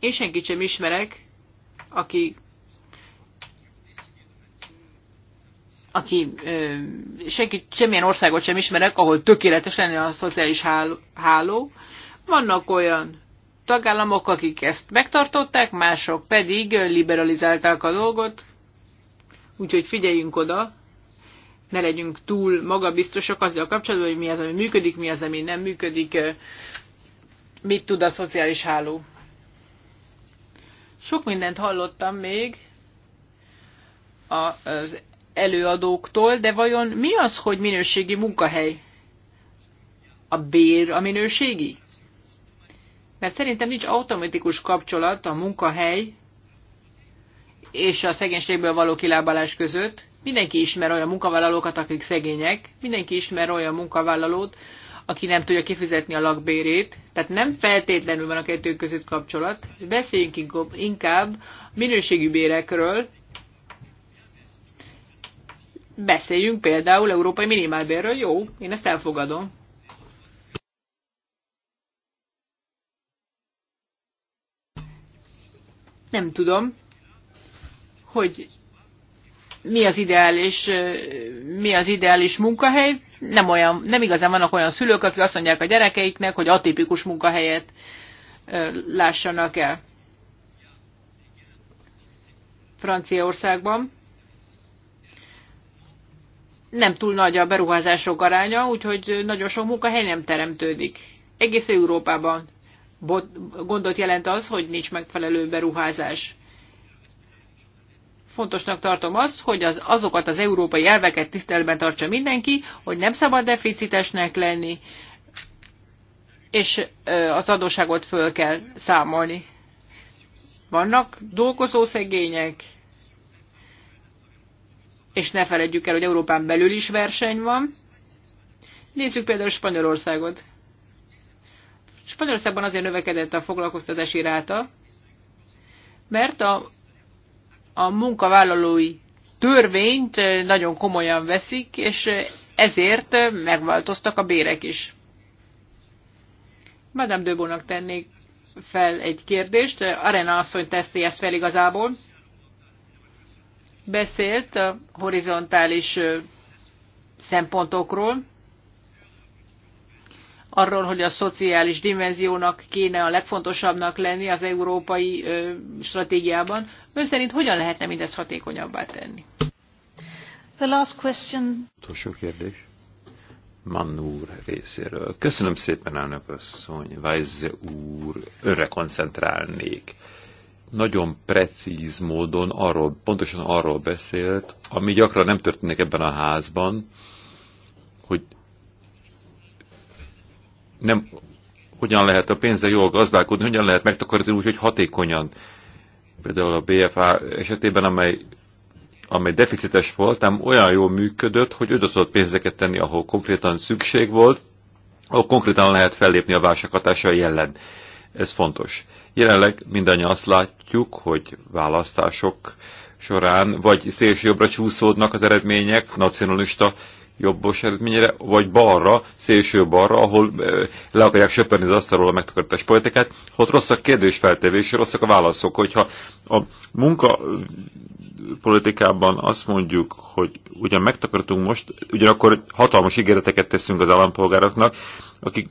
Én senkit sem ismerek, aki aki ö, senki, semmilyen országot sem ismerek, ahol tökéletes lenne a szociális háló. Vannak olyan tagállamok, akik ezt megtartották, mások pedig liberalizálták a dolgot, úgyhogy figyeljünk oda, ne legyünk túl magabiztosak azzal kapcsolatban, hogy mi az, ami működik, mi az, ami nem működik, mit tud a szociális háló. Sok mindent hallottam még az előadóktól, de vajon mi az, hogy minőségi munkahely? A bér a minőségi? Mert szerintem nincs automatikus kapcsolat a munkahely és a szegénységből való kilábalás között. Mindenki ismer olyan munkavállalókat, akik szegények, mindenki ismer olyan munkavállalót, aki nem tudja kifizetni a lakbérét, tehát nem feltétlenül van a kettő között kapcsolat. Beszéljünk inkább minőségi bérekről, beszéljünk például európai minimálbérről, jó, én ezt elfogadom. Nem tudom, hogy mi az ideális, mi az ideális munkahely. Nem, olyan, nem igazán vannak olyan szülők, akik azt mondják a gyerekeiknek, hogy atipikus munkahelyet lássanak el. Franciaországban nem túl nagy a beruházások aránya, úgyhogy nagyon sok munkahely nem teremtődik. Egész Európában gondot jelent az, hogy nincs megfelelő beruházás. Fontosnak tartom azt, hogy az, azokat az európai elveket tisztelben tartsa mindenki, hogy nem szabad deficitesnek lenni, és az adóságot föl kell számolni. Vannak dolgozó szegények, és ne feledjük el, hogy Európán belül is verseny van. Nézzük például Spanyolországot. Spanyolországban azért növekedett a foglalkoztatási ráta, mert a a munkavállalói törvényt eh, nagyon komolyan veszik, és eh, ezért eh, megváltoztak a bérek is. Madame Döbónak tennék fel egy kérdést. Arena asszony teszi ezt fel igazából. Beszélt a horizontális szempontokról, arról, hogy a szociális dimenziónak kéne a legfontosabbnak lenni az európai ö, stratégiában. Ön szerint hogyan lehetne mindezt hatékonyabbá tenni? The last question. Utolsó kérdés. Manúr részéről. Köszönöm szépen, elnök asszony, Weize úr, önre koncentrálnék. Nagyon precíz módon arról, pontosan arról beszélt, ami gyakran nem történik ebben a házban, hogy nem, hogyan lehet a pénzzel jól gazdálkodni, hogyan lehet megtakarítani úgy, hogy hatékonyan. Például a BFA esetében, amely, amely deficites volt, ám olyan jól működött, hogy oda tudott pénzeket tenni, ahol konkrétan szükség volt, ahol konkrétan lehet fellépni a válság jelen. Ez fontos. Jelenleg mindannyian azt látjuk, hogy választások során vagy jobbra csúszódnak az eredmények, nacionalista jobbos eredményére, vagy balra, szélső balra, ahol le akarják söpörni az asztalról a megtakarítás politikát, ott rossz a kérdésfeltevés, rosszak a válaszok. Hogyha a munka politikában azt mondjuk, hogy ugyan megtakarítunk most, ugyanakkor hatalmas ígéreteket teszünk az állampolgároknak, akik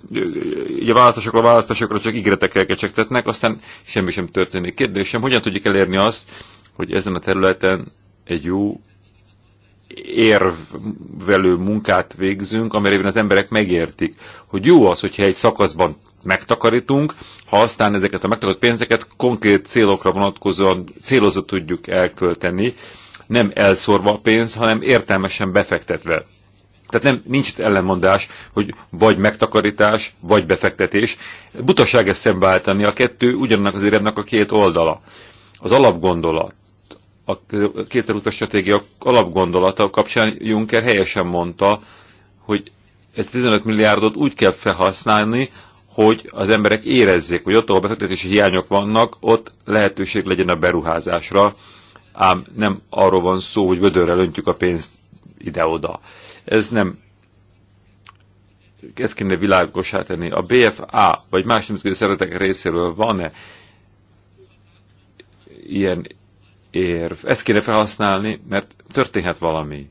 ugye választásokra, választásokra csak ígéretekkel kecsegtetnek, aztán semmi sem történik. Kérdésem, hogyan tudjuk elérni azt, hogy ezen a területen egy jó érvelő munkát végzünk, amelyben az emberek megértik, hogy jó az, hogyha egy szakaszban megtakarítunk, ha aztán ezeket a megtakarított pénzeket konkrét célokra vonatkozóan célozva tudjuk elkölteni, nem elszorva a pénz, hanem értelmesen befektetve. Tehát nem, nincs itt ellenmondás, hogy vagy megtakarítás, vagy befektetés. Butaság ezt szembeállítani, a kettő ugyanannak az éremnek a két oldala. Az alapgondolat, a 2020-as stratégia alapgondolata kapcsán Juncker helyesen mondta, hogy ezt 15 milliárdot úgy kell felhasználni, hogy az emberek érezzék, hogy ott, ahol befektetési hiányok vannak, ott lehetőség legyen a beruházásra, ám nem arról van szó, hogy vödörre löntjük a pénzt ide-oda. Ez nem ezt kéne világosá tenni. A BFA, vagy más nemzetközi szeretek részéről van-e ilyen érv. Ezt kéne felhasználni, mert történhet valami.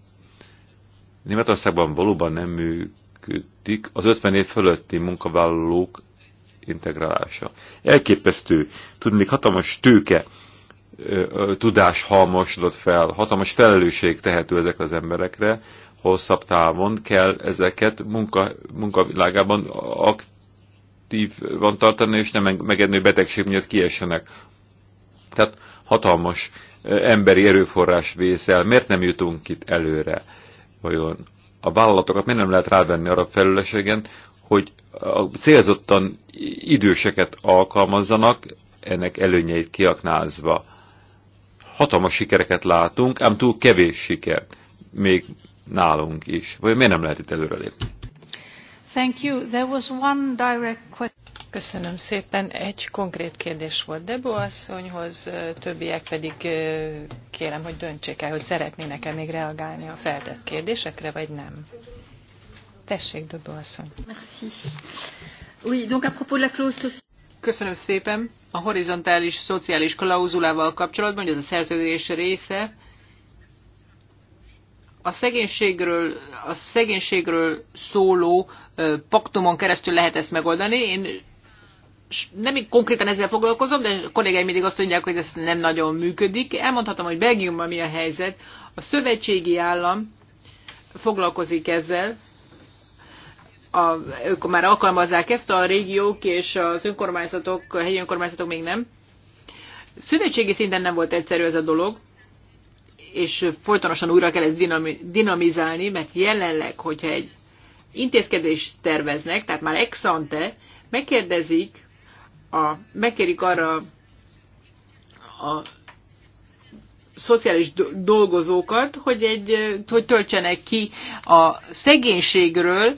Németországban valóban nem működik az 50 év fölötti munkavállalók integrálása. Elképesztő, tudni, hatalmas tőke tudás halmosodott fel, hatalmas felelősség tehető ezek az emberekre, hosszabb távon kell ezeket munka, munkavilágában van tartani, és nem megednő betegség miatt kiessenek. Tehát hatalmas emberi erőforrás vészel, miért nem jutunk itt előre? Vajon a vállalatokat miért nem lehet rávenni arra felülesegen, hogy célzottan időseket alkalmazzanak, ennek előnyeit kiaknázva. Hatalmas sikereket látunk, ám túl kevés siker, még nálunk is. Vagy miért nem lehet itt előrelépni? Thank you. There was one direct question. Köszönöm szépen. Egy konkrét kérdés volt Debo asszonyhoz, többiek pedig kérem, hogy döntsék el, hogy szeretnének-e még reagálni a feltett kérdésekre, vagy nem. Tessék, Debo asszony. de Köszönöm szépen. A horizontális szociális klauzulával kapcsolatban, hogy ez a szerződés része, a szegénységről, a szegénységről szóló paktumon keresztül lehet ezt megoldani. Én nem konkrétan ezzel foglalkozom, de a kollégáim mindig azt mondják, hogy ez nem nagyon működik. Elmondhatom, hogy Belgiumban mi a helyzet. A szövetségi állam foglalkozik ezzel, a, ők már alkalmazzák ezt, a régiók és az önkormányzatok, a helyi önkormányzatok még nem. Szövetségi szinten nem volt egyszerű ez a dolog, és folytonosan újra kell ezt dinamizálni, mert jelenleg, hogyha egy intézkedést terveznek, tehát már ex ante, megkérdezik a, megkérik arra a szociális dolgozókat, hogy, egy, hogy töltsenek ki a szegénységről,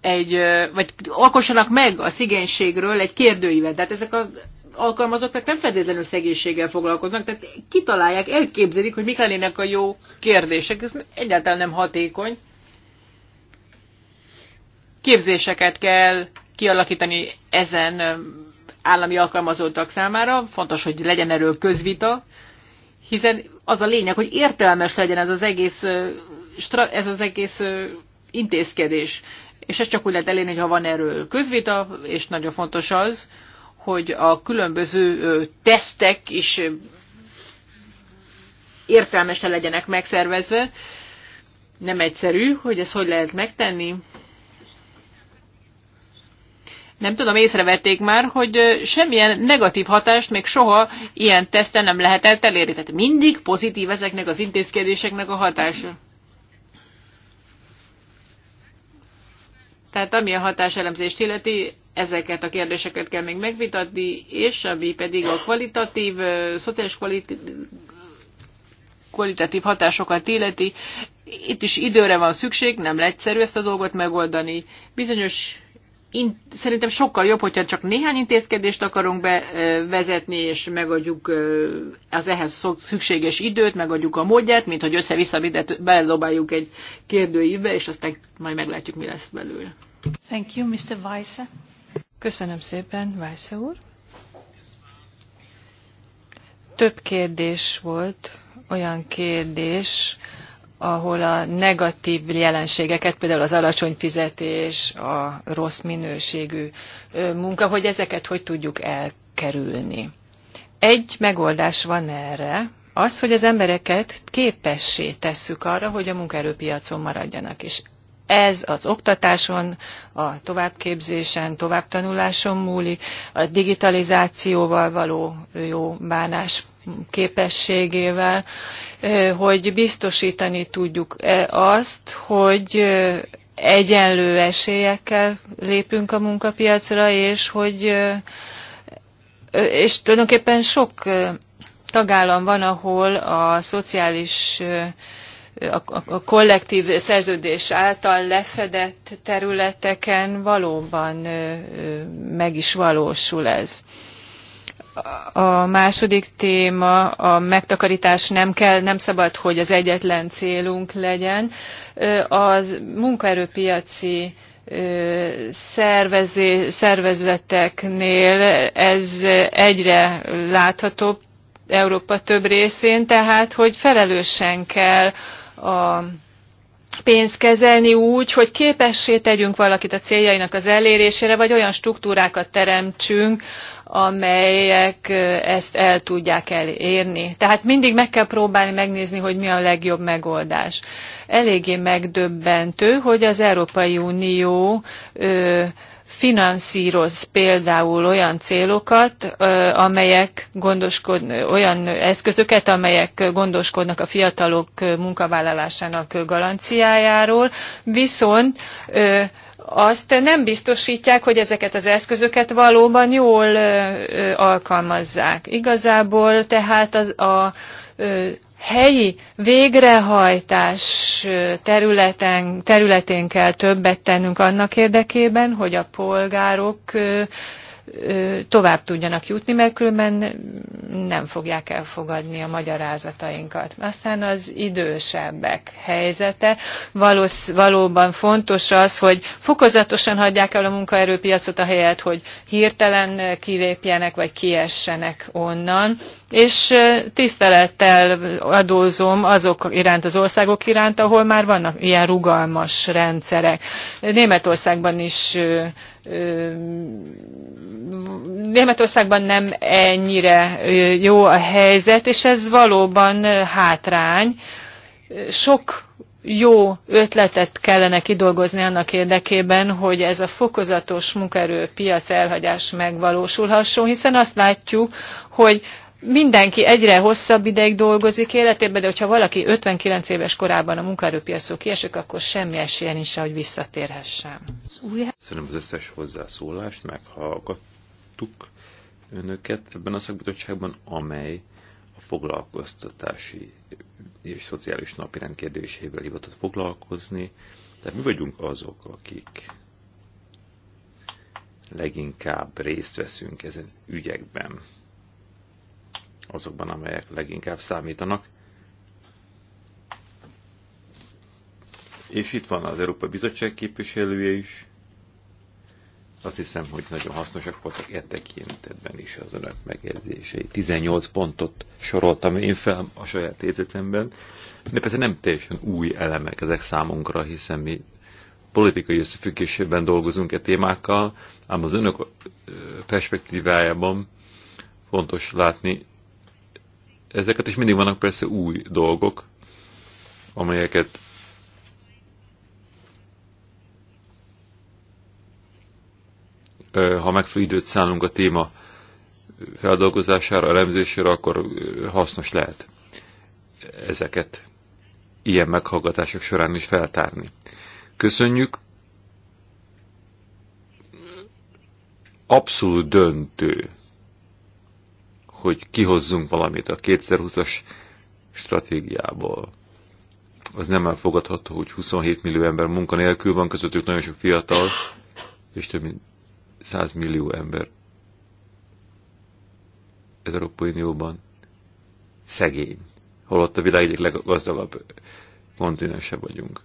egy, vagy alkossanak meg a szegénységről egy kérdőívet. Tehát ezek az alkalmazottak nem feltétlenül szegénységgel foglalkoznak, tehát kitalálják, elképzelik, hogy mik lennének a jó kérdések. Ez egyáltalán nem hatékony. Képzéseket kell kialakítani ezen állami alkalmazottak számára. Fontos, hogy legyen erről közvita, hiszen az a lényeg, hogy értelmes legyen ez az egész, ez az egész intézkedés. És ez csak úgy lehet elérni, ha van erről közvita, és nagyon fontos az, hogy a különböző tesztek is értelmesen legyenek megszervezve. Nem egyszerű, hogy ezt hogy lehet megtenni nem tudom, észrevették már, hogy semmilyen negatív hatást még soha ilyen teszten nem lehetett elérni. Tehát mindig pozitív ezeknek az intézkedéseknek a hatása. Tehát ami a hatáselemzést illeti, ezeket a kérdéseket kell még megvitatni, és ami pedig a kvalitatív, szociális kvalitatív, kvalitatív hatásokat illeti, itt is időre van szükség, nem egyszerű ezt a dolgot megoldani. Bizonyos szerintem sokkal jobb, hogyha csak néhány intézkedést akarunk bevezetni, és megadjuk az ehhez szükséges időt, megadjuk a módját, mint hogy össze-vissza belobáljuk egy kérdőívbe, és aztán majd meglátjuk, mi lesz belőle. Thank you, Mr. Weisse. Köszönöm szépen, Weisse úr. Több kérdés volt, olyan kérdés, ahol a negatív jelenségeket, például az alacsony fizetés, a rossz minőségű munka, hogy ezeket hogy tudjuk elkerülni. Egy megoldás van erre, az, hogy az embereket képessé tesszük arra, hogy a munkaerőpiacon maradjanak. És ez az oktatáson, a továbbképzésen, továbbtanuláson múlik, a digitalizációval való jó bánás képességével, hogy biztosítani tudjuk e, azt, hogy egyenlő esélyekkel lépünk a munkapiacra, és hogy és tulajdonképpen sok tagállam van, ahol a szociális a, a kollektív szerződés által lefedett területeken valóban meg is valósul ez. A második téma, a megtakarítás nem kell, nem szabad, hogy az egyetlen célunk legyen. Az munkaerőpiaci szervezé, szervezeteknél ez egyre láthatóbb Európa több részén, tehát hogy felelősen kell a pénzt kezelni úgy, hogy képessé tegyünk valakit a céljainak az elérésére, vagy olyan struktúrákat teremtsünk, amelyek ezt el tudják elérni. Tehát mindig meg kell próbálni megnézni, hogy mi a legjobb megoldás. Eléggé megdöbbentő, hogy az Európai Unió ö, finanszíroz például olyan célokat, amelyek gondoskod, olyan eszközöket, amelyek gondoskodnak a fiatalok munkavállalásának garanciájáról, viszont azt nem biztosítják, hogy ezeket az eszközöket valóban jól alkalmazzák. Igazából tehát az a helyi végrehajtás területen, területén kell többet tennünk annak érdekében, hogy a polgárok tovább tudjanak jutni, mert különben nem fogják elfogadni a magyarázatainkat. Aztán az idősebbek helyzete. Valósz, valóban fontos az, hogy fokozatosan hagyják el a munkaerőpiacot a helyet, hogy hirtelen kilépjenek vagy kiessenek onnan, és tisztelettel adózom azok iránt, az országok iránt, ahol már vannak ilyen rugalmas rendszerek. Németországban is Németországban nem ennyire jó a helyzet, és ez valóban hátrány. Sok jó ötletet kellene kidolgozni annak érdekében, hogy ez a fokozatos munkaerőpiac elhagyás megvalósulhasson, hiszen azt látjuk, hogy mindenki egyre hosszabb ideig dolgozik életében, de hogyha valaki 59 éves korában a munkaerőpiacról kiesik, akkor semmi esélye nincs, hogy visszatérhessen. Köszönöm az összes hozzászólást, meghallgattuk önöket ebben a szakbizottságban, amely a foglalkoztatási és szociális napirend kérdésével hivatott foglalkozni. Tehát mi vagyunk azok, akik leginkább részt veszünk ezen ügyekben azokban, amelyek leginkább számítanak. És itt van az Európa Bizottság képviselője is. Azt hiszem, hogy nagyon hasznosak voltak e tekintetben is az önök megjegyzései. 18 pontot soroltam én fel a saját érzetemben, de persze nem teljesen új elemek ezek számunkra, hiszen mi politikai összefüggésében dolgozunk e témákkal, ám az önök perspektívájában fontos látni, ezeket is mindig vannak persze új dolgok, amelyeket ha megfelelő időt szánunk a téma feldolgozására, elemzésére, akkor hasznos lehet ezeket ilyen meghallgatások során is feltárni. Köszönjük! Abszolút döntő hogy kihozzunk valamit a 2020-as stratégiából. Az nem elfogadható, hogy 27 millió ember munkanélkül van, közöttük nagyon sok fiatal, és több mint 100 millió ember az Európai Unióban szegény, holott a világ egyik leggazdagabb kontinense vagyunk.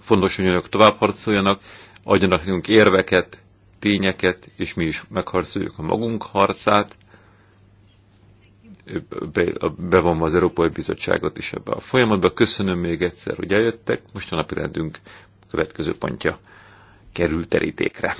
Fontos, hogy önök tovább harcoljanak, adjanak nekünk érveket, tényeket, és mi is megharcoljuk a magunk harcát, bevonva az Európai Bizottságot is ebbe a folyamatba. Köszönöm még egyszer, hogy eljöttek. Most a napi rendünk következő pontja kerül terítékre.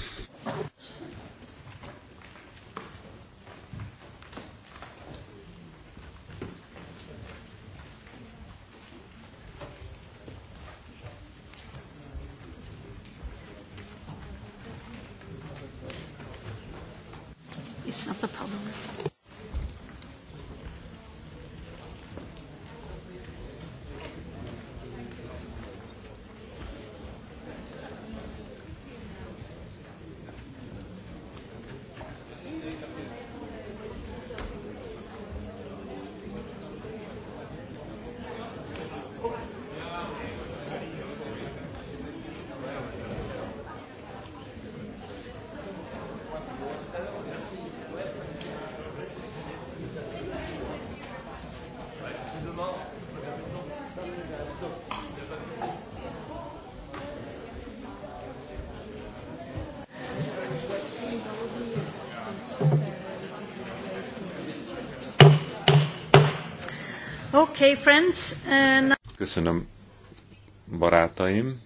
It's not a Köszönöm, barátaim.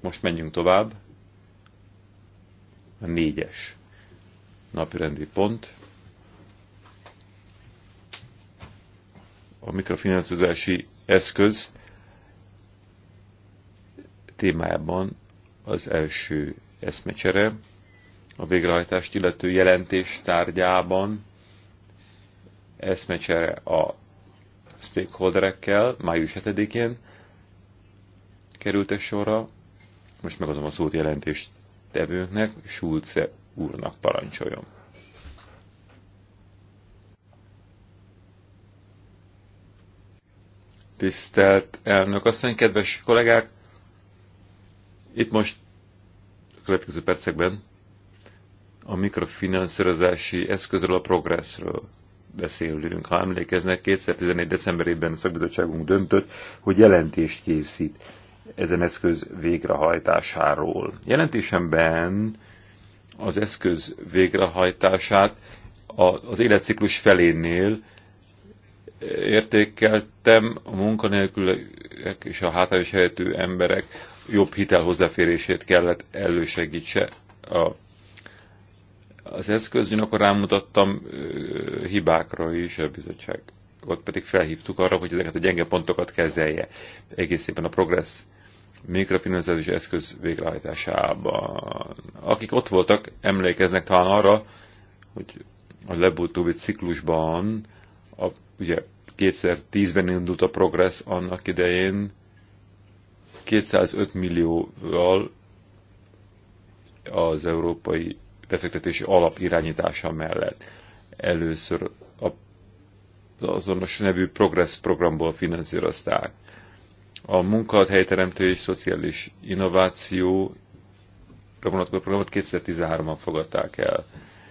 Most menjünk tovább. A négyes napirendi pont. A mikrofinanszírozási eszköz témában az első eszmecsere, a végrehajtást illető jelentés tárgyában eszmecsere a stakeholderekkel május 7-én kerültek sorra. Most megadom a szót jelentést tevőknek, Schulze úrnak parancsoljon. Tisztelt elnök asszony, kedves kollégák! Itt most a következő percekben a mikrofinanszírozási eszközről, a progresszről beszélünk. Ha emlékeznek, 2014. decemberében a szakbizottságunk döntött, hogy jelentést készít ezen eszköz végrehajtásáról. Jelentésemben az eszköz végrehajtását az életciklus felénél értékeltem a munkanélkülek és a hátrányos helyető emberek jobb hitel hozzáférését kellett elősegítse a az eszköz, akkor rámutattam hibákra is a bizottság. Ott pedig felhívtuk arra, hogy ezeket a gyenge pontokat kezelje egész éppen a progress mikrofinanszírozás eszköz végrehajtásában. Akik ott voltak, emlékeznek talán arra, hogy a legutóbbi ciklusban, a, ugye 2010-ben indult a progress annak idején, 205 millióval az európai befektetési alap irányítása mellett. Először a azonos nevű Progress programból finanszírozták. A munkahelyteremtő és szociális innováció vonatkozó programot 2013-ban fogadták el.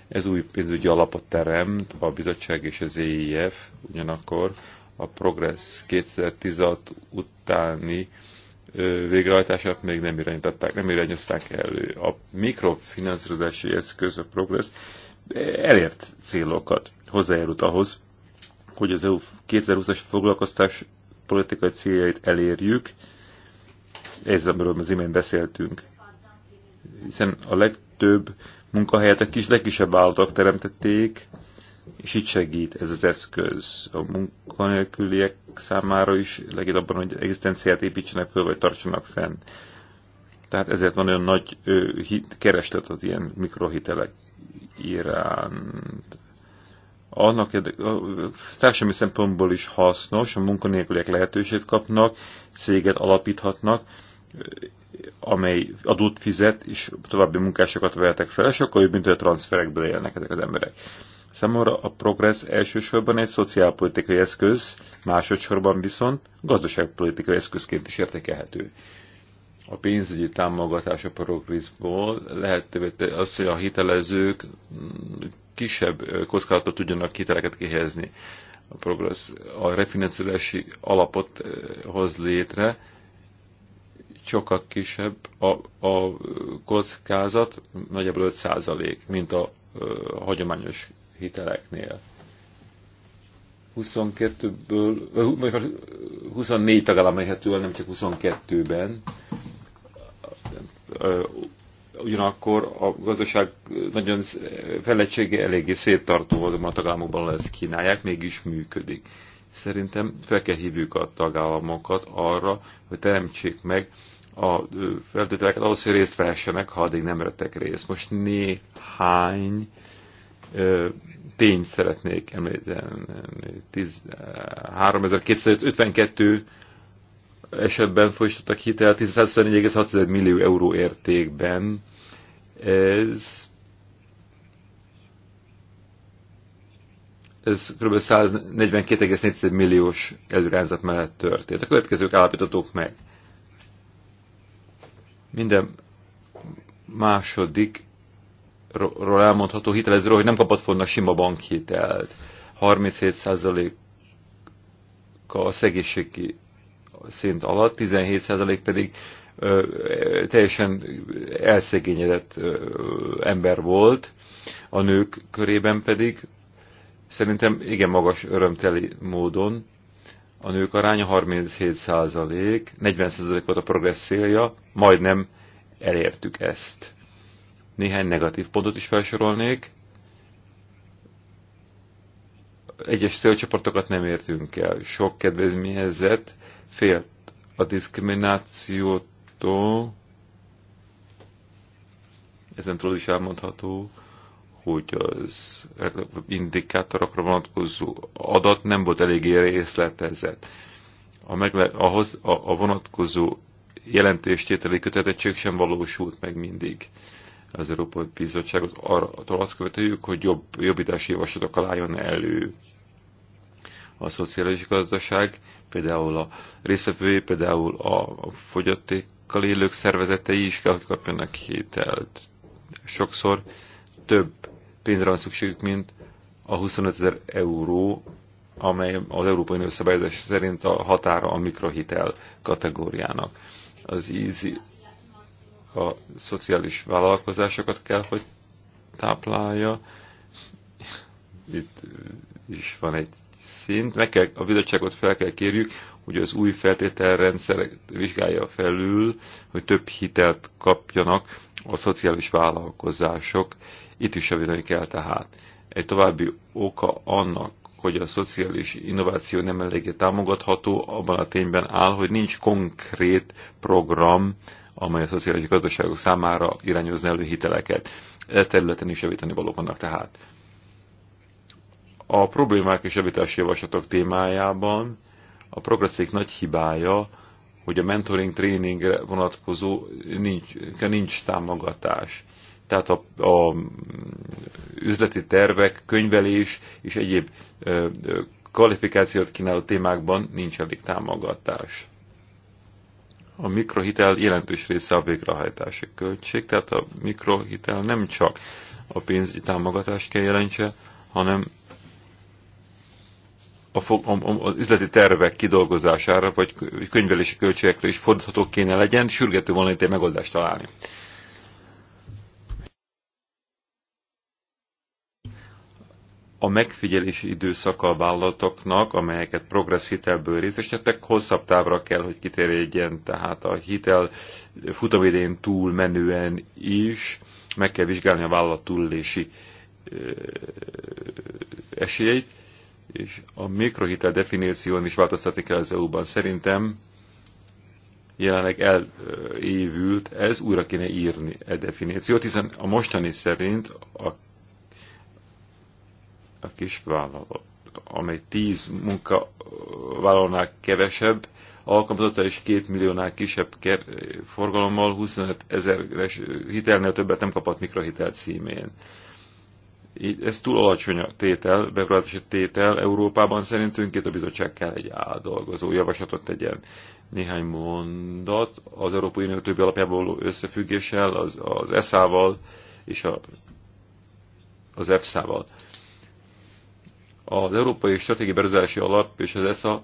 Ez új pénzügyi alapot teremt, a bizottság és az EIF, ugyanakkor a Progress 2016 utáni végrehajtását még nem irányították, nem irányozták elő. A mikrofinanszírozási eszköz, a Progress elért célokat, hozzájárult ahhoz, hogy az EU 2020-as foglalkoztás politikai céljait elérjük, ez amiről az imént beszéltünk. Hiszen a legtöbb munkahelyet a kis, legkisebb állatok teremtették, és így segít ez az eszköz a munkanélküliek számára is, legjobb abban, hogy egzisztenciát építsenek föl, vagy tartsanak fenn. Tehát ezért van olyan nagy ö, hit, kereslet az ilyen mikrohitelek iránt. Annak társadalmi szempontból is hasznos, a munkanélküliek lehetőséget kapnak, céget alapíthatnak, amely adót fizet, és további munkásokat vehetek fel, sokkal jobb, mint a transferekből élnek ezek az emberek. Számomra a progressz elsősorban egy szociálpolitikai eszköz, másodszorban viszont gazdaságpolitikai eszközként is értékelhető. A pénzügyi támogatás a progresszból lehetővé az, hogy a hitelezők kisebb kockázatot tudjanak hiteleket kihelyezni. A progressz a refinanciálási alapot hoz létre, sokkal kisebb a, a kockázat, nagyjából 5 mint a, a hagyományos hiteleknél. 22-ből, vagy 24 tagállam érhető nem csak 22-ben. Ugyanakkor a gazdaság nagyon felettsége eléggé széttartó azokban a tagállamokban ezt kínálják, mégis működik. Szerintem fel kell hívjuk a tagállamokat arra, hogy teremtsék meg a feltételeket ahhoz, hogy részt vehessenek, ha addig nem vettek részt. Most néhány tényt szeretnék említeni. 3252 esetben folytattak hitel, 104,6 millió euró értékben. Ez, ez kb. 142,4 milliós előrányzat mellett történt. A következők állapítatók meg. Minden második ról elmondható hitelezőről, hogy nem kapott volna sima bankhitelt. 37%-a a szegészségi szint alatt, 17% pedig ö, teljesen elszegényedett ö, ember volt, a nők körében pedig szerintem igen magas örömteli módon a nők aránya 37 százalék, 40 százalék volt a progresszélja, majdnem elértük ezt. Néhány negatív pontot is felsorolnék. Egyes célcsoportokat nem értünk el. Sok kedvezményezett félt a diszkriminációtól. Ezen túl is elmondható, hogy az indikátorokra vonatkozó adat nem volt eléggé részletezett. A, megle- ahhoz, a, a vonatkozó jelentéstételi kötelezettség sem valósult meg mindig az Európai Bizottságot arra azt követeljük, hogy jobb, jobbítási javaslatokkal álljon elő a szociális gazdaság, például a részvevői, például a fogyatékkal élők szervezetei is kell, hogy kapjanak hételt. Sokszor több pénzre van szükségük, mint a 25 ezer euró, amely az Európai Unió szabályozás szerint a határa a mikrohitel kategóriának. Az easy a szociális vállalkozásokat kell, hogy táplálja. Itt is van egy szint. Meg kell, a bizottságot fel kell kérjük, hogy az új feltételrendszer vizsgálja felül, hogy több hitelt kapjanak a szociális vállalkozások. Itt is javítani kell tehát. Egy további oka annak, hogy a szociális innováció nem eléggé támogatható, abban a tényben áll, hogy nincs konkrét program amely a szociális gazdaságok számára irányozni elő hiteleket. E területen is javítani valók vannak tehát. A problémák és javítási javaslatok témájában a progresszék nagy hibája, hogy a mentoring tréningre vonatkozó nincs, nincs támogatás. Tehát a, a üzleti tervek, könyvelés és egyéb ö, ö, kvalifikációt kínáló témákban nincs elég támogatás a mikrohitel jelentős része a végrehajtási költség, tehát a mikrohitel nem csak a pénzügyi támogatást kell jelentse, hanem a fog, a, a, az üzleti tervek kidolgozására, vagy könyvelési költségekre is fordítható kéne legyen, sürgető volna itt egy megoldást találni. a megfigyelési időszaka a vállalatoknak, amelyeket progressz hitelből részesítettek, hosszabb távra kell, hogy kiterjedjen, tehát a hitel futamidén túl menően is meg kell vizsgálni a vállalat túlélési esélyeit, és a mikrohitel definíción is változtatni kell az EU-ban. Szerintem jelenleg elévült, ez újra kéne írni a e definíciót, hiszen a mostani szerint a a kis vállalat, amely 10 munkavállalónál kevesebb, alkalmazottal és 2 milliónál kisebb forgalommal 25 ezeres hitelnél többet nem kapott mikrohitel címén. Így ez túl alacsony a tétel, bevállalási tétel Európában szerintünk, itt a bizottság kell egy áldolgozó javaslatot tegyen. Néhány mondat az Európai Unió többi alapjából összefüggéssel, az, az ESZÁ-val és a, az EFSA-val. Az Európai Stratégiai Beruzási Alap és az ESA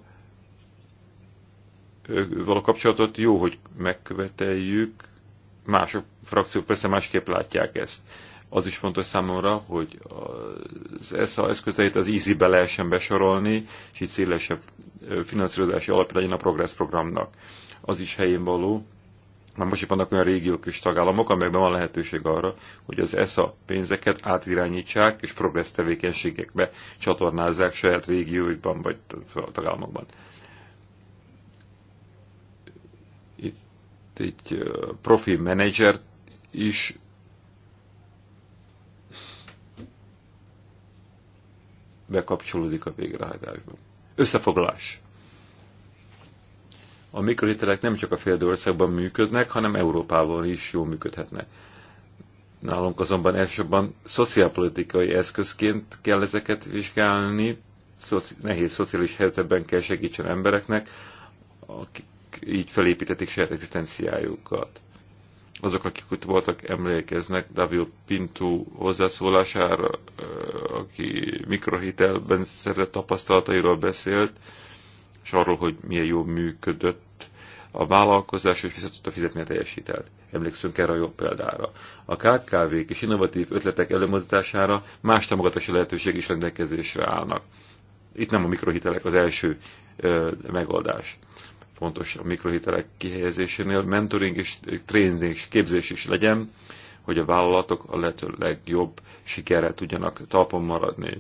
való kapcsolatot jó, hogy megköveteljük, mások frakciók persze másképp látják ezt. Az is fontos számomra, hogy az ESA eszközeit az easy-be lehessen besorolni, és így szélesebb finanszírozási alapja legyen a Progress programnak. Az is helyén való, már most is vannak olyan régiók és tagállamok, amelyekben van lehetőség arra, hogy az ESA pénzeket átirányítsák és progressz tevékenységekbe csatornázzák saját régióikban vagy tagállamokban. Itt egy profi menedzser is bekapcsolódik a végrehajtásban. Összefoglalás a mikrohitelek nem csak a fejlődő országban működnek, hanem Európában is jól működhetnek. Nálunk azonban elsősorban szociálpolitikai eszközként kell ezeket vizsgálni, szoci nehéz szociális helyzetben kell segítsen embereknek, akik így felépítették saját egzisztenciájukat. Azok, akik ott voltak, emlékeznek Davio Pintu hozzászólására, aki mikrohitelben szerzett tapasztalatairól beszélt, és arról, hogy milyen jól működött a vállalkozás és vissza tudta fizetni a teljesítelt. Emlékszünk erre a jobb példára. A KKV-k és innovatív ötletek előmozdítására, más támogatási lehetőség is rendelkezésre állnak. Itt nem a mikrohitelek az első ö, megoldás. Fontos a mikrohitelek kihelyezésénél mentoring és training és képzés is legyen, hogy a vállalatok a lehető legjobb sikerrel tudjanak talpon maradni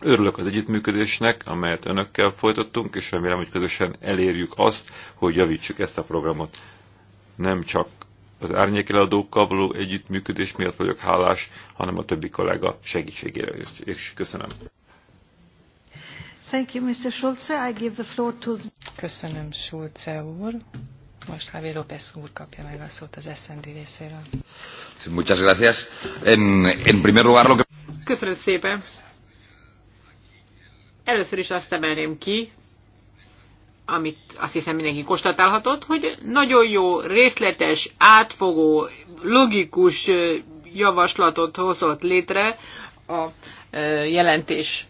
Örülök az együttműködésnek, amelyet önökkel folytattunk, és remélem, hogy közösen elérjük azt, hogy javítsuk ezt a programot. Nem csak az árnyékeladókkal való együttműködés miatt vagyok hálás, hanem a többi kollega segítségére is. Köszönöm. Thank you, Mr. Schulze. I give the floor to... Köszönöm, Schulze úr. Most Javier López úr kapja meg a szót az SND részéről. Muchas gracias. En, en primer lugar, lo que... Köszönöm szépen. Először is azt emelném ki, amit azt hiszem mindenki konstatálhatott, hogy nagyon jó, részletes, átfogó, logikus javaslatot hozott létre a jelentés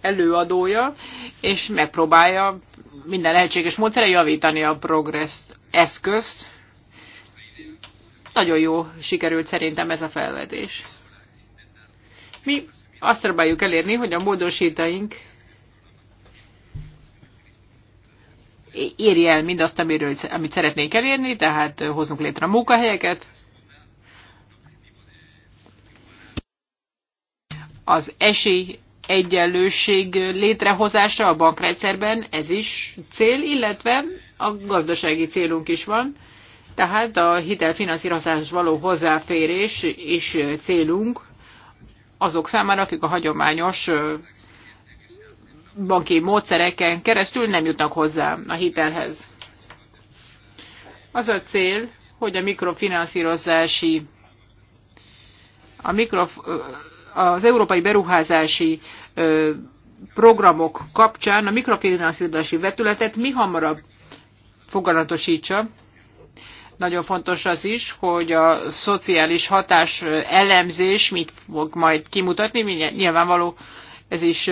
előadója, és megpróbálja minden lehetséges módszere javítani a progress eszközt. Nagyon jó sikerült szerintem ez a felvetés. Mi azt próbáljuk elérni, hogy a módosítaink érje el mindazt, amiről, amit szeretnénk elérni, tehát hozunk létre a munkahelyeket, az esély egyenlőség létrehozása a bankrendszerben, ez is cél, illetve a gazdasági célunk is van, tehát a hitelfinanszírozás való hozzáférés is célunk azok számára, akik a hagyományos banki módszereken keresztül nem jutnak hozzá a hitelhez. Az a cél, hogy a mikrofinanszírozási, a mikro, az európai beruházási programok kapcsán a mikrofinanszírozási vetületet mi hamarabb foganatosítsa, nagyon fontos az is, hogy a szociális hatás elemzés mit fog majd kimutatni, nyilvánvaló ez is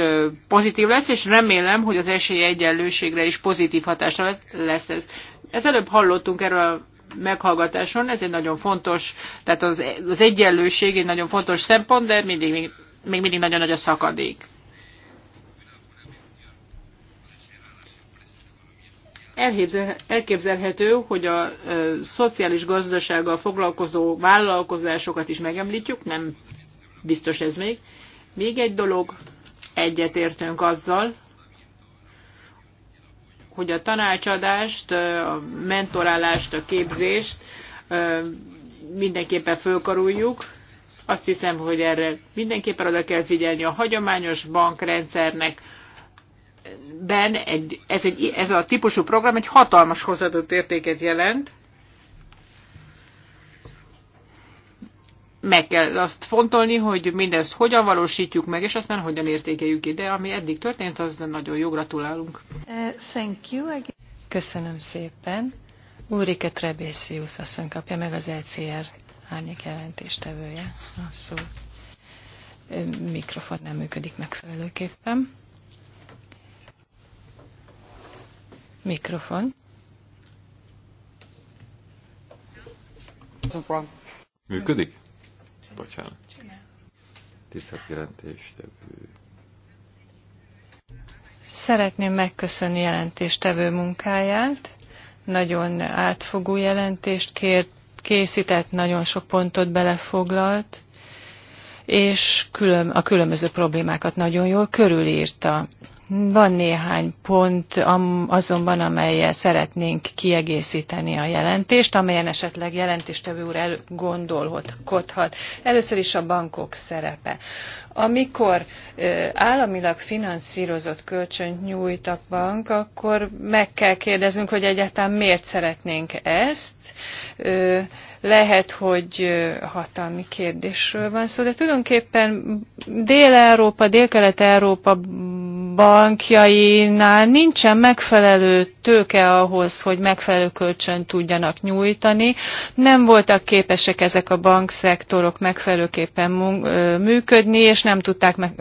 pozitív lesz, és remélem, hogy az esélyegyenlőségre is pozitív hatása lesz ez. Ez előbb hallottunk erről a meghallgatáson, ez egy nagyon fontos, tehát az, az egyenlőség egy nagyon fontos szempont, de mindig, még, még mindig nagyon nagy a szakadék. elképzelhető, hogy a szociális gazdasággal foglalkozó vállalkozásokat is megemlítjük, nem biztos ez még. Még egy dolog, egyetértünk azzal, hogy a tanácsadást, a mentorálást, a képzést mindenképpen fölkaruljuk. Azt hiszem, hogy erre mindenképpen oda kell figyelni a hagyományos bankrendszernek, ben egy, ez, egy, ez a típusú program egy hatalmas hozzáadott értéket jelent. Meg kell azt fontolni, hogy mindezt hogyan valósítjuk meg, és aztán hogyan értékeljük ide. Ami eddig történt, az nagyon jó, gratulálunk. Uh, thank you. Again. Köszönöm szépen. Úrike Trebészius asszony kapja meg az ECR árnyék jelentéstevője a szó. Mikrofon nem működik megfelelőképpen. Mikrofon. Működik? Bocsánat. Tisztelt jelentéstevő. Szeretném megköszönni jelentéstevő munkáját. Nagyon átfogó jelentést kért, készített, nagyon sok pontot belefoglalt, és külön, a különböző problémákat nagyon jól körülírta. Van néhány pont azonban, amelyel szeretnénk kiegészíteni a jelentést, amelyen esetleg jelentéstevő úr elgondolkodhat. Először is a bankok szerepe. Amikor államilag finanszírozott kölcsönt nyújt a bank, akkor meg kell kérdeznünk, hogy egyáltalán miért szeretnénk ezt lehet, hogy hatalmi kérdésről van szó, de tulajdonképpen Dél-Európa, Dél-Kelet-Európa bankjainál nincsen megfelelő tőke ahhoz, hogy megfelelő kölcsön tudjanak nyújtani. Nem voltak képesek ezek a bankszektorok megfelelőképpen működni, és nem tudták, meg,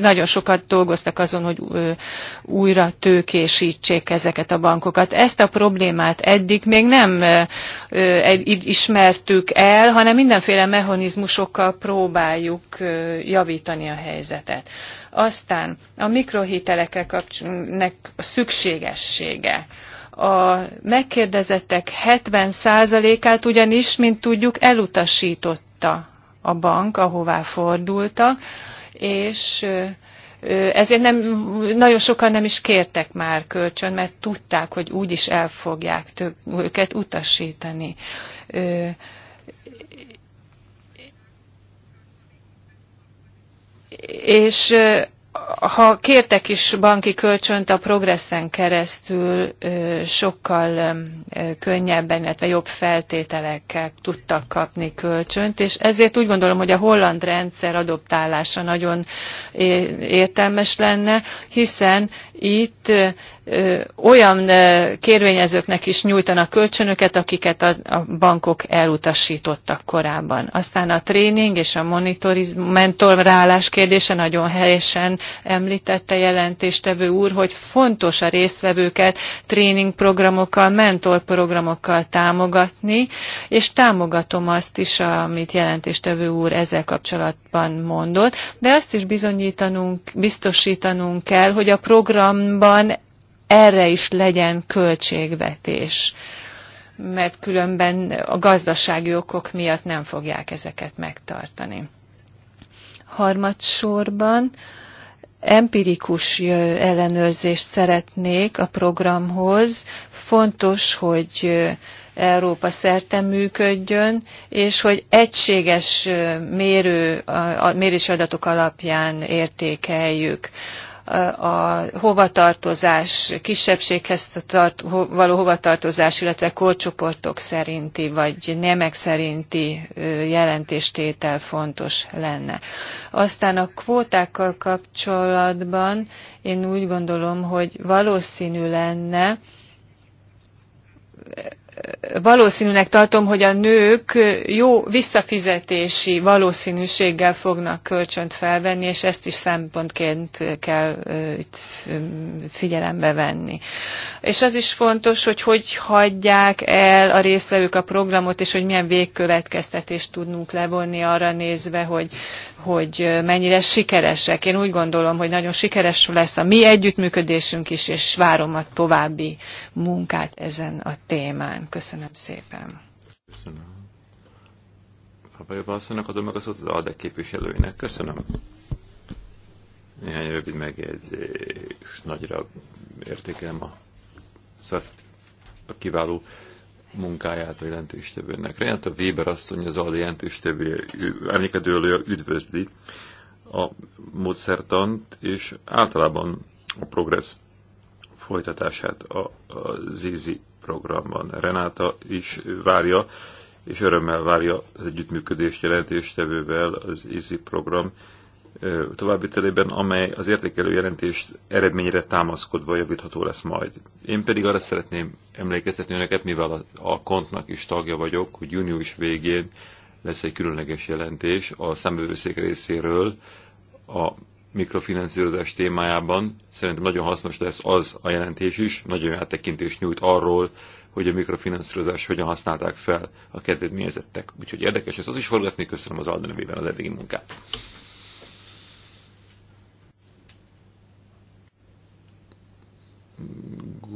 nagyon sokat dolgoztak azon, hogy újra tőkésítsék ezeket a bankokat. Ezt a problémát eddig még nem is ismertük el, hanem mindenféle mechanizmusokkal próbáljuk javítani a helyzetet. Aztán a mikrohitelekkel kapcsolatnak szükségessége a megkérdezettek 70%-át ugyanis, mint tudjuk, elutasította a bank, ahová fordultak, és ezért nem, nagyon sokan nem is kértek már kölcsön, mert tudták, hogy is el fogják őket utasítani és ha kértek is banki kölcsönt, a progresszen keresztül sokkal könnyebben, illetve jobb feltételekkel tudtak kapni kölcsönt, és ezért úgy gondolom, hogy a holland rendszer adoptálása nagyon értelmes lenne, hiszen itt olyan kérvényezőknek is nyújtanak kölcsönöket, akiket a bankok elutasítottak korábban. Aztán a tréning és a mentorálás kérdése nagyon helyesen említette jelentéstevő úr, hogy fontos a résztvevőket tréningprogramokkal, mentorprogramokkal támogatni, és támogatom azt is, amit jelentéstevő úr ezzel kapcsolatban mondott, de azt is bizonyítanunk, biztosítanunk kell, hogy a program programban erre is legyen költségvetés, mert különben a gazdasági okok miatt nem fogják ezeket megtartani. Harmadsorban empirikus ellenőrzést szeretnék a programhoz. Fontos, hogy Európa szerte működjön, és hogy egységes mérő, a mérési adatok alapján értékeljük a hovatartozás, kisebbséghez tart, ho, való hovatartozás, illetve korcsoportok szerinti vagy nemek szerinti jelentéstétel fontos lenne. Aztán a kvótákkal kapcsolatban én úgy gondolom, hogy valószínű lenne, valószínűnek tartom, hogy a nők jó visszafizetési valószínűséggel fognak kölcsönt felvenni, és ezt is szempontként kell figyelembe venni. És az is fontos, hogy hogy hagyják el a részvevők a programot, és hogy milyen végkövetkeztetést tudnunk levonni arra nézve, hogy hogy mennyire sikeresek. Én úgy gondolom, hogy nagyon sikeres lesz a mi együttműködésünk is, és várom a további munkát ezen a témán. Köszönöm szépen. Köszönöm. Papajoba asszonynak adom meg a szót az ALDE képviselőinek. Köszönöm. Néhány rövid megjegyzés. Nagyra értékelem a, szóval a kiváló munkáját a jelentéstevőnek. Renata Weber asszony az Aldi jelentéstevő emlékedőlő üdvözli a módszertant, és általában a progress folytatását a, a Zizi programban. Renáta is várja, és örömmel várja az együttműködést jelentéstevővel az IZI program továbbvitelében, amely az értékelő jelentést eredményre támaszkodva javítható lesz majd. Én pedig arra szeretném emlékeztetni önöket, mivel a, a kontnak is tagja vagyok, hogy június végén lesz egy különleges jelentés a szemövőszék részéről a mikrofinanszírozás témájában. Szerintem nagyon hasznos lesz az a jelentés is, nagyon áttekintést nyújt arról, hogy a mikrofinanszírozás hogyan használták fel a kedvedményezettek. Úgyhogy érdekes ezt az is forgatni, köszönöm az Alda nevében az eddigi munkát.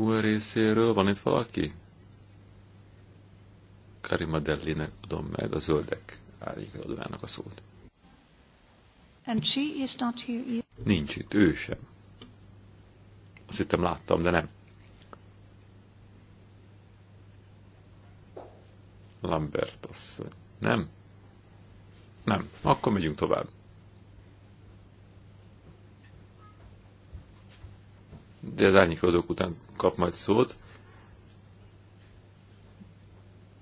GUE részéről van itt valaki? Karima Dellinek adom meg, a zöldek árnyékadójának a szót. And she is not here either. Nincs itt, ő sem. Azt hittem láttam, de nem. Lambert asszony. Nem? Nem. Akkor megyünk tovább. de az árnyékodók után kap majd szót.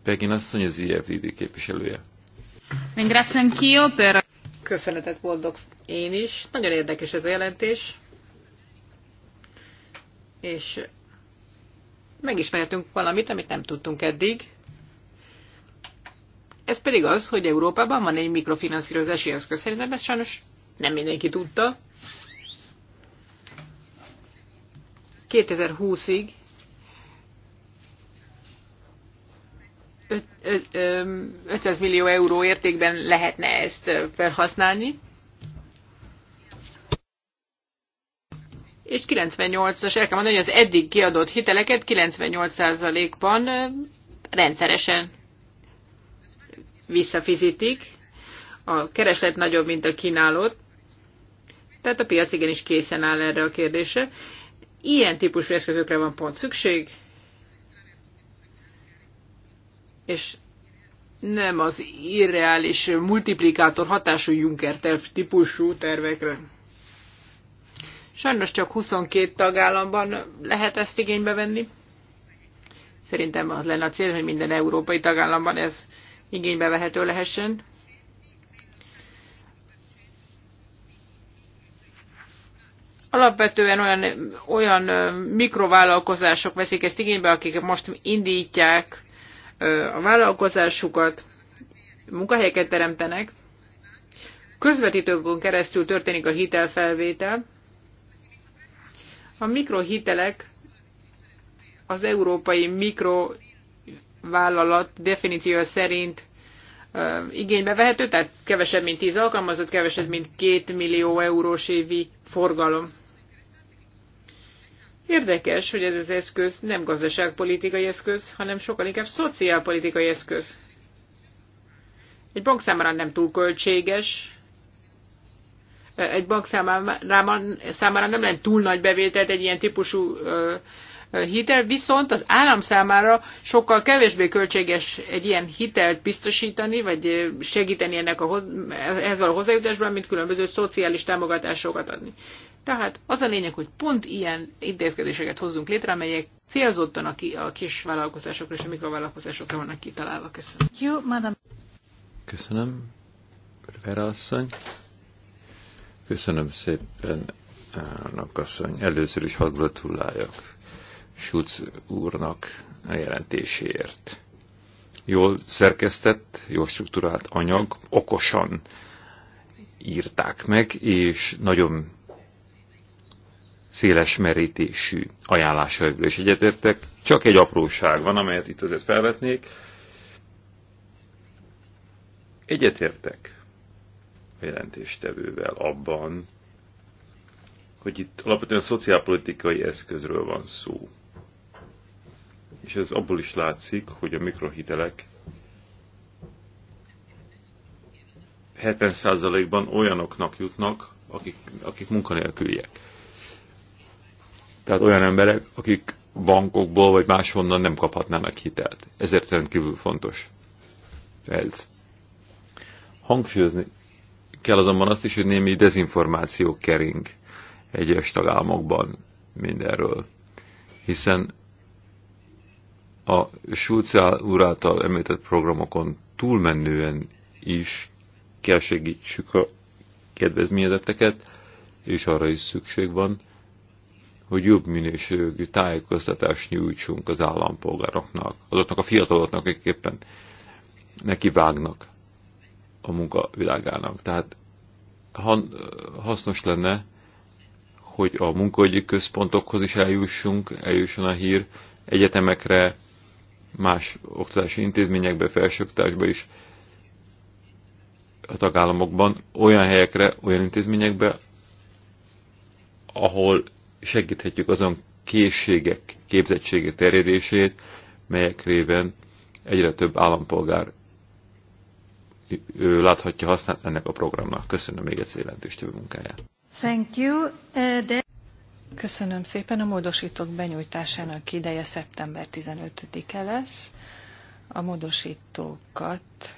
Pegin asszony az IFDD képviselője. Köszönetet boldog én is. Nagyon érdekes ez a jelentés. És megismerhetünk valamit, amit nem tudtunk eddig. Ez pedig az, hogy Európában van egy mikrofinanszírozási eszköz. Szerintem ezt sajnos nem mindenki tudta. 2020-ig 500 millió euró értékben lehetne ezt felhasználni. És 98-as, el kell mondani, hogy az eddig kiadott hiteleket 98%-ban rendszeresen visszafizitik. A kereslet nagyobb, mint a kínálat. Tehát a piac igenis készen áll erre a kérdésre. Ilyen típusú eszközökre van pont szükség, és nem az irreális multiplikátor hatású Juncker terv típusú tervekre. Sajnos csak 22 tagállamban lehet ezt igénybe venni. Szerintem az lenne a cél, hogy minden európai tagállamban ez igénybe vehető lehessen. Alapvetően olyan, olyan mikrovállalkozások veszik ezt igénybe, akik most indítják a vállalkozásukat, munkahelyeket teremtenek. Közvetítőkön keresztül történik a hitelfelvétel. A mikrohitelek az európai mikrovállalat definíciója szerint igénybe vehető, tehát kevesebb, mint 10 alkalmazott, kevesebb, mint 2 millió eurós évi forgalom. Érdekes, hogy ez az eszköz nem gazdaságpolitikai eszköz, hanem sokkal inkább szociálpolitikai eszköz. Egy bank számára nem túl költséges, egy bank számára, számára nem lenne túl nagy bevételt egy ilyen típusú hitel, viszont az állam számára sokkal kevésbé költséges egy ilyen hitelt biztosítani, vagy segíteni ennek a hoz, ehhez való hozzájutásban, mint különböző szociális támogatásokat adni. Tehát az a lényeg, hogy pont ilyen intézkedéseket hozzunk létre, amelyek célzottan a, ki, a kis vállalkozásokra és a mikrovállalkozásokra vannak kitalálva. Köszönöm. You, madam. Köszönöm, Vera asszony. Köszönöm szépen, elnök asszony. Először is hadd gratuláljak Schulz úrnak a jelentéséért. Jól szerkesztett, jól struktúrált anyag, okosan írták meg, és nagyon széles merítésű ajánlásaival is egyetértek. Csak egy apróság van, amelyet itt azért felvetnék. Egyetértek a jelentéstevővel abban, hogy itt alapvetően szociálpolitikai eszközről van szó és ez abból is látszik, hogy a mikrohitelek 70%-ban olyanoknak jutnak, akik, akik munkanélküliek. Tehát olyan emberek, akik bankokból vagy máshonnan nem kaphatnának hitelt. Ezért rendkívül fontos ez. Hangsúlyozni kell azonban azt is, hogy némi dezinformáció kering egyes tagállamokban mindenről. Hiszen a Schulze úr által említett programokon túlmenően is kell segítsük a kedvezményezetteket, és arra is szükség van, hogy jobb minőségű tájékoztatást nyújtsunk az állampolgároknak, azoknak a fiataloknak, akik éppen neki vágnak a munkavilágának. Tehát hasznos lenne, hogy a munkahogyi központokhoz is eljussunk, eljusson a hír, egyetemekre, más oktatási intézményekbe, felsőoktatásba is a tagállamokban olyan helyekre, olyan intézményekbe, ahol segíthetjük azon készségek, képzettségek terjedését, melyek révén egyre több állampolgár ő láthatja használni ennek a programnak. Köszönöm még egyszer jelentős munkáját. Thank you. Uh, Köszönöm szépen. A módosítók benyújtásának ideje szeptember 15-e lesz. A módosítókat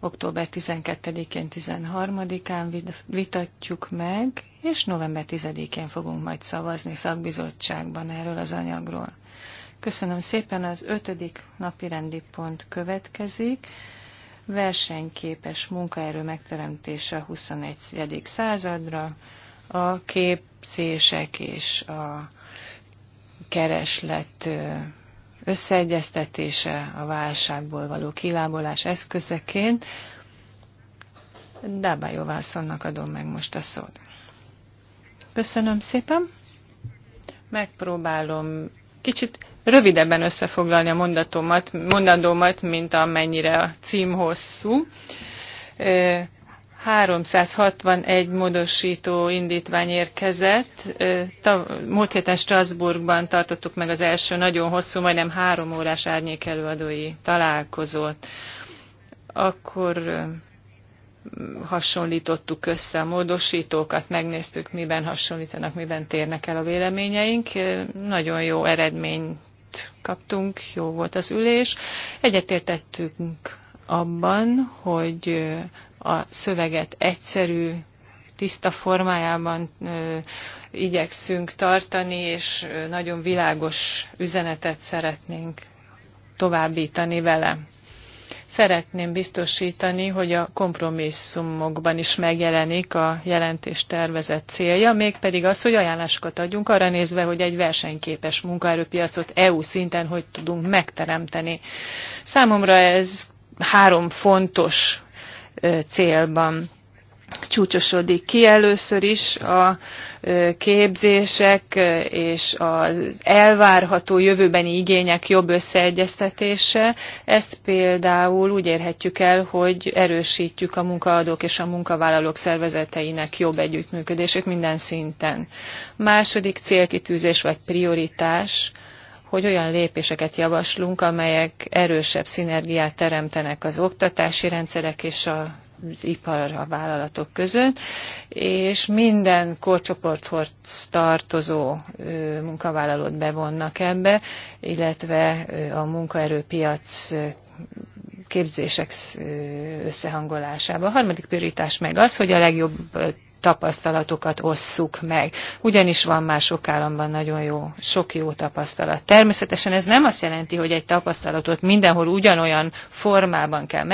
október 12-én, 13-án vitatjuk meg, és november 10-én fogunk majd szavazni szakbizottságban erről az anyagról. Köszönöm szépen, az ötödik napi rendi pont következik. Versenyképes munkaerő megteremtése a 21. századra a képzések és a kereslet összeegyeztetése a válságból való kilábolás eszközeként. Dábá Jovászonnak adom meg most a szót. Köszönöm szépen. Megpróbálom kicsit rövidebben összefoglalni a mondatomat, mondandómat, mint amennyire a cím hosszú. 361 módosító indítvány érkezett. Múlt héten Strasbourgban tartottuk meg az első nagyon hosszú, majdnem három órás árnyék előadói találkozót. Akkor hasonlítottuk össze a módosítókat, megnéztük, miben hasonlítanak, miben térnek el a véleményeink. Nagyon jó eredményt kaptunk, jó volt az ülés. Egyetértettünk abban, hogy a szöveget egyszerű, tiszta formájában ö, igyekszünk tartani, és nagyon világos üzenetet szeretnénk továbbítani vele. Szeretném biztosítani, hogy a kompromisszumokban is megjelenik a jelentés tervezett célja, mégpedig az, hogy ajánlásokat adjunk arra nézve, hogy egy versenyképes munkaerőpiacot EU szinten hogy tudunk megteremteni. Számomra ez három fontos célban csúcsosodik ki először is a képzések és az elvárható jövőbeni igények jobb összeegyeztetése. Ezt például úgy érhetjük el, hogy erősítjük a munkaadók és a munkavállalók szervezeteinek jobb együttműködését minden szinten. Második célkitűzés vagy prioritás hogy olyan lépéseket javaslunk, amelyek erősebb szinergiát teremtenek az oktatási rendszerek és a az ipar a vállalatok között, és minden korcsoporthoz tartozó munkavállalót bevonnak ebbe, illetve a munkaerőpiac képzések összehangolásába. A harmadik prioritás meg az, hogy a legjobb tapasztalatokat osszuk meg. Ugyanis van már sok államban nagyon jó, sok jó tapasztalat. Természetesen ez nem azt jelenti, hogy egy tapasztalatot mindenhol ugyanolyan formában kell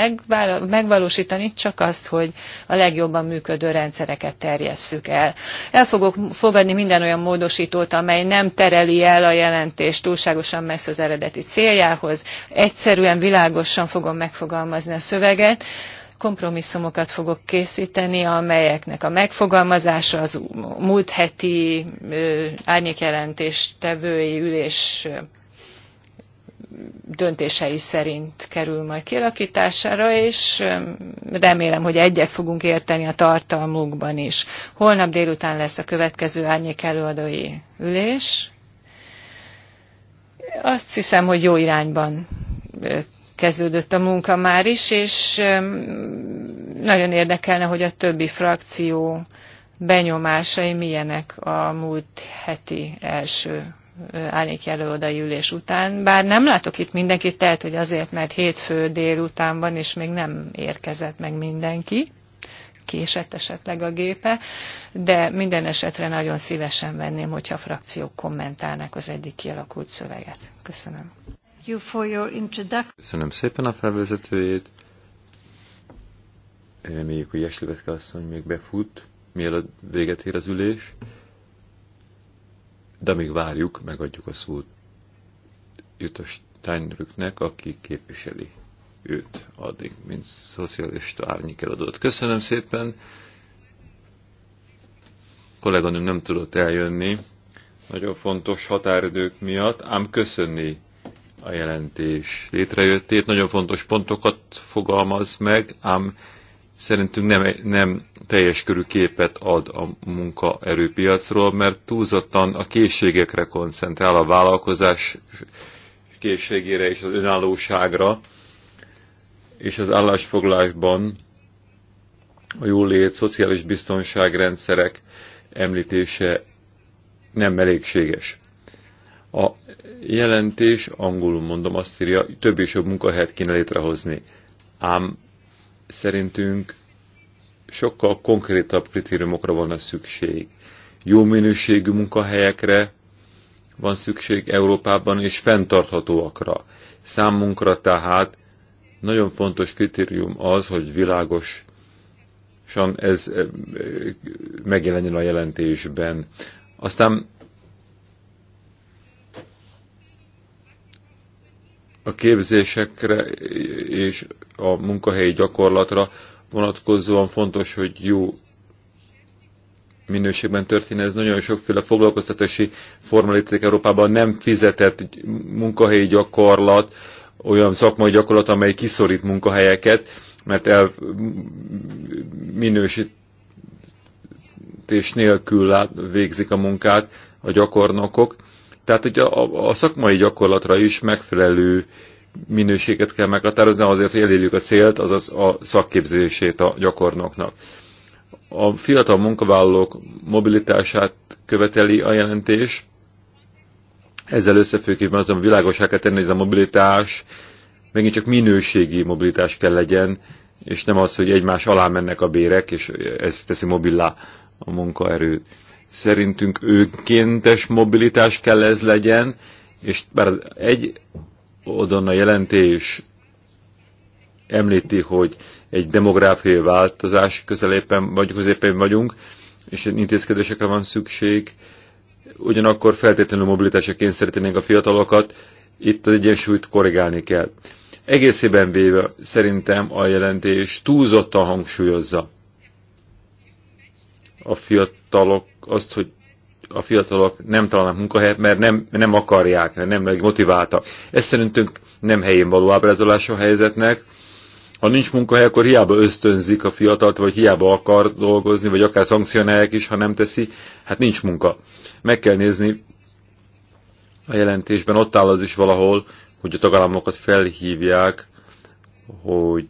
megvalósítani, csak azt, hogy a legjobban működő rendszereket terjesszük el. El fogok fogadni minden olyan módosítót, amely nem tereli el a jelentést túlságosan messze az eredeti céljához. Egyszerűen, világosan fogom megfogalmazni a szöveget, kompromisszumokat fogok készíteni, amelyeknek a megfogalmazása az múlt heti árnyékjelentés tevői ülés döntései szerint kerül majd kialakítására, és remélem, hogy egyet fogunk érteni a tartalmukban is. Holnap délután lesz a következő árnyék előadói ülés. Azt hiszem, hogy jó irányban kezdődött a munka már is, és nagyon érdekelne, hogy a többi frakció benyomásai milyenek a múlt heti első árnyékjelölodai ülés után. Bár nem látok itt mindenkit, tehát hogy azért, mert hétfő délután van, és még nem érkezett meg mindenki, késett esetleg a gépe, de minden esetre nagyon szívesen venném, hogyha a frakciók kommentálnak az eddig kialakult szöveget. Köszönöm you for your introduction. Köszönöm szépen a felvezetőjét. Reméljük, hogy Jesliveszke asszony még befut, mielőtt véget ér az ülés. De még várjuk, megadjuk a szót Jutos Steinrücknek, aki képviseli őt addig, mint szocialista árnyék eladott. Köszönöm szépen! A kolléganőm nem tudott eljönni, nagyon fontos határidők miatt, ám köszönni a jelentés létrejöttét. Nagyon fontos pontokat fogalmaz meg, ám szerintünk nem, nem teljes körű képet ad a munkaerőpiacról, mert túlzottan a készségekre koncentrál, a vállalkozás készségére és az önállóságra, és az állásfoglalásban a jólét, szociális biztonságrendszerek említése nem elégséges. A jelentés, angolul mondom, azt írja, több és jobb munkahelyet kéne létrehozni. Ám szerintünk sokkal konkrétabb kritériumokra van a szükség. Jó minőségű munkahelyekre van szükség Európában, és fenntarthatóakra. Számunkra tehát nagyon fontos kritérium az, hogy világos ez eh, megjelenjen a jelentésben. Aztán a képzésekre és a munkahelyi gyakorlatra vonatkozóan fontos, hogy jó minőségben történne. Ez nagyon sokféle foglalkoztatási formaliték Európában nem fizetett munkahelyi gyakorlat, olyan szakmai gyakorlat, amely kiszorít munkahelyeket, mert el minősítés nélkül végzik a munkát a gyakornokok. Tehát, hogy a, a szakmai gyakorlatra is megfelelő minőséget kell meghatározni azért, hogy elérjük a célt, azaz a szakképzését a gyakornoknak. A fiatal munkavállalók mobilitását követeli a jelentés. Ezzel összefőképpen azon világosá kell tenni, hogy ez a mobilitás megint csak minőségi mobilitás kell legyen, és nem az, hogy egymás alá mennek a bérek, és ez teszi mobillá a munkaerőt Szerintünk önkéntes mobilitás kell ez legyen, és bár egy oldalon a jelentés említi, hogy egy demográfiai változás közelében vagy középen vagyunk, és intézkedésekre van szükség, ugyanakkor feltétlenül mobilitásra kényszerítenénk a fiatalokat, itt az egyensúlyt korrigálni kell. Egészében véve szerintem a jelentés túlzottan hangsúlyozza a fiatalok azt, hogy a fiatalok nem találnak munkahelyet, mert nem, nem akarják, mert nem motiváltak. Ez szerintünk nem helyén való ábrázolása a helyzetnek. Ha nincs munkahely, akkor hiába ösztönzik a fiatalt, vagy hiába akar dolgozni, vagy akár szankcionálják is, ha nem teszi, hát nincs munka. Meg kell nézni, a jelentésben ott áll az is valahol, hogy a tagállamokat felhívják, hogy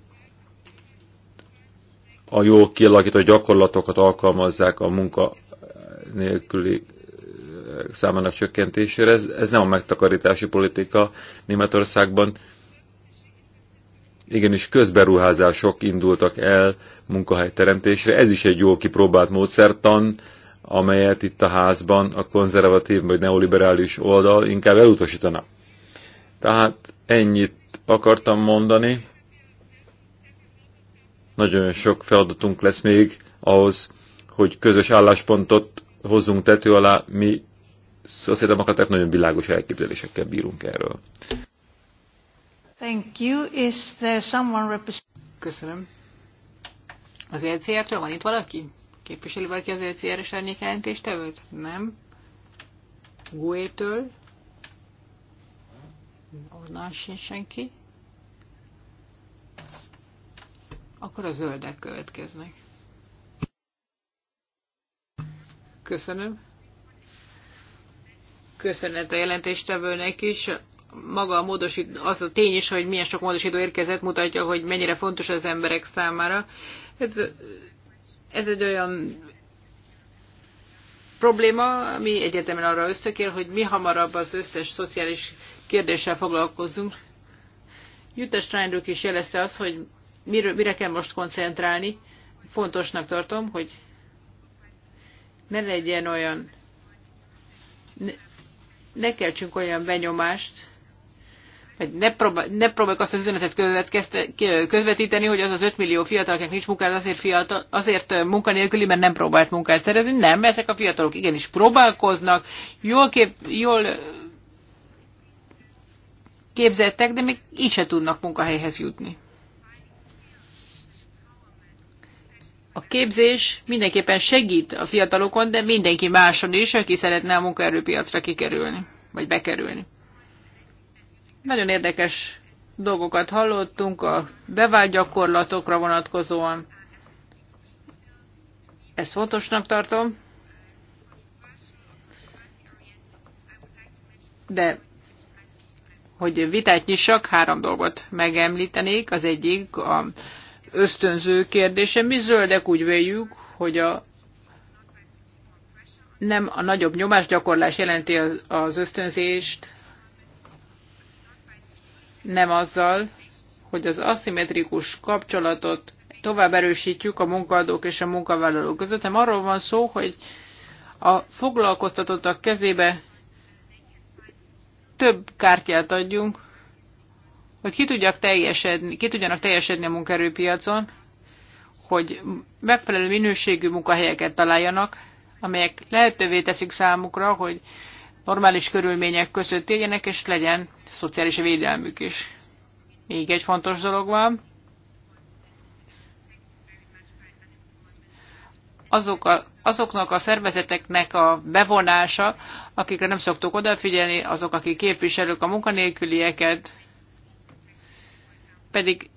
a jó kialakított gyakorlatokat alkalmazzák a munka nélküli eh, számának csökkentésére. Ez, ez nem a megtakarítási politika Németországban. Igenis közberuházások indultak el munkahelyteremtésre. Ez is egy jól kipróbált módszertan, amelyet itt a házban a konzervatív vagy neoliberális oldal inkább elutasítana. Tehát ennyit akartam mondani nagyon sok feladatunk lesz még ahhoz, hogy közös álláspontot hozzunk tető alá, mi szociáldemokraták nagyon világos elképzelésekkel bírunk erről. Thank you. Is there someone Köszönöm. Az lcr től van itt valaki? Képviseli valaki az lcr es árnyékjelentéstevőt? Nem. Gué-től? Onnan sincs senki. Akkor a zöldek következnek. Köszönöm. Köszönet a jelentéstevőnek is. Maga a módosít, az a tény is, hogy milyen sok módosító érkezett, mutatja, hogy mennyire fontos az emberek számára. Ez, ez egy olyan probléma, ami egyetemen arra ösztökél, hogy mi hamarabb az összes szociális kérdéssel foglalkozzunk. Jutta Steinrück is jelezte azt, hogy miről, mire kell most koncentrálni. Fontosnak tartom, hogy ne legyen olyan, ne, ne keltsünk olyan benyomást, vagy ne, próbál, ne próbáljuk azt az üzenetet közvetíteni, hogy az az 5 millió fiatal, akinek nincs munkája, azért, fiatal, azért munkanélküli, mert nem próbált munkát szerezni. Nem, ezek a fiatalok igenis próbálkoznak, jól, kép, jól képzettek, de még így se tudnak munkahelyhez jutni. a képzés mindenképpen segít a fiatalokon, de mindenki máson is, aki szeretne a munkaerőpiacra kikerülni, vagy bekerülni. Nagyon érdekes dolgokat hallottunk a bevált gyakorlatokra vonatkozóan. Ezt fontosnak tartom. De hogy vitát nyissak, három dolgot megemlítenék. Az egyik a ösztönző kérdése. Mi zöldek úgy véljük, hogy a nem a nagyobb nyomásgyakorlás jelenti az ösztönzést, nem azzal, hogy az aszimmetrikus kapcsolatot tovább erősítjük a munkaadók és a munkavállalók között, hanem arról van szó, hogy a foglalkoztatottak kezébe több kártyát adjunk, hogy ki, tudjak teljesedni, ki tudjanak teljesedni a munkaerőpiacon, hogy megfelelő minőségű munkahelyeket találjanak, amelyek lehetővé teszik számukra, hogy normális körülmények között éljenek, és legyen szociális védelmük is. Még egy fontos dolog van. Azok a, azoknak a szervezeteknek a bevonása, akikre nem szoktuk odafigyelni, azok, akik képviselők a munkanélkülieket, pedig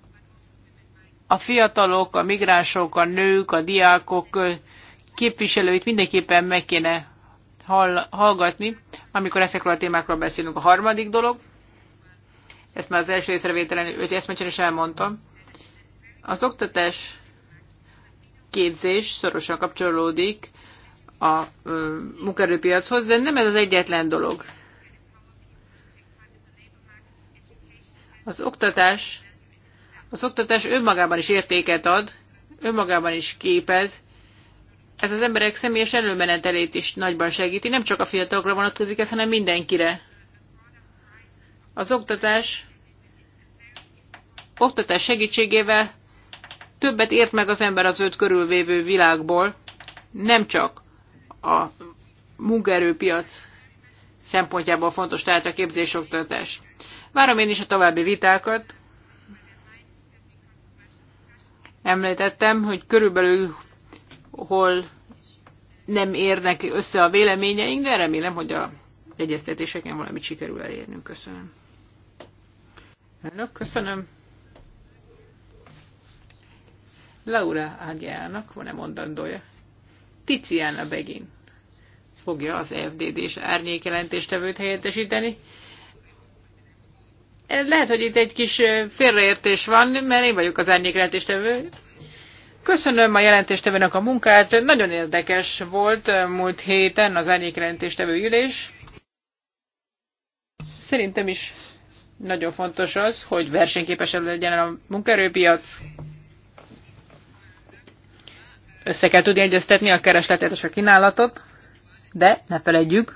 a fiatalok, a migránsok, a nők, a diákok képviselőit mindenképpen meg kéne hallgatni, amikor ezekről a témákról beszélünk. A harmadik dolog, ezt már az első észrevételen, hogy ezt is elmondtam, az oktatás képzés szorosan kapcsolódik a munkerőpiachoz, de nem ez az egyetlen dolog. Az oktatás az oktatás önmagában is értéket ad, önmagában is képez, ez az emberek személyes előmenetelét is nagyban segíti, nem csak a fiatalokra vonatkozik ez, hanem mindenkire. Az oktatás, oktatás segítségével többet ért meg az ember az őt körülvévő világból, nem csak a munkaerőpiac szempontjából fontos, tehát a képzés oktatás. Várom én is a további vitákat, Említettem, hogy körülbelül hol nem érnek össze a véleményeink, de remélem, hogy a egyeztetéseken valamit sikerül elérnünk. Köszönöm. Elnök, köszönöm. Laura Ágiának van-e mondandója? Tiziana Begin fogja az fdd és árnyékjelentéstevőt helyettesíteni. Lehet, hogy itt egy kis félreértés van, mert én vagyok az árnyék jelentéstevő. Köszönöm a jelentéstevőnek a munkát. Nagyon érdekes volt múlt héten az árnyék jelentéstevő ülés. Szerintem is nagyon fontos az, hogy versenyképesebb legyen a munkaerőpiac. Össze kell tudni egyeztetni a keresletet és a kínálatot, de ne felejtjük,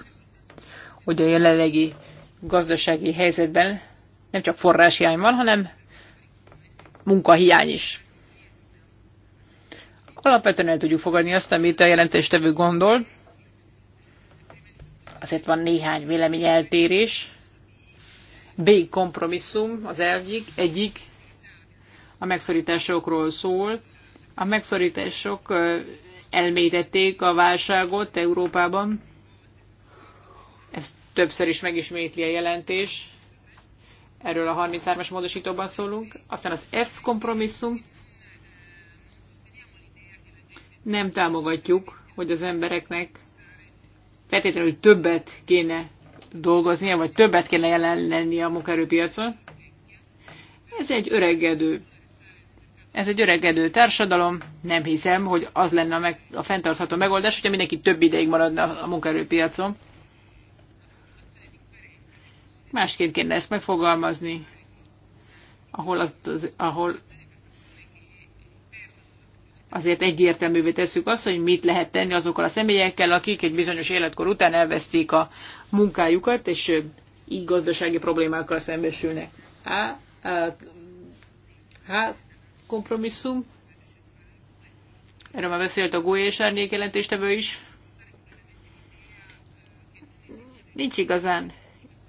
hogy a jelenlegi gazdasági helyzetben nem csak forráshiány van, hanem munkahiány is. Alapvetően el tudjuk fogadni azt, amit a jelentéstevő gondol. Azért van néhány véleményeltérés. B kompromisszum az egyik, egyik a megszorításokról szól. A megszorítások elmélyítették a válságot Európában. Ezt többször is megismétli a jelentés erről a 33-as módosítóban szólunk, aztán az F kompromisszum, nem támogatjuk, hogy az embereknek feltétlenül többet kéne dolgoznia, vagy többet kéne jelen lenni a munkaerőpiacon. Ez egy öregedő. Ez egy öregedő társadalom, nem hiszem, hogy az lenne a, meg, a fenntartható megoldás, hogyha mindenki több ideig maradna a munkaerőpiacon. Másként kéne ezt megfogalmazni, ahol, az, az, ahol azért egyértelművé tesszük azt, hogy mit lehet tenni azokkal a személyekkel, akik egy bizonyos életkor után elveszték a munkájukat, és így gazdasági problémákkal szembesülnek. Há, há, kompromisszum. Erről már beszélt a Gólya és Árnyék jelentéstevő is. Nincs igazán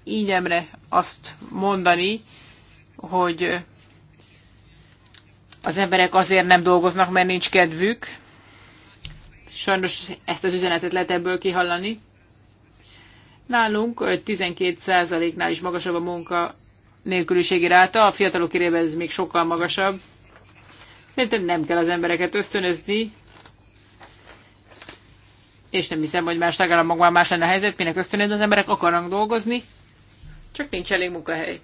ínyemre azt mondani, hogy az emberek azért nem dolgoznak, mert nincs kedvük. Sajnos ezt az üzenetet lehet ebből kihallani. Nálunk 12%-nál is magasabb a munka nélküliségi ráta, a fiatalok irében ez még sokkal magasabb. Szerintem nem kell az embereket ösztönözni, és nem hiszem, hogy más tagállamokban más lenne a helyzet, minek ösztönözni az emberek akarnak dolgozni, csak nincs elég munkahely.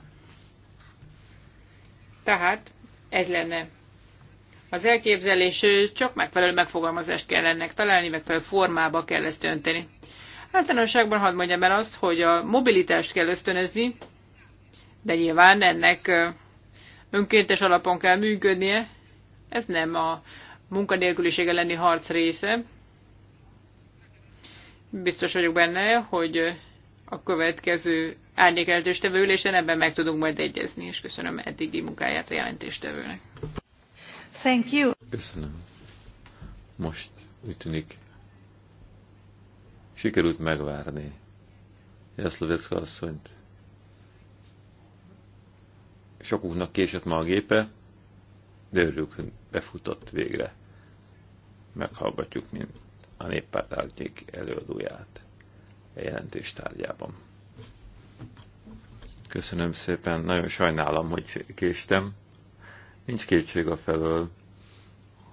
Tehát ez lenne az elképzelés, csak megfelelő megfogalmazást kell ennek találni, megfelelő formába kell ezt önteni. Általánosságban hadd mondjam el azt, hogy a mobilitást kell ösztönözni, de nyilván ennek önkéntes alapon kell működnie. Ez nem a munkanélküliség elleni harc része. Biztos vagyok benne, hogy a következő árnyékelőtéstevő ülésen, ebben meg tudunk majd egyezni, és köszönöm eddigi munkáját a jelentéstevőnek. Thank you. Köszönöm. Most úgy tűnik sikerült megvárni Jaszlovetszka asszonyt. Sokunknak késett ma a gépe, de hogy befutott végre. Meghallgatjuk, mint a néppárt előadóját a jelentés tárgyában. Köszönöm szépen, nagyon sajnálom, hogy késtem. Nincs kétség a felől,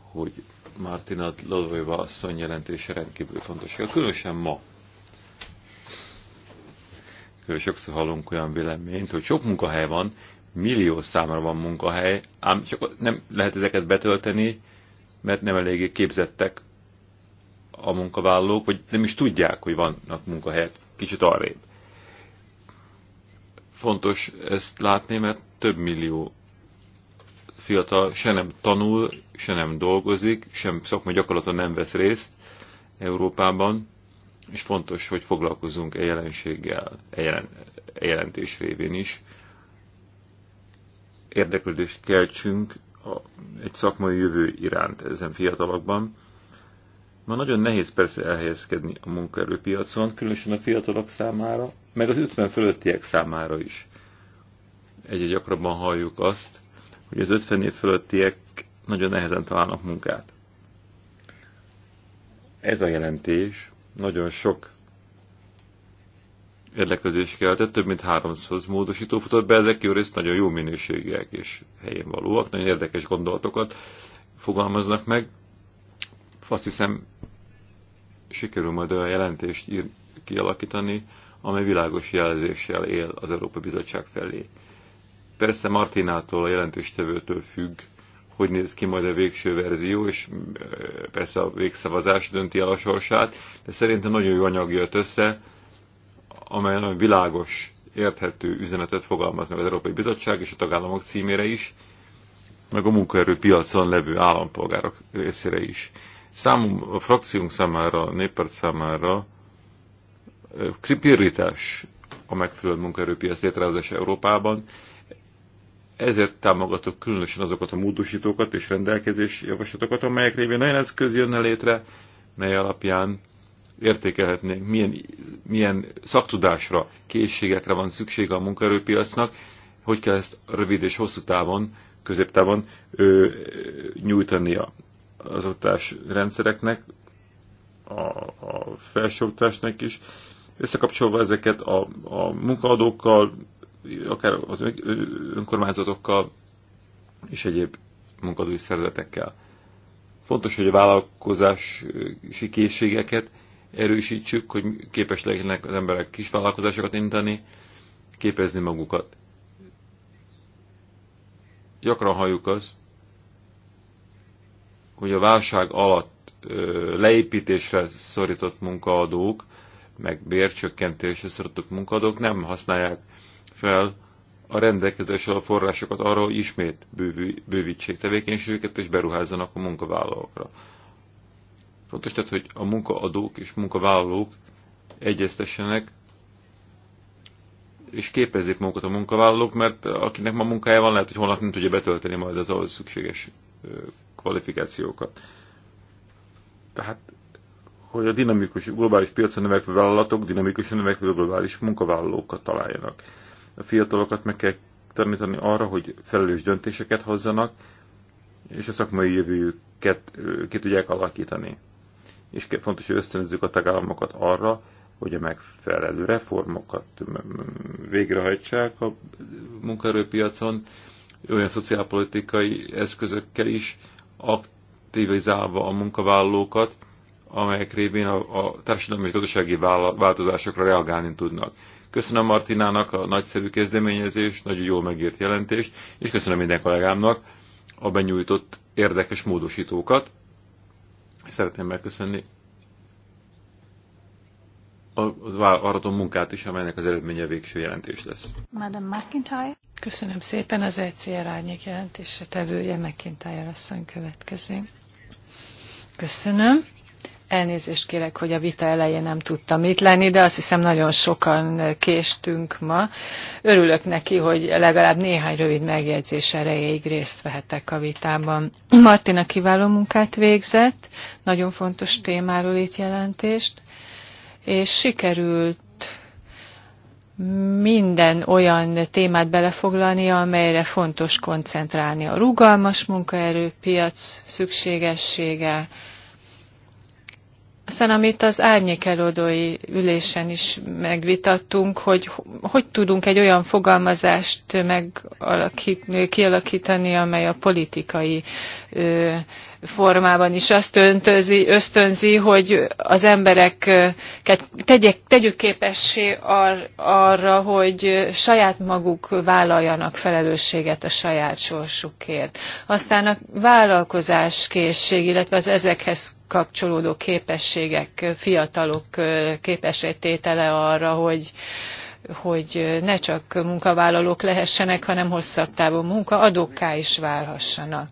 hogy Martina Lodvajva asszony jelentése rendkívül fontos. Különösen ma. különösen Sokszor hallunk olyan véleményt, hogy sok munkahely van, millió számra van munkahely, ám csak nem lehet ezeket betölteni, mert nem eléggé képzettek a munkavállalók, vagy nem is tudják, hogy vannak munkahelyek, kicsit arrébb. Fontos ezt látni, mert több millió fiatal se nem tanul, se nem dolgozik, sem szakmai gyakorlaton nem vesz részt Európában, és fontos, hogy foglalkozunk e jelenséggel, e, jelen, e jelentés révén is. Érdeklődést keltsünk a, egy szakmai jövő iránt ezen fiatalokban, Ma nagyon nehéz persze elhelyezkedni a munkaerőpiacon, különösen a fiatalok számára, meg az 50 fölöttiek számára is. Egyre -egy gyakrabban halljuk azt, hogy az 50 év fölöttiek nagyon nehezen találnak munkát. Ez a jelentés nagyon sok érdeklődés keltett, több mint 300 módosító futott be, ezek jó részt nagyon jó minőségűek és helyén valóak, nagyon érdekes gondolatokat fogalmaznak meg, azt hiszem, sikerül majd olyan jelentést ír, kialakítani, amely világos jelzéssel él az Európai Bizottság felé. Persze Martinától, a jelentéstevőtől függ, hogy néz ki majd a végső verzió, és persze a végszavazás dönti el a sorsát, de szerintem nagyon jó anyag jött össze, amely nagyon világos, érthető üzenetet fogalmaz meg az Európai Bizottság és a tagállamok címére is, meg a munkaerőpiacon levő állampolgárok részére is számom, a frakciónk számára, a néppárt számára prioritás a megfelelő munkaerőpiac létrehozása Európában, ezért támogatok különösen azokat a módosítókat és rendelkezés javaslatokat, amelyek révén olyan eszköz jönne létre, mely alapján értékelhetnénk, milyen, milyen szaktudásra, készségekre van szüksége a munkaerőpiacnak, hogy kell ezt rövid és hosszú távon, középtávon ö, nyújtania az oktás rendszereknek, a, a felsőoktásnak is, összekapcsolva ezeket a, a munkaadókkal, akár az önkormányzatokkal és egyéb munkadói szervezetekkel. Fontos, hogy a vállalkozási készségeket erősítsük, hogy képes legyenek az emberek kis vállalkozásokat indítani, képezni magukat. Gyakran halljuk azt, hogy a válság alatt leépítésre szorított munkaadók, meg bércsökkentésre szorított munkaadók nem használják fel a rendelkezésre a forrásokat arra, hogy ismét bővítsék tevékenységüket és beruházzanak a munkavállalókra. Fontos tehát, hogy a munkaadók és munkavállalók egyeztessenek, és képezzék magukat a munkavállalók, mert akinek ma munkája van, lehet, hogy holnap nem tudja betölteni majd az ahhoz szükséges kvalifikációkat. Tehát, hogy a dinamikus globális piacon növekvő vállalatok dinamikusan növekvő globális munkavállalókat találjanak. A fiatalokat meg kell tanítani arra, hogy felelős döntéseket hozzanak, és a szakmai jövőjüket ki tudják alakítani. És fontos, hogy ösztönözzük a tagállamokat arra, hogy a megfelelő reformokat végrehajtsák a munkaerőpiacon, olyan szociálpolitikai eszközökkel is, aktivizálva a munkavállalókat, amelyek révén a, a társadalmi és gazdasági változásokra reagálni tudnak. Köszönöm Martinának a nagyszerű kezdeményezést, nagyon jól megírt jelentést, és köszönöm minden kollégámnak a benyújtott érdekes módosítókat. Szeretném megköszönni az váraton munkát is, amelynek az eredménye végső jelentés lesz. Madam McIntyre. Köszönöm szépen az ECR árnyék jelentése tevője, McIntyre asszony következő. Köszönöm. Elnézést kérek, hogy a vita elején nem tudtam itt lenni, de azt hiszem nagyon sokan késtünk ma. Örülök neki, hogy legalább néhány rövid megjegyzés erejéig részt vehetek a vitában. Martina kiváló munkát végzett, nagyon fontos témáról itt jelentést és sikerült minden olyan témát belefoglalni, amelyre fontos koncentrálni. A rugalmas munkaerőpiac szükségessége, aztán amit az árnyékelődői ülésen is megvitattunk, hogy hogy tudunk egy olyan fogalmazást kialakítani, amely a politikai ö, formában is azt öntözi, ösztönzi, hogy az embereket tegyek, tegyük képessé ar, arra, hogy saját maguk vállaljanak felelősséget a saját sorsukért. Aztán a vállalkozáskészség, illetve az ezekhez kapcsolódó képességek, fiatalok képesítétele arra, hogy, hogy ne csak munkavállalók lehessenek, hanem hosszabb távon munkaadókká is válhassanak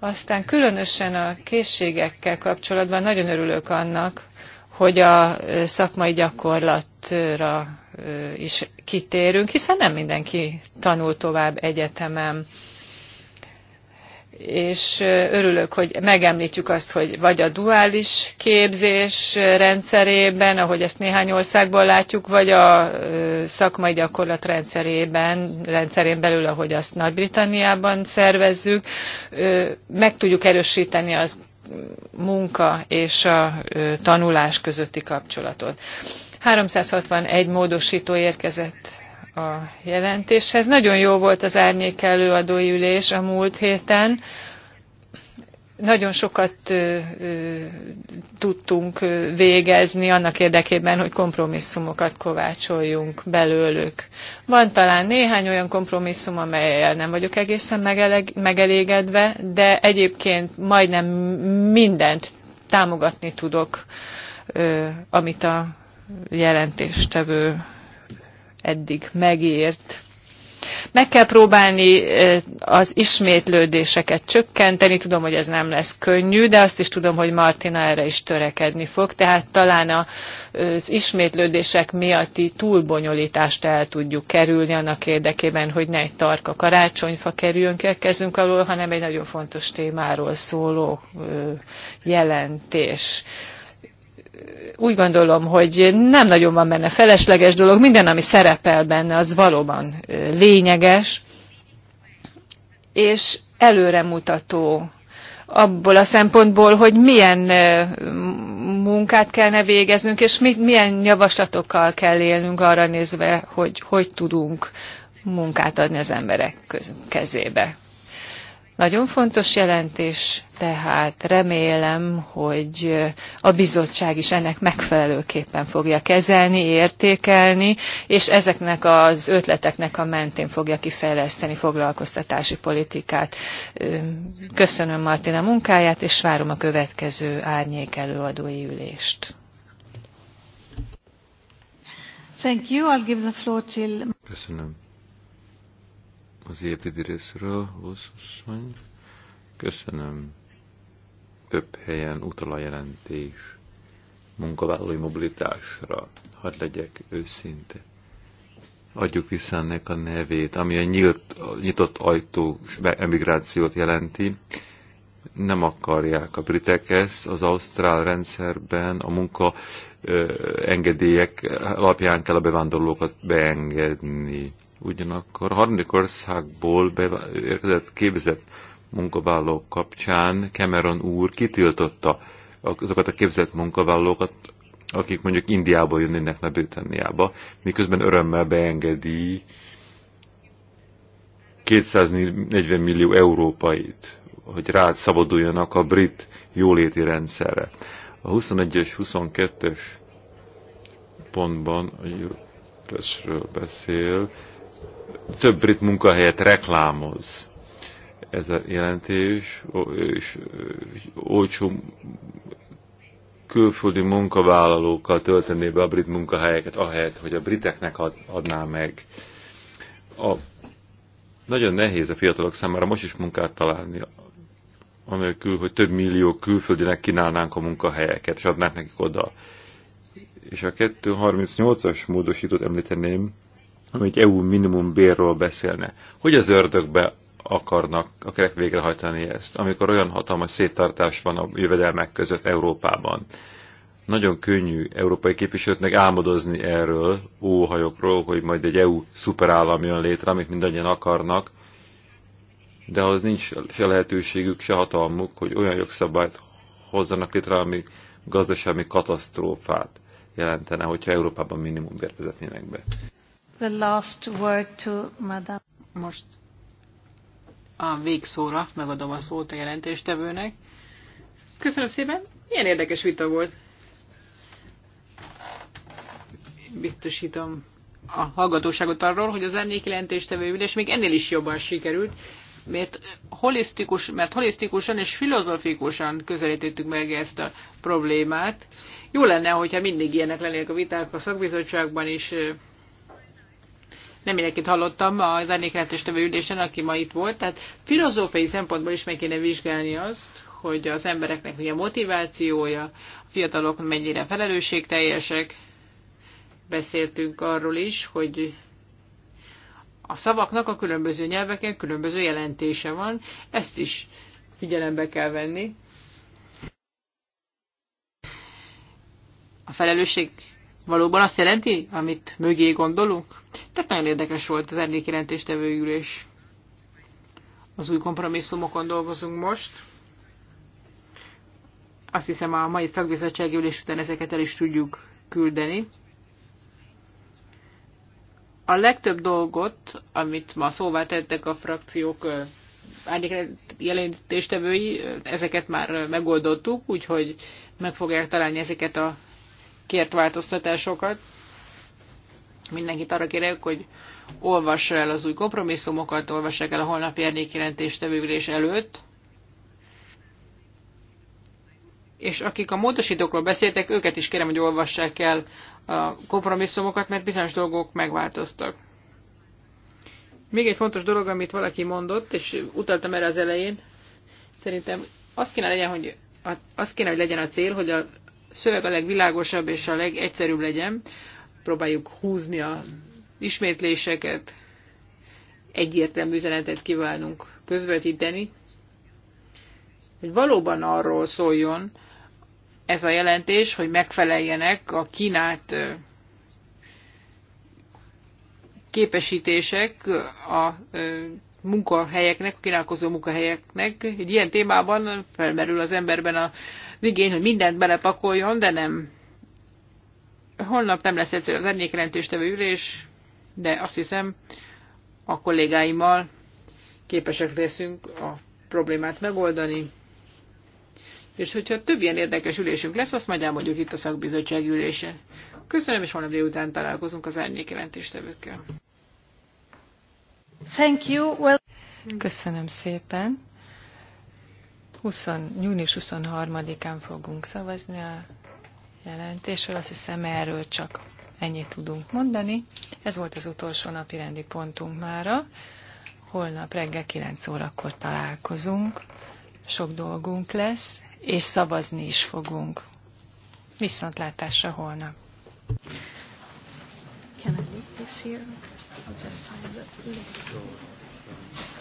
aztán különösen a készségekkel kapcsolatban nagyon örülök annak, hogy a szakmai gyakorlatra is kitérünk, hiszen nem mindenki tanul tovább egyetemen és örülök, hogy megemlítjük azt, hogy vagy a duális képzés rendszerében, ahogy ezt néhány országban látjuk, vagy a szakmai gyakorlat rendszerében, rendszerén belül, ahogy azt Nagy-Britanniában szervezzük, meg tudjuk erősíteni az munka és a tanulás közötti kapcsolatot. 361 módostó érkezett a jelentéshez. Nagyon jó volt az árnyék előadói ülés a múlt héten. Nagyon sokat ö, ö, tudtunk végezni annak érdekében, hogy kompromisszumokat kovácsoljunk belőlük. Van talán néhány olyan kompromisszum, amelyel nem vagyok egészen megeleg, megelégedve, de egyébként majdnem mindent támogatni tudok, ö, amit a jelentéstevő eddig megért. Meg kell próbálni az ismétlődéseket csökkenteni, tudom, hogy ez nem lesz könnyű, de azt is tudom, hogy Martina erre is törekedni fog, tehát talán az ismétlődések miatti túlbonyolítást el tudjuk kerülni annak érdekében, hogy ne egy tarka karácsonyfa kerüljön ki a kezünk alól, hanem egy nagyon fontos témáról szóló jelentés úgy gondolom, hogy nem nagyon van benne felesleges dolog, minden, ami szerepel benne, az valóban lényeges, és előremutató abból a szempontból, hogy milyen munkát kellene végeznünk, és milyen javaslatokkal kell élnünk arra nézve, hogy hogy tudunk munkát adni az emberek kezébe. Nagyon fontos jelentés, tehát remélem, hogy a bizottság is ennek megfelelőképpen fogja kezelni, értékelni, és ezeknek az ötleteknek a mentén fogja kifejleszteni foglalkoztatási politikát. Köszönöm Martina munkáját, és várom a következő árnyék előadói ülést. Thank you. I'll give the floor till... Köszönöm az értédi részről, Vosszasszony. Köszönöm. Több helyen utal a jelentés munkavállalói mobilitásra. Hadd legyek őszinte. Adjuk vissza ennek a nevét, ami a nyílt, a nyitott ajtó emigrációt jelenti. Nem akarják a britek ezt, az ausztrál rendszerben a munka ö, engedélyek alapján kell a bevándorlókat beengedni Ugyanakkor harmadik országból érkezett képzett munkavállalók kapcsán Cameron úr kitiltotta azokat a képzett munkavállalókat, akik mondjuk Indiából jönnének Nagy-Britanniába, miközben örömmel beengedi 240 millió európait, hogy rád szabaduljanak a brit jóléti rendszerre. A 21-es, 22-es pontban a beszél, több brit munkahelyet reklámoz ez a jelentés, és olcsó külföldi munkavállalókkal töltené be a brit munkahelyeket, ahelyett, hogy a briteknek adná meg. A, nagyon nehéz a fiatalok számára most is munkát találni, anélkül, hogy több millió külföldinek kínálnánk a munkahelyeket, és adnánk nekik oda. És a 238-as módosítót említeném, hogy EU minimum bérről beszélne. Hogy az ördögbe akarnak a kerek végrehajtani ezt, amikor olyan hatalmas széttartás van a jövedelmek között Európában. Nagyon könnyű európai képviselőknek álmodozni erről, óhajokról, hogy majd egy EU szuperállam jön létre, amit mindannyian akarnak, de ahhoz nincs se lehetőségük, se hatalmuk, hogy olyan jogszabályt hozzanak létre, ami gazdasági katasztrófát jelentene, hogyha Európában minimum vezetnének be the last word to Madame. Most a végszóra megadom a szót a jelentéstevőnek. Köszönöm szépen, milyen érdekes vita volt. Biztosítom a hallgatóságot arról, hogy az jelentéstevő ülés még ennél is jobban sikerült, mert, holisztikus, mert holisztikusan és filozofikusan közelítettük meg ezt a problémát. Jó lenne, hogyha mindig ilyenek lennének a viták a szakbizottságban is, nem mindenkit hallottam az tevő ülésen, aki ma itt volt. Tehát filozófiai szempontból is meg kéne vizsgálni azt, hogy az embereknek ugye motivációja, a fiatalok mennyire felelősségteljesek. Beszéltünk arról is, hogy a szavaknak a különböző nyelveken különböző jelentése van, ezt is figyelembe kell venni. A felelősség valóban azt jelenti, amit mögé gondolunk? Tehát nagyon érdekes volt az emlékjelentéstevő ülés. Az új kompromisszumokon dolgozunk most. Azt hiszem a mai szakbizottsági ülés után ezeket el is tudjuk küldeni. A legtöbb dolgot, amit ma szóvá tettek a frakciók jelentéstevői, ezeket már megoldottuk, úgyhogy meg fogják találni ezeket a kért változtatásokat. Mindenkit arra kérek, hogy olvassa el az új kompromisszumokat, olvassák el a holnapi árnyékjelentés tevőülés előtt. És akik a módosítókról beszéltek, őket is kérem, hogy olvassák el a kompromisszumokat, mert bizonyos dolgok megváltoztak. Még egy fontos dolog, amit valaki mondott, és utaltam erre az elején, szerintem az kéne, legyen, hogy az kéne, hogy legyen a cél, hogy a szöveg a legvilágosabb és a legegyszerűbb legyen próbáljuk húzni a ismétléseket, egyértelmű üzenetet kívánunk közvetíteni, hogy valóban arról szóljon ez a jelentés, hogy megfeleljenek a kínált képesítések a munkahelyeknek, a kínálkozó munkahelyeknek. Egy ilyen témában felmerül az emberben az igény, hogy mindent belepakoljon, de nem Holnap nem lesz egyszerű az ennék jelentéstevő ülés, de azt hiszem a kollégáimmal képesek leszünk a problémát megoldani. És hogyha több ilyen érdekes ülésünk lesz, azt majd elmondjuk itt a szakbizottság ülésen. Köszönöm, és holnap délután találkozunk az árnyék jelentéstevőkkel. Thank you. Well... Köszönöm szépen. 20, június 23-án fogunk szavazni a jelentésről. Azt hiszem erről csak ennyit tudunk mondani. Ez volt az utolsó napi rendi pontunk mára. Holnap reggel 9 órakor találkozunk. Sok dolgunk lesz, és szavazni is fogunk. Viszontlátásra holnap. Can I leave this here? I'll just sign that list.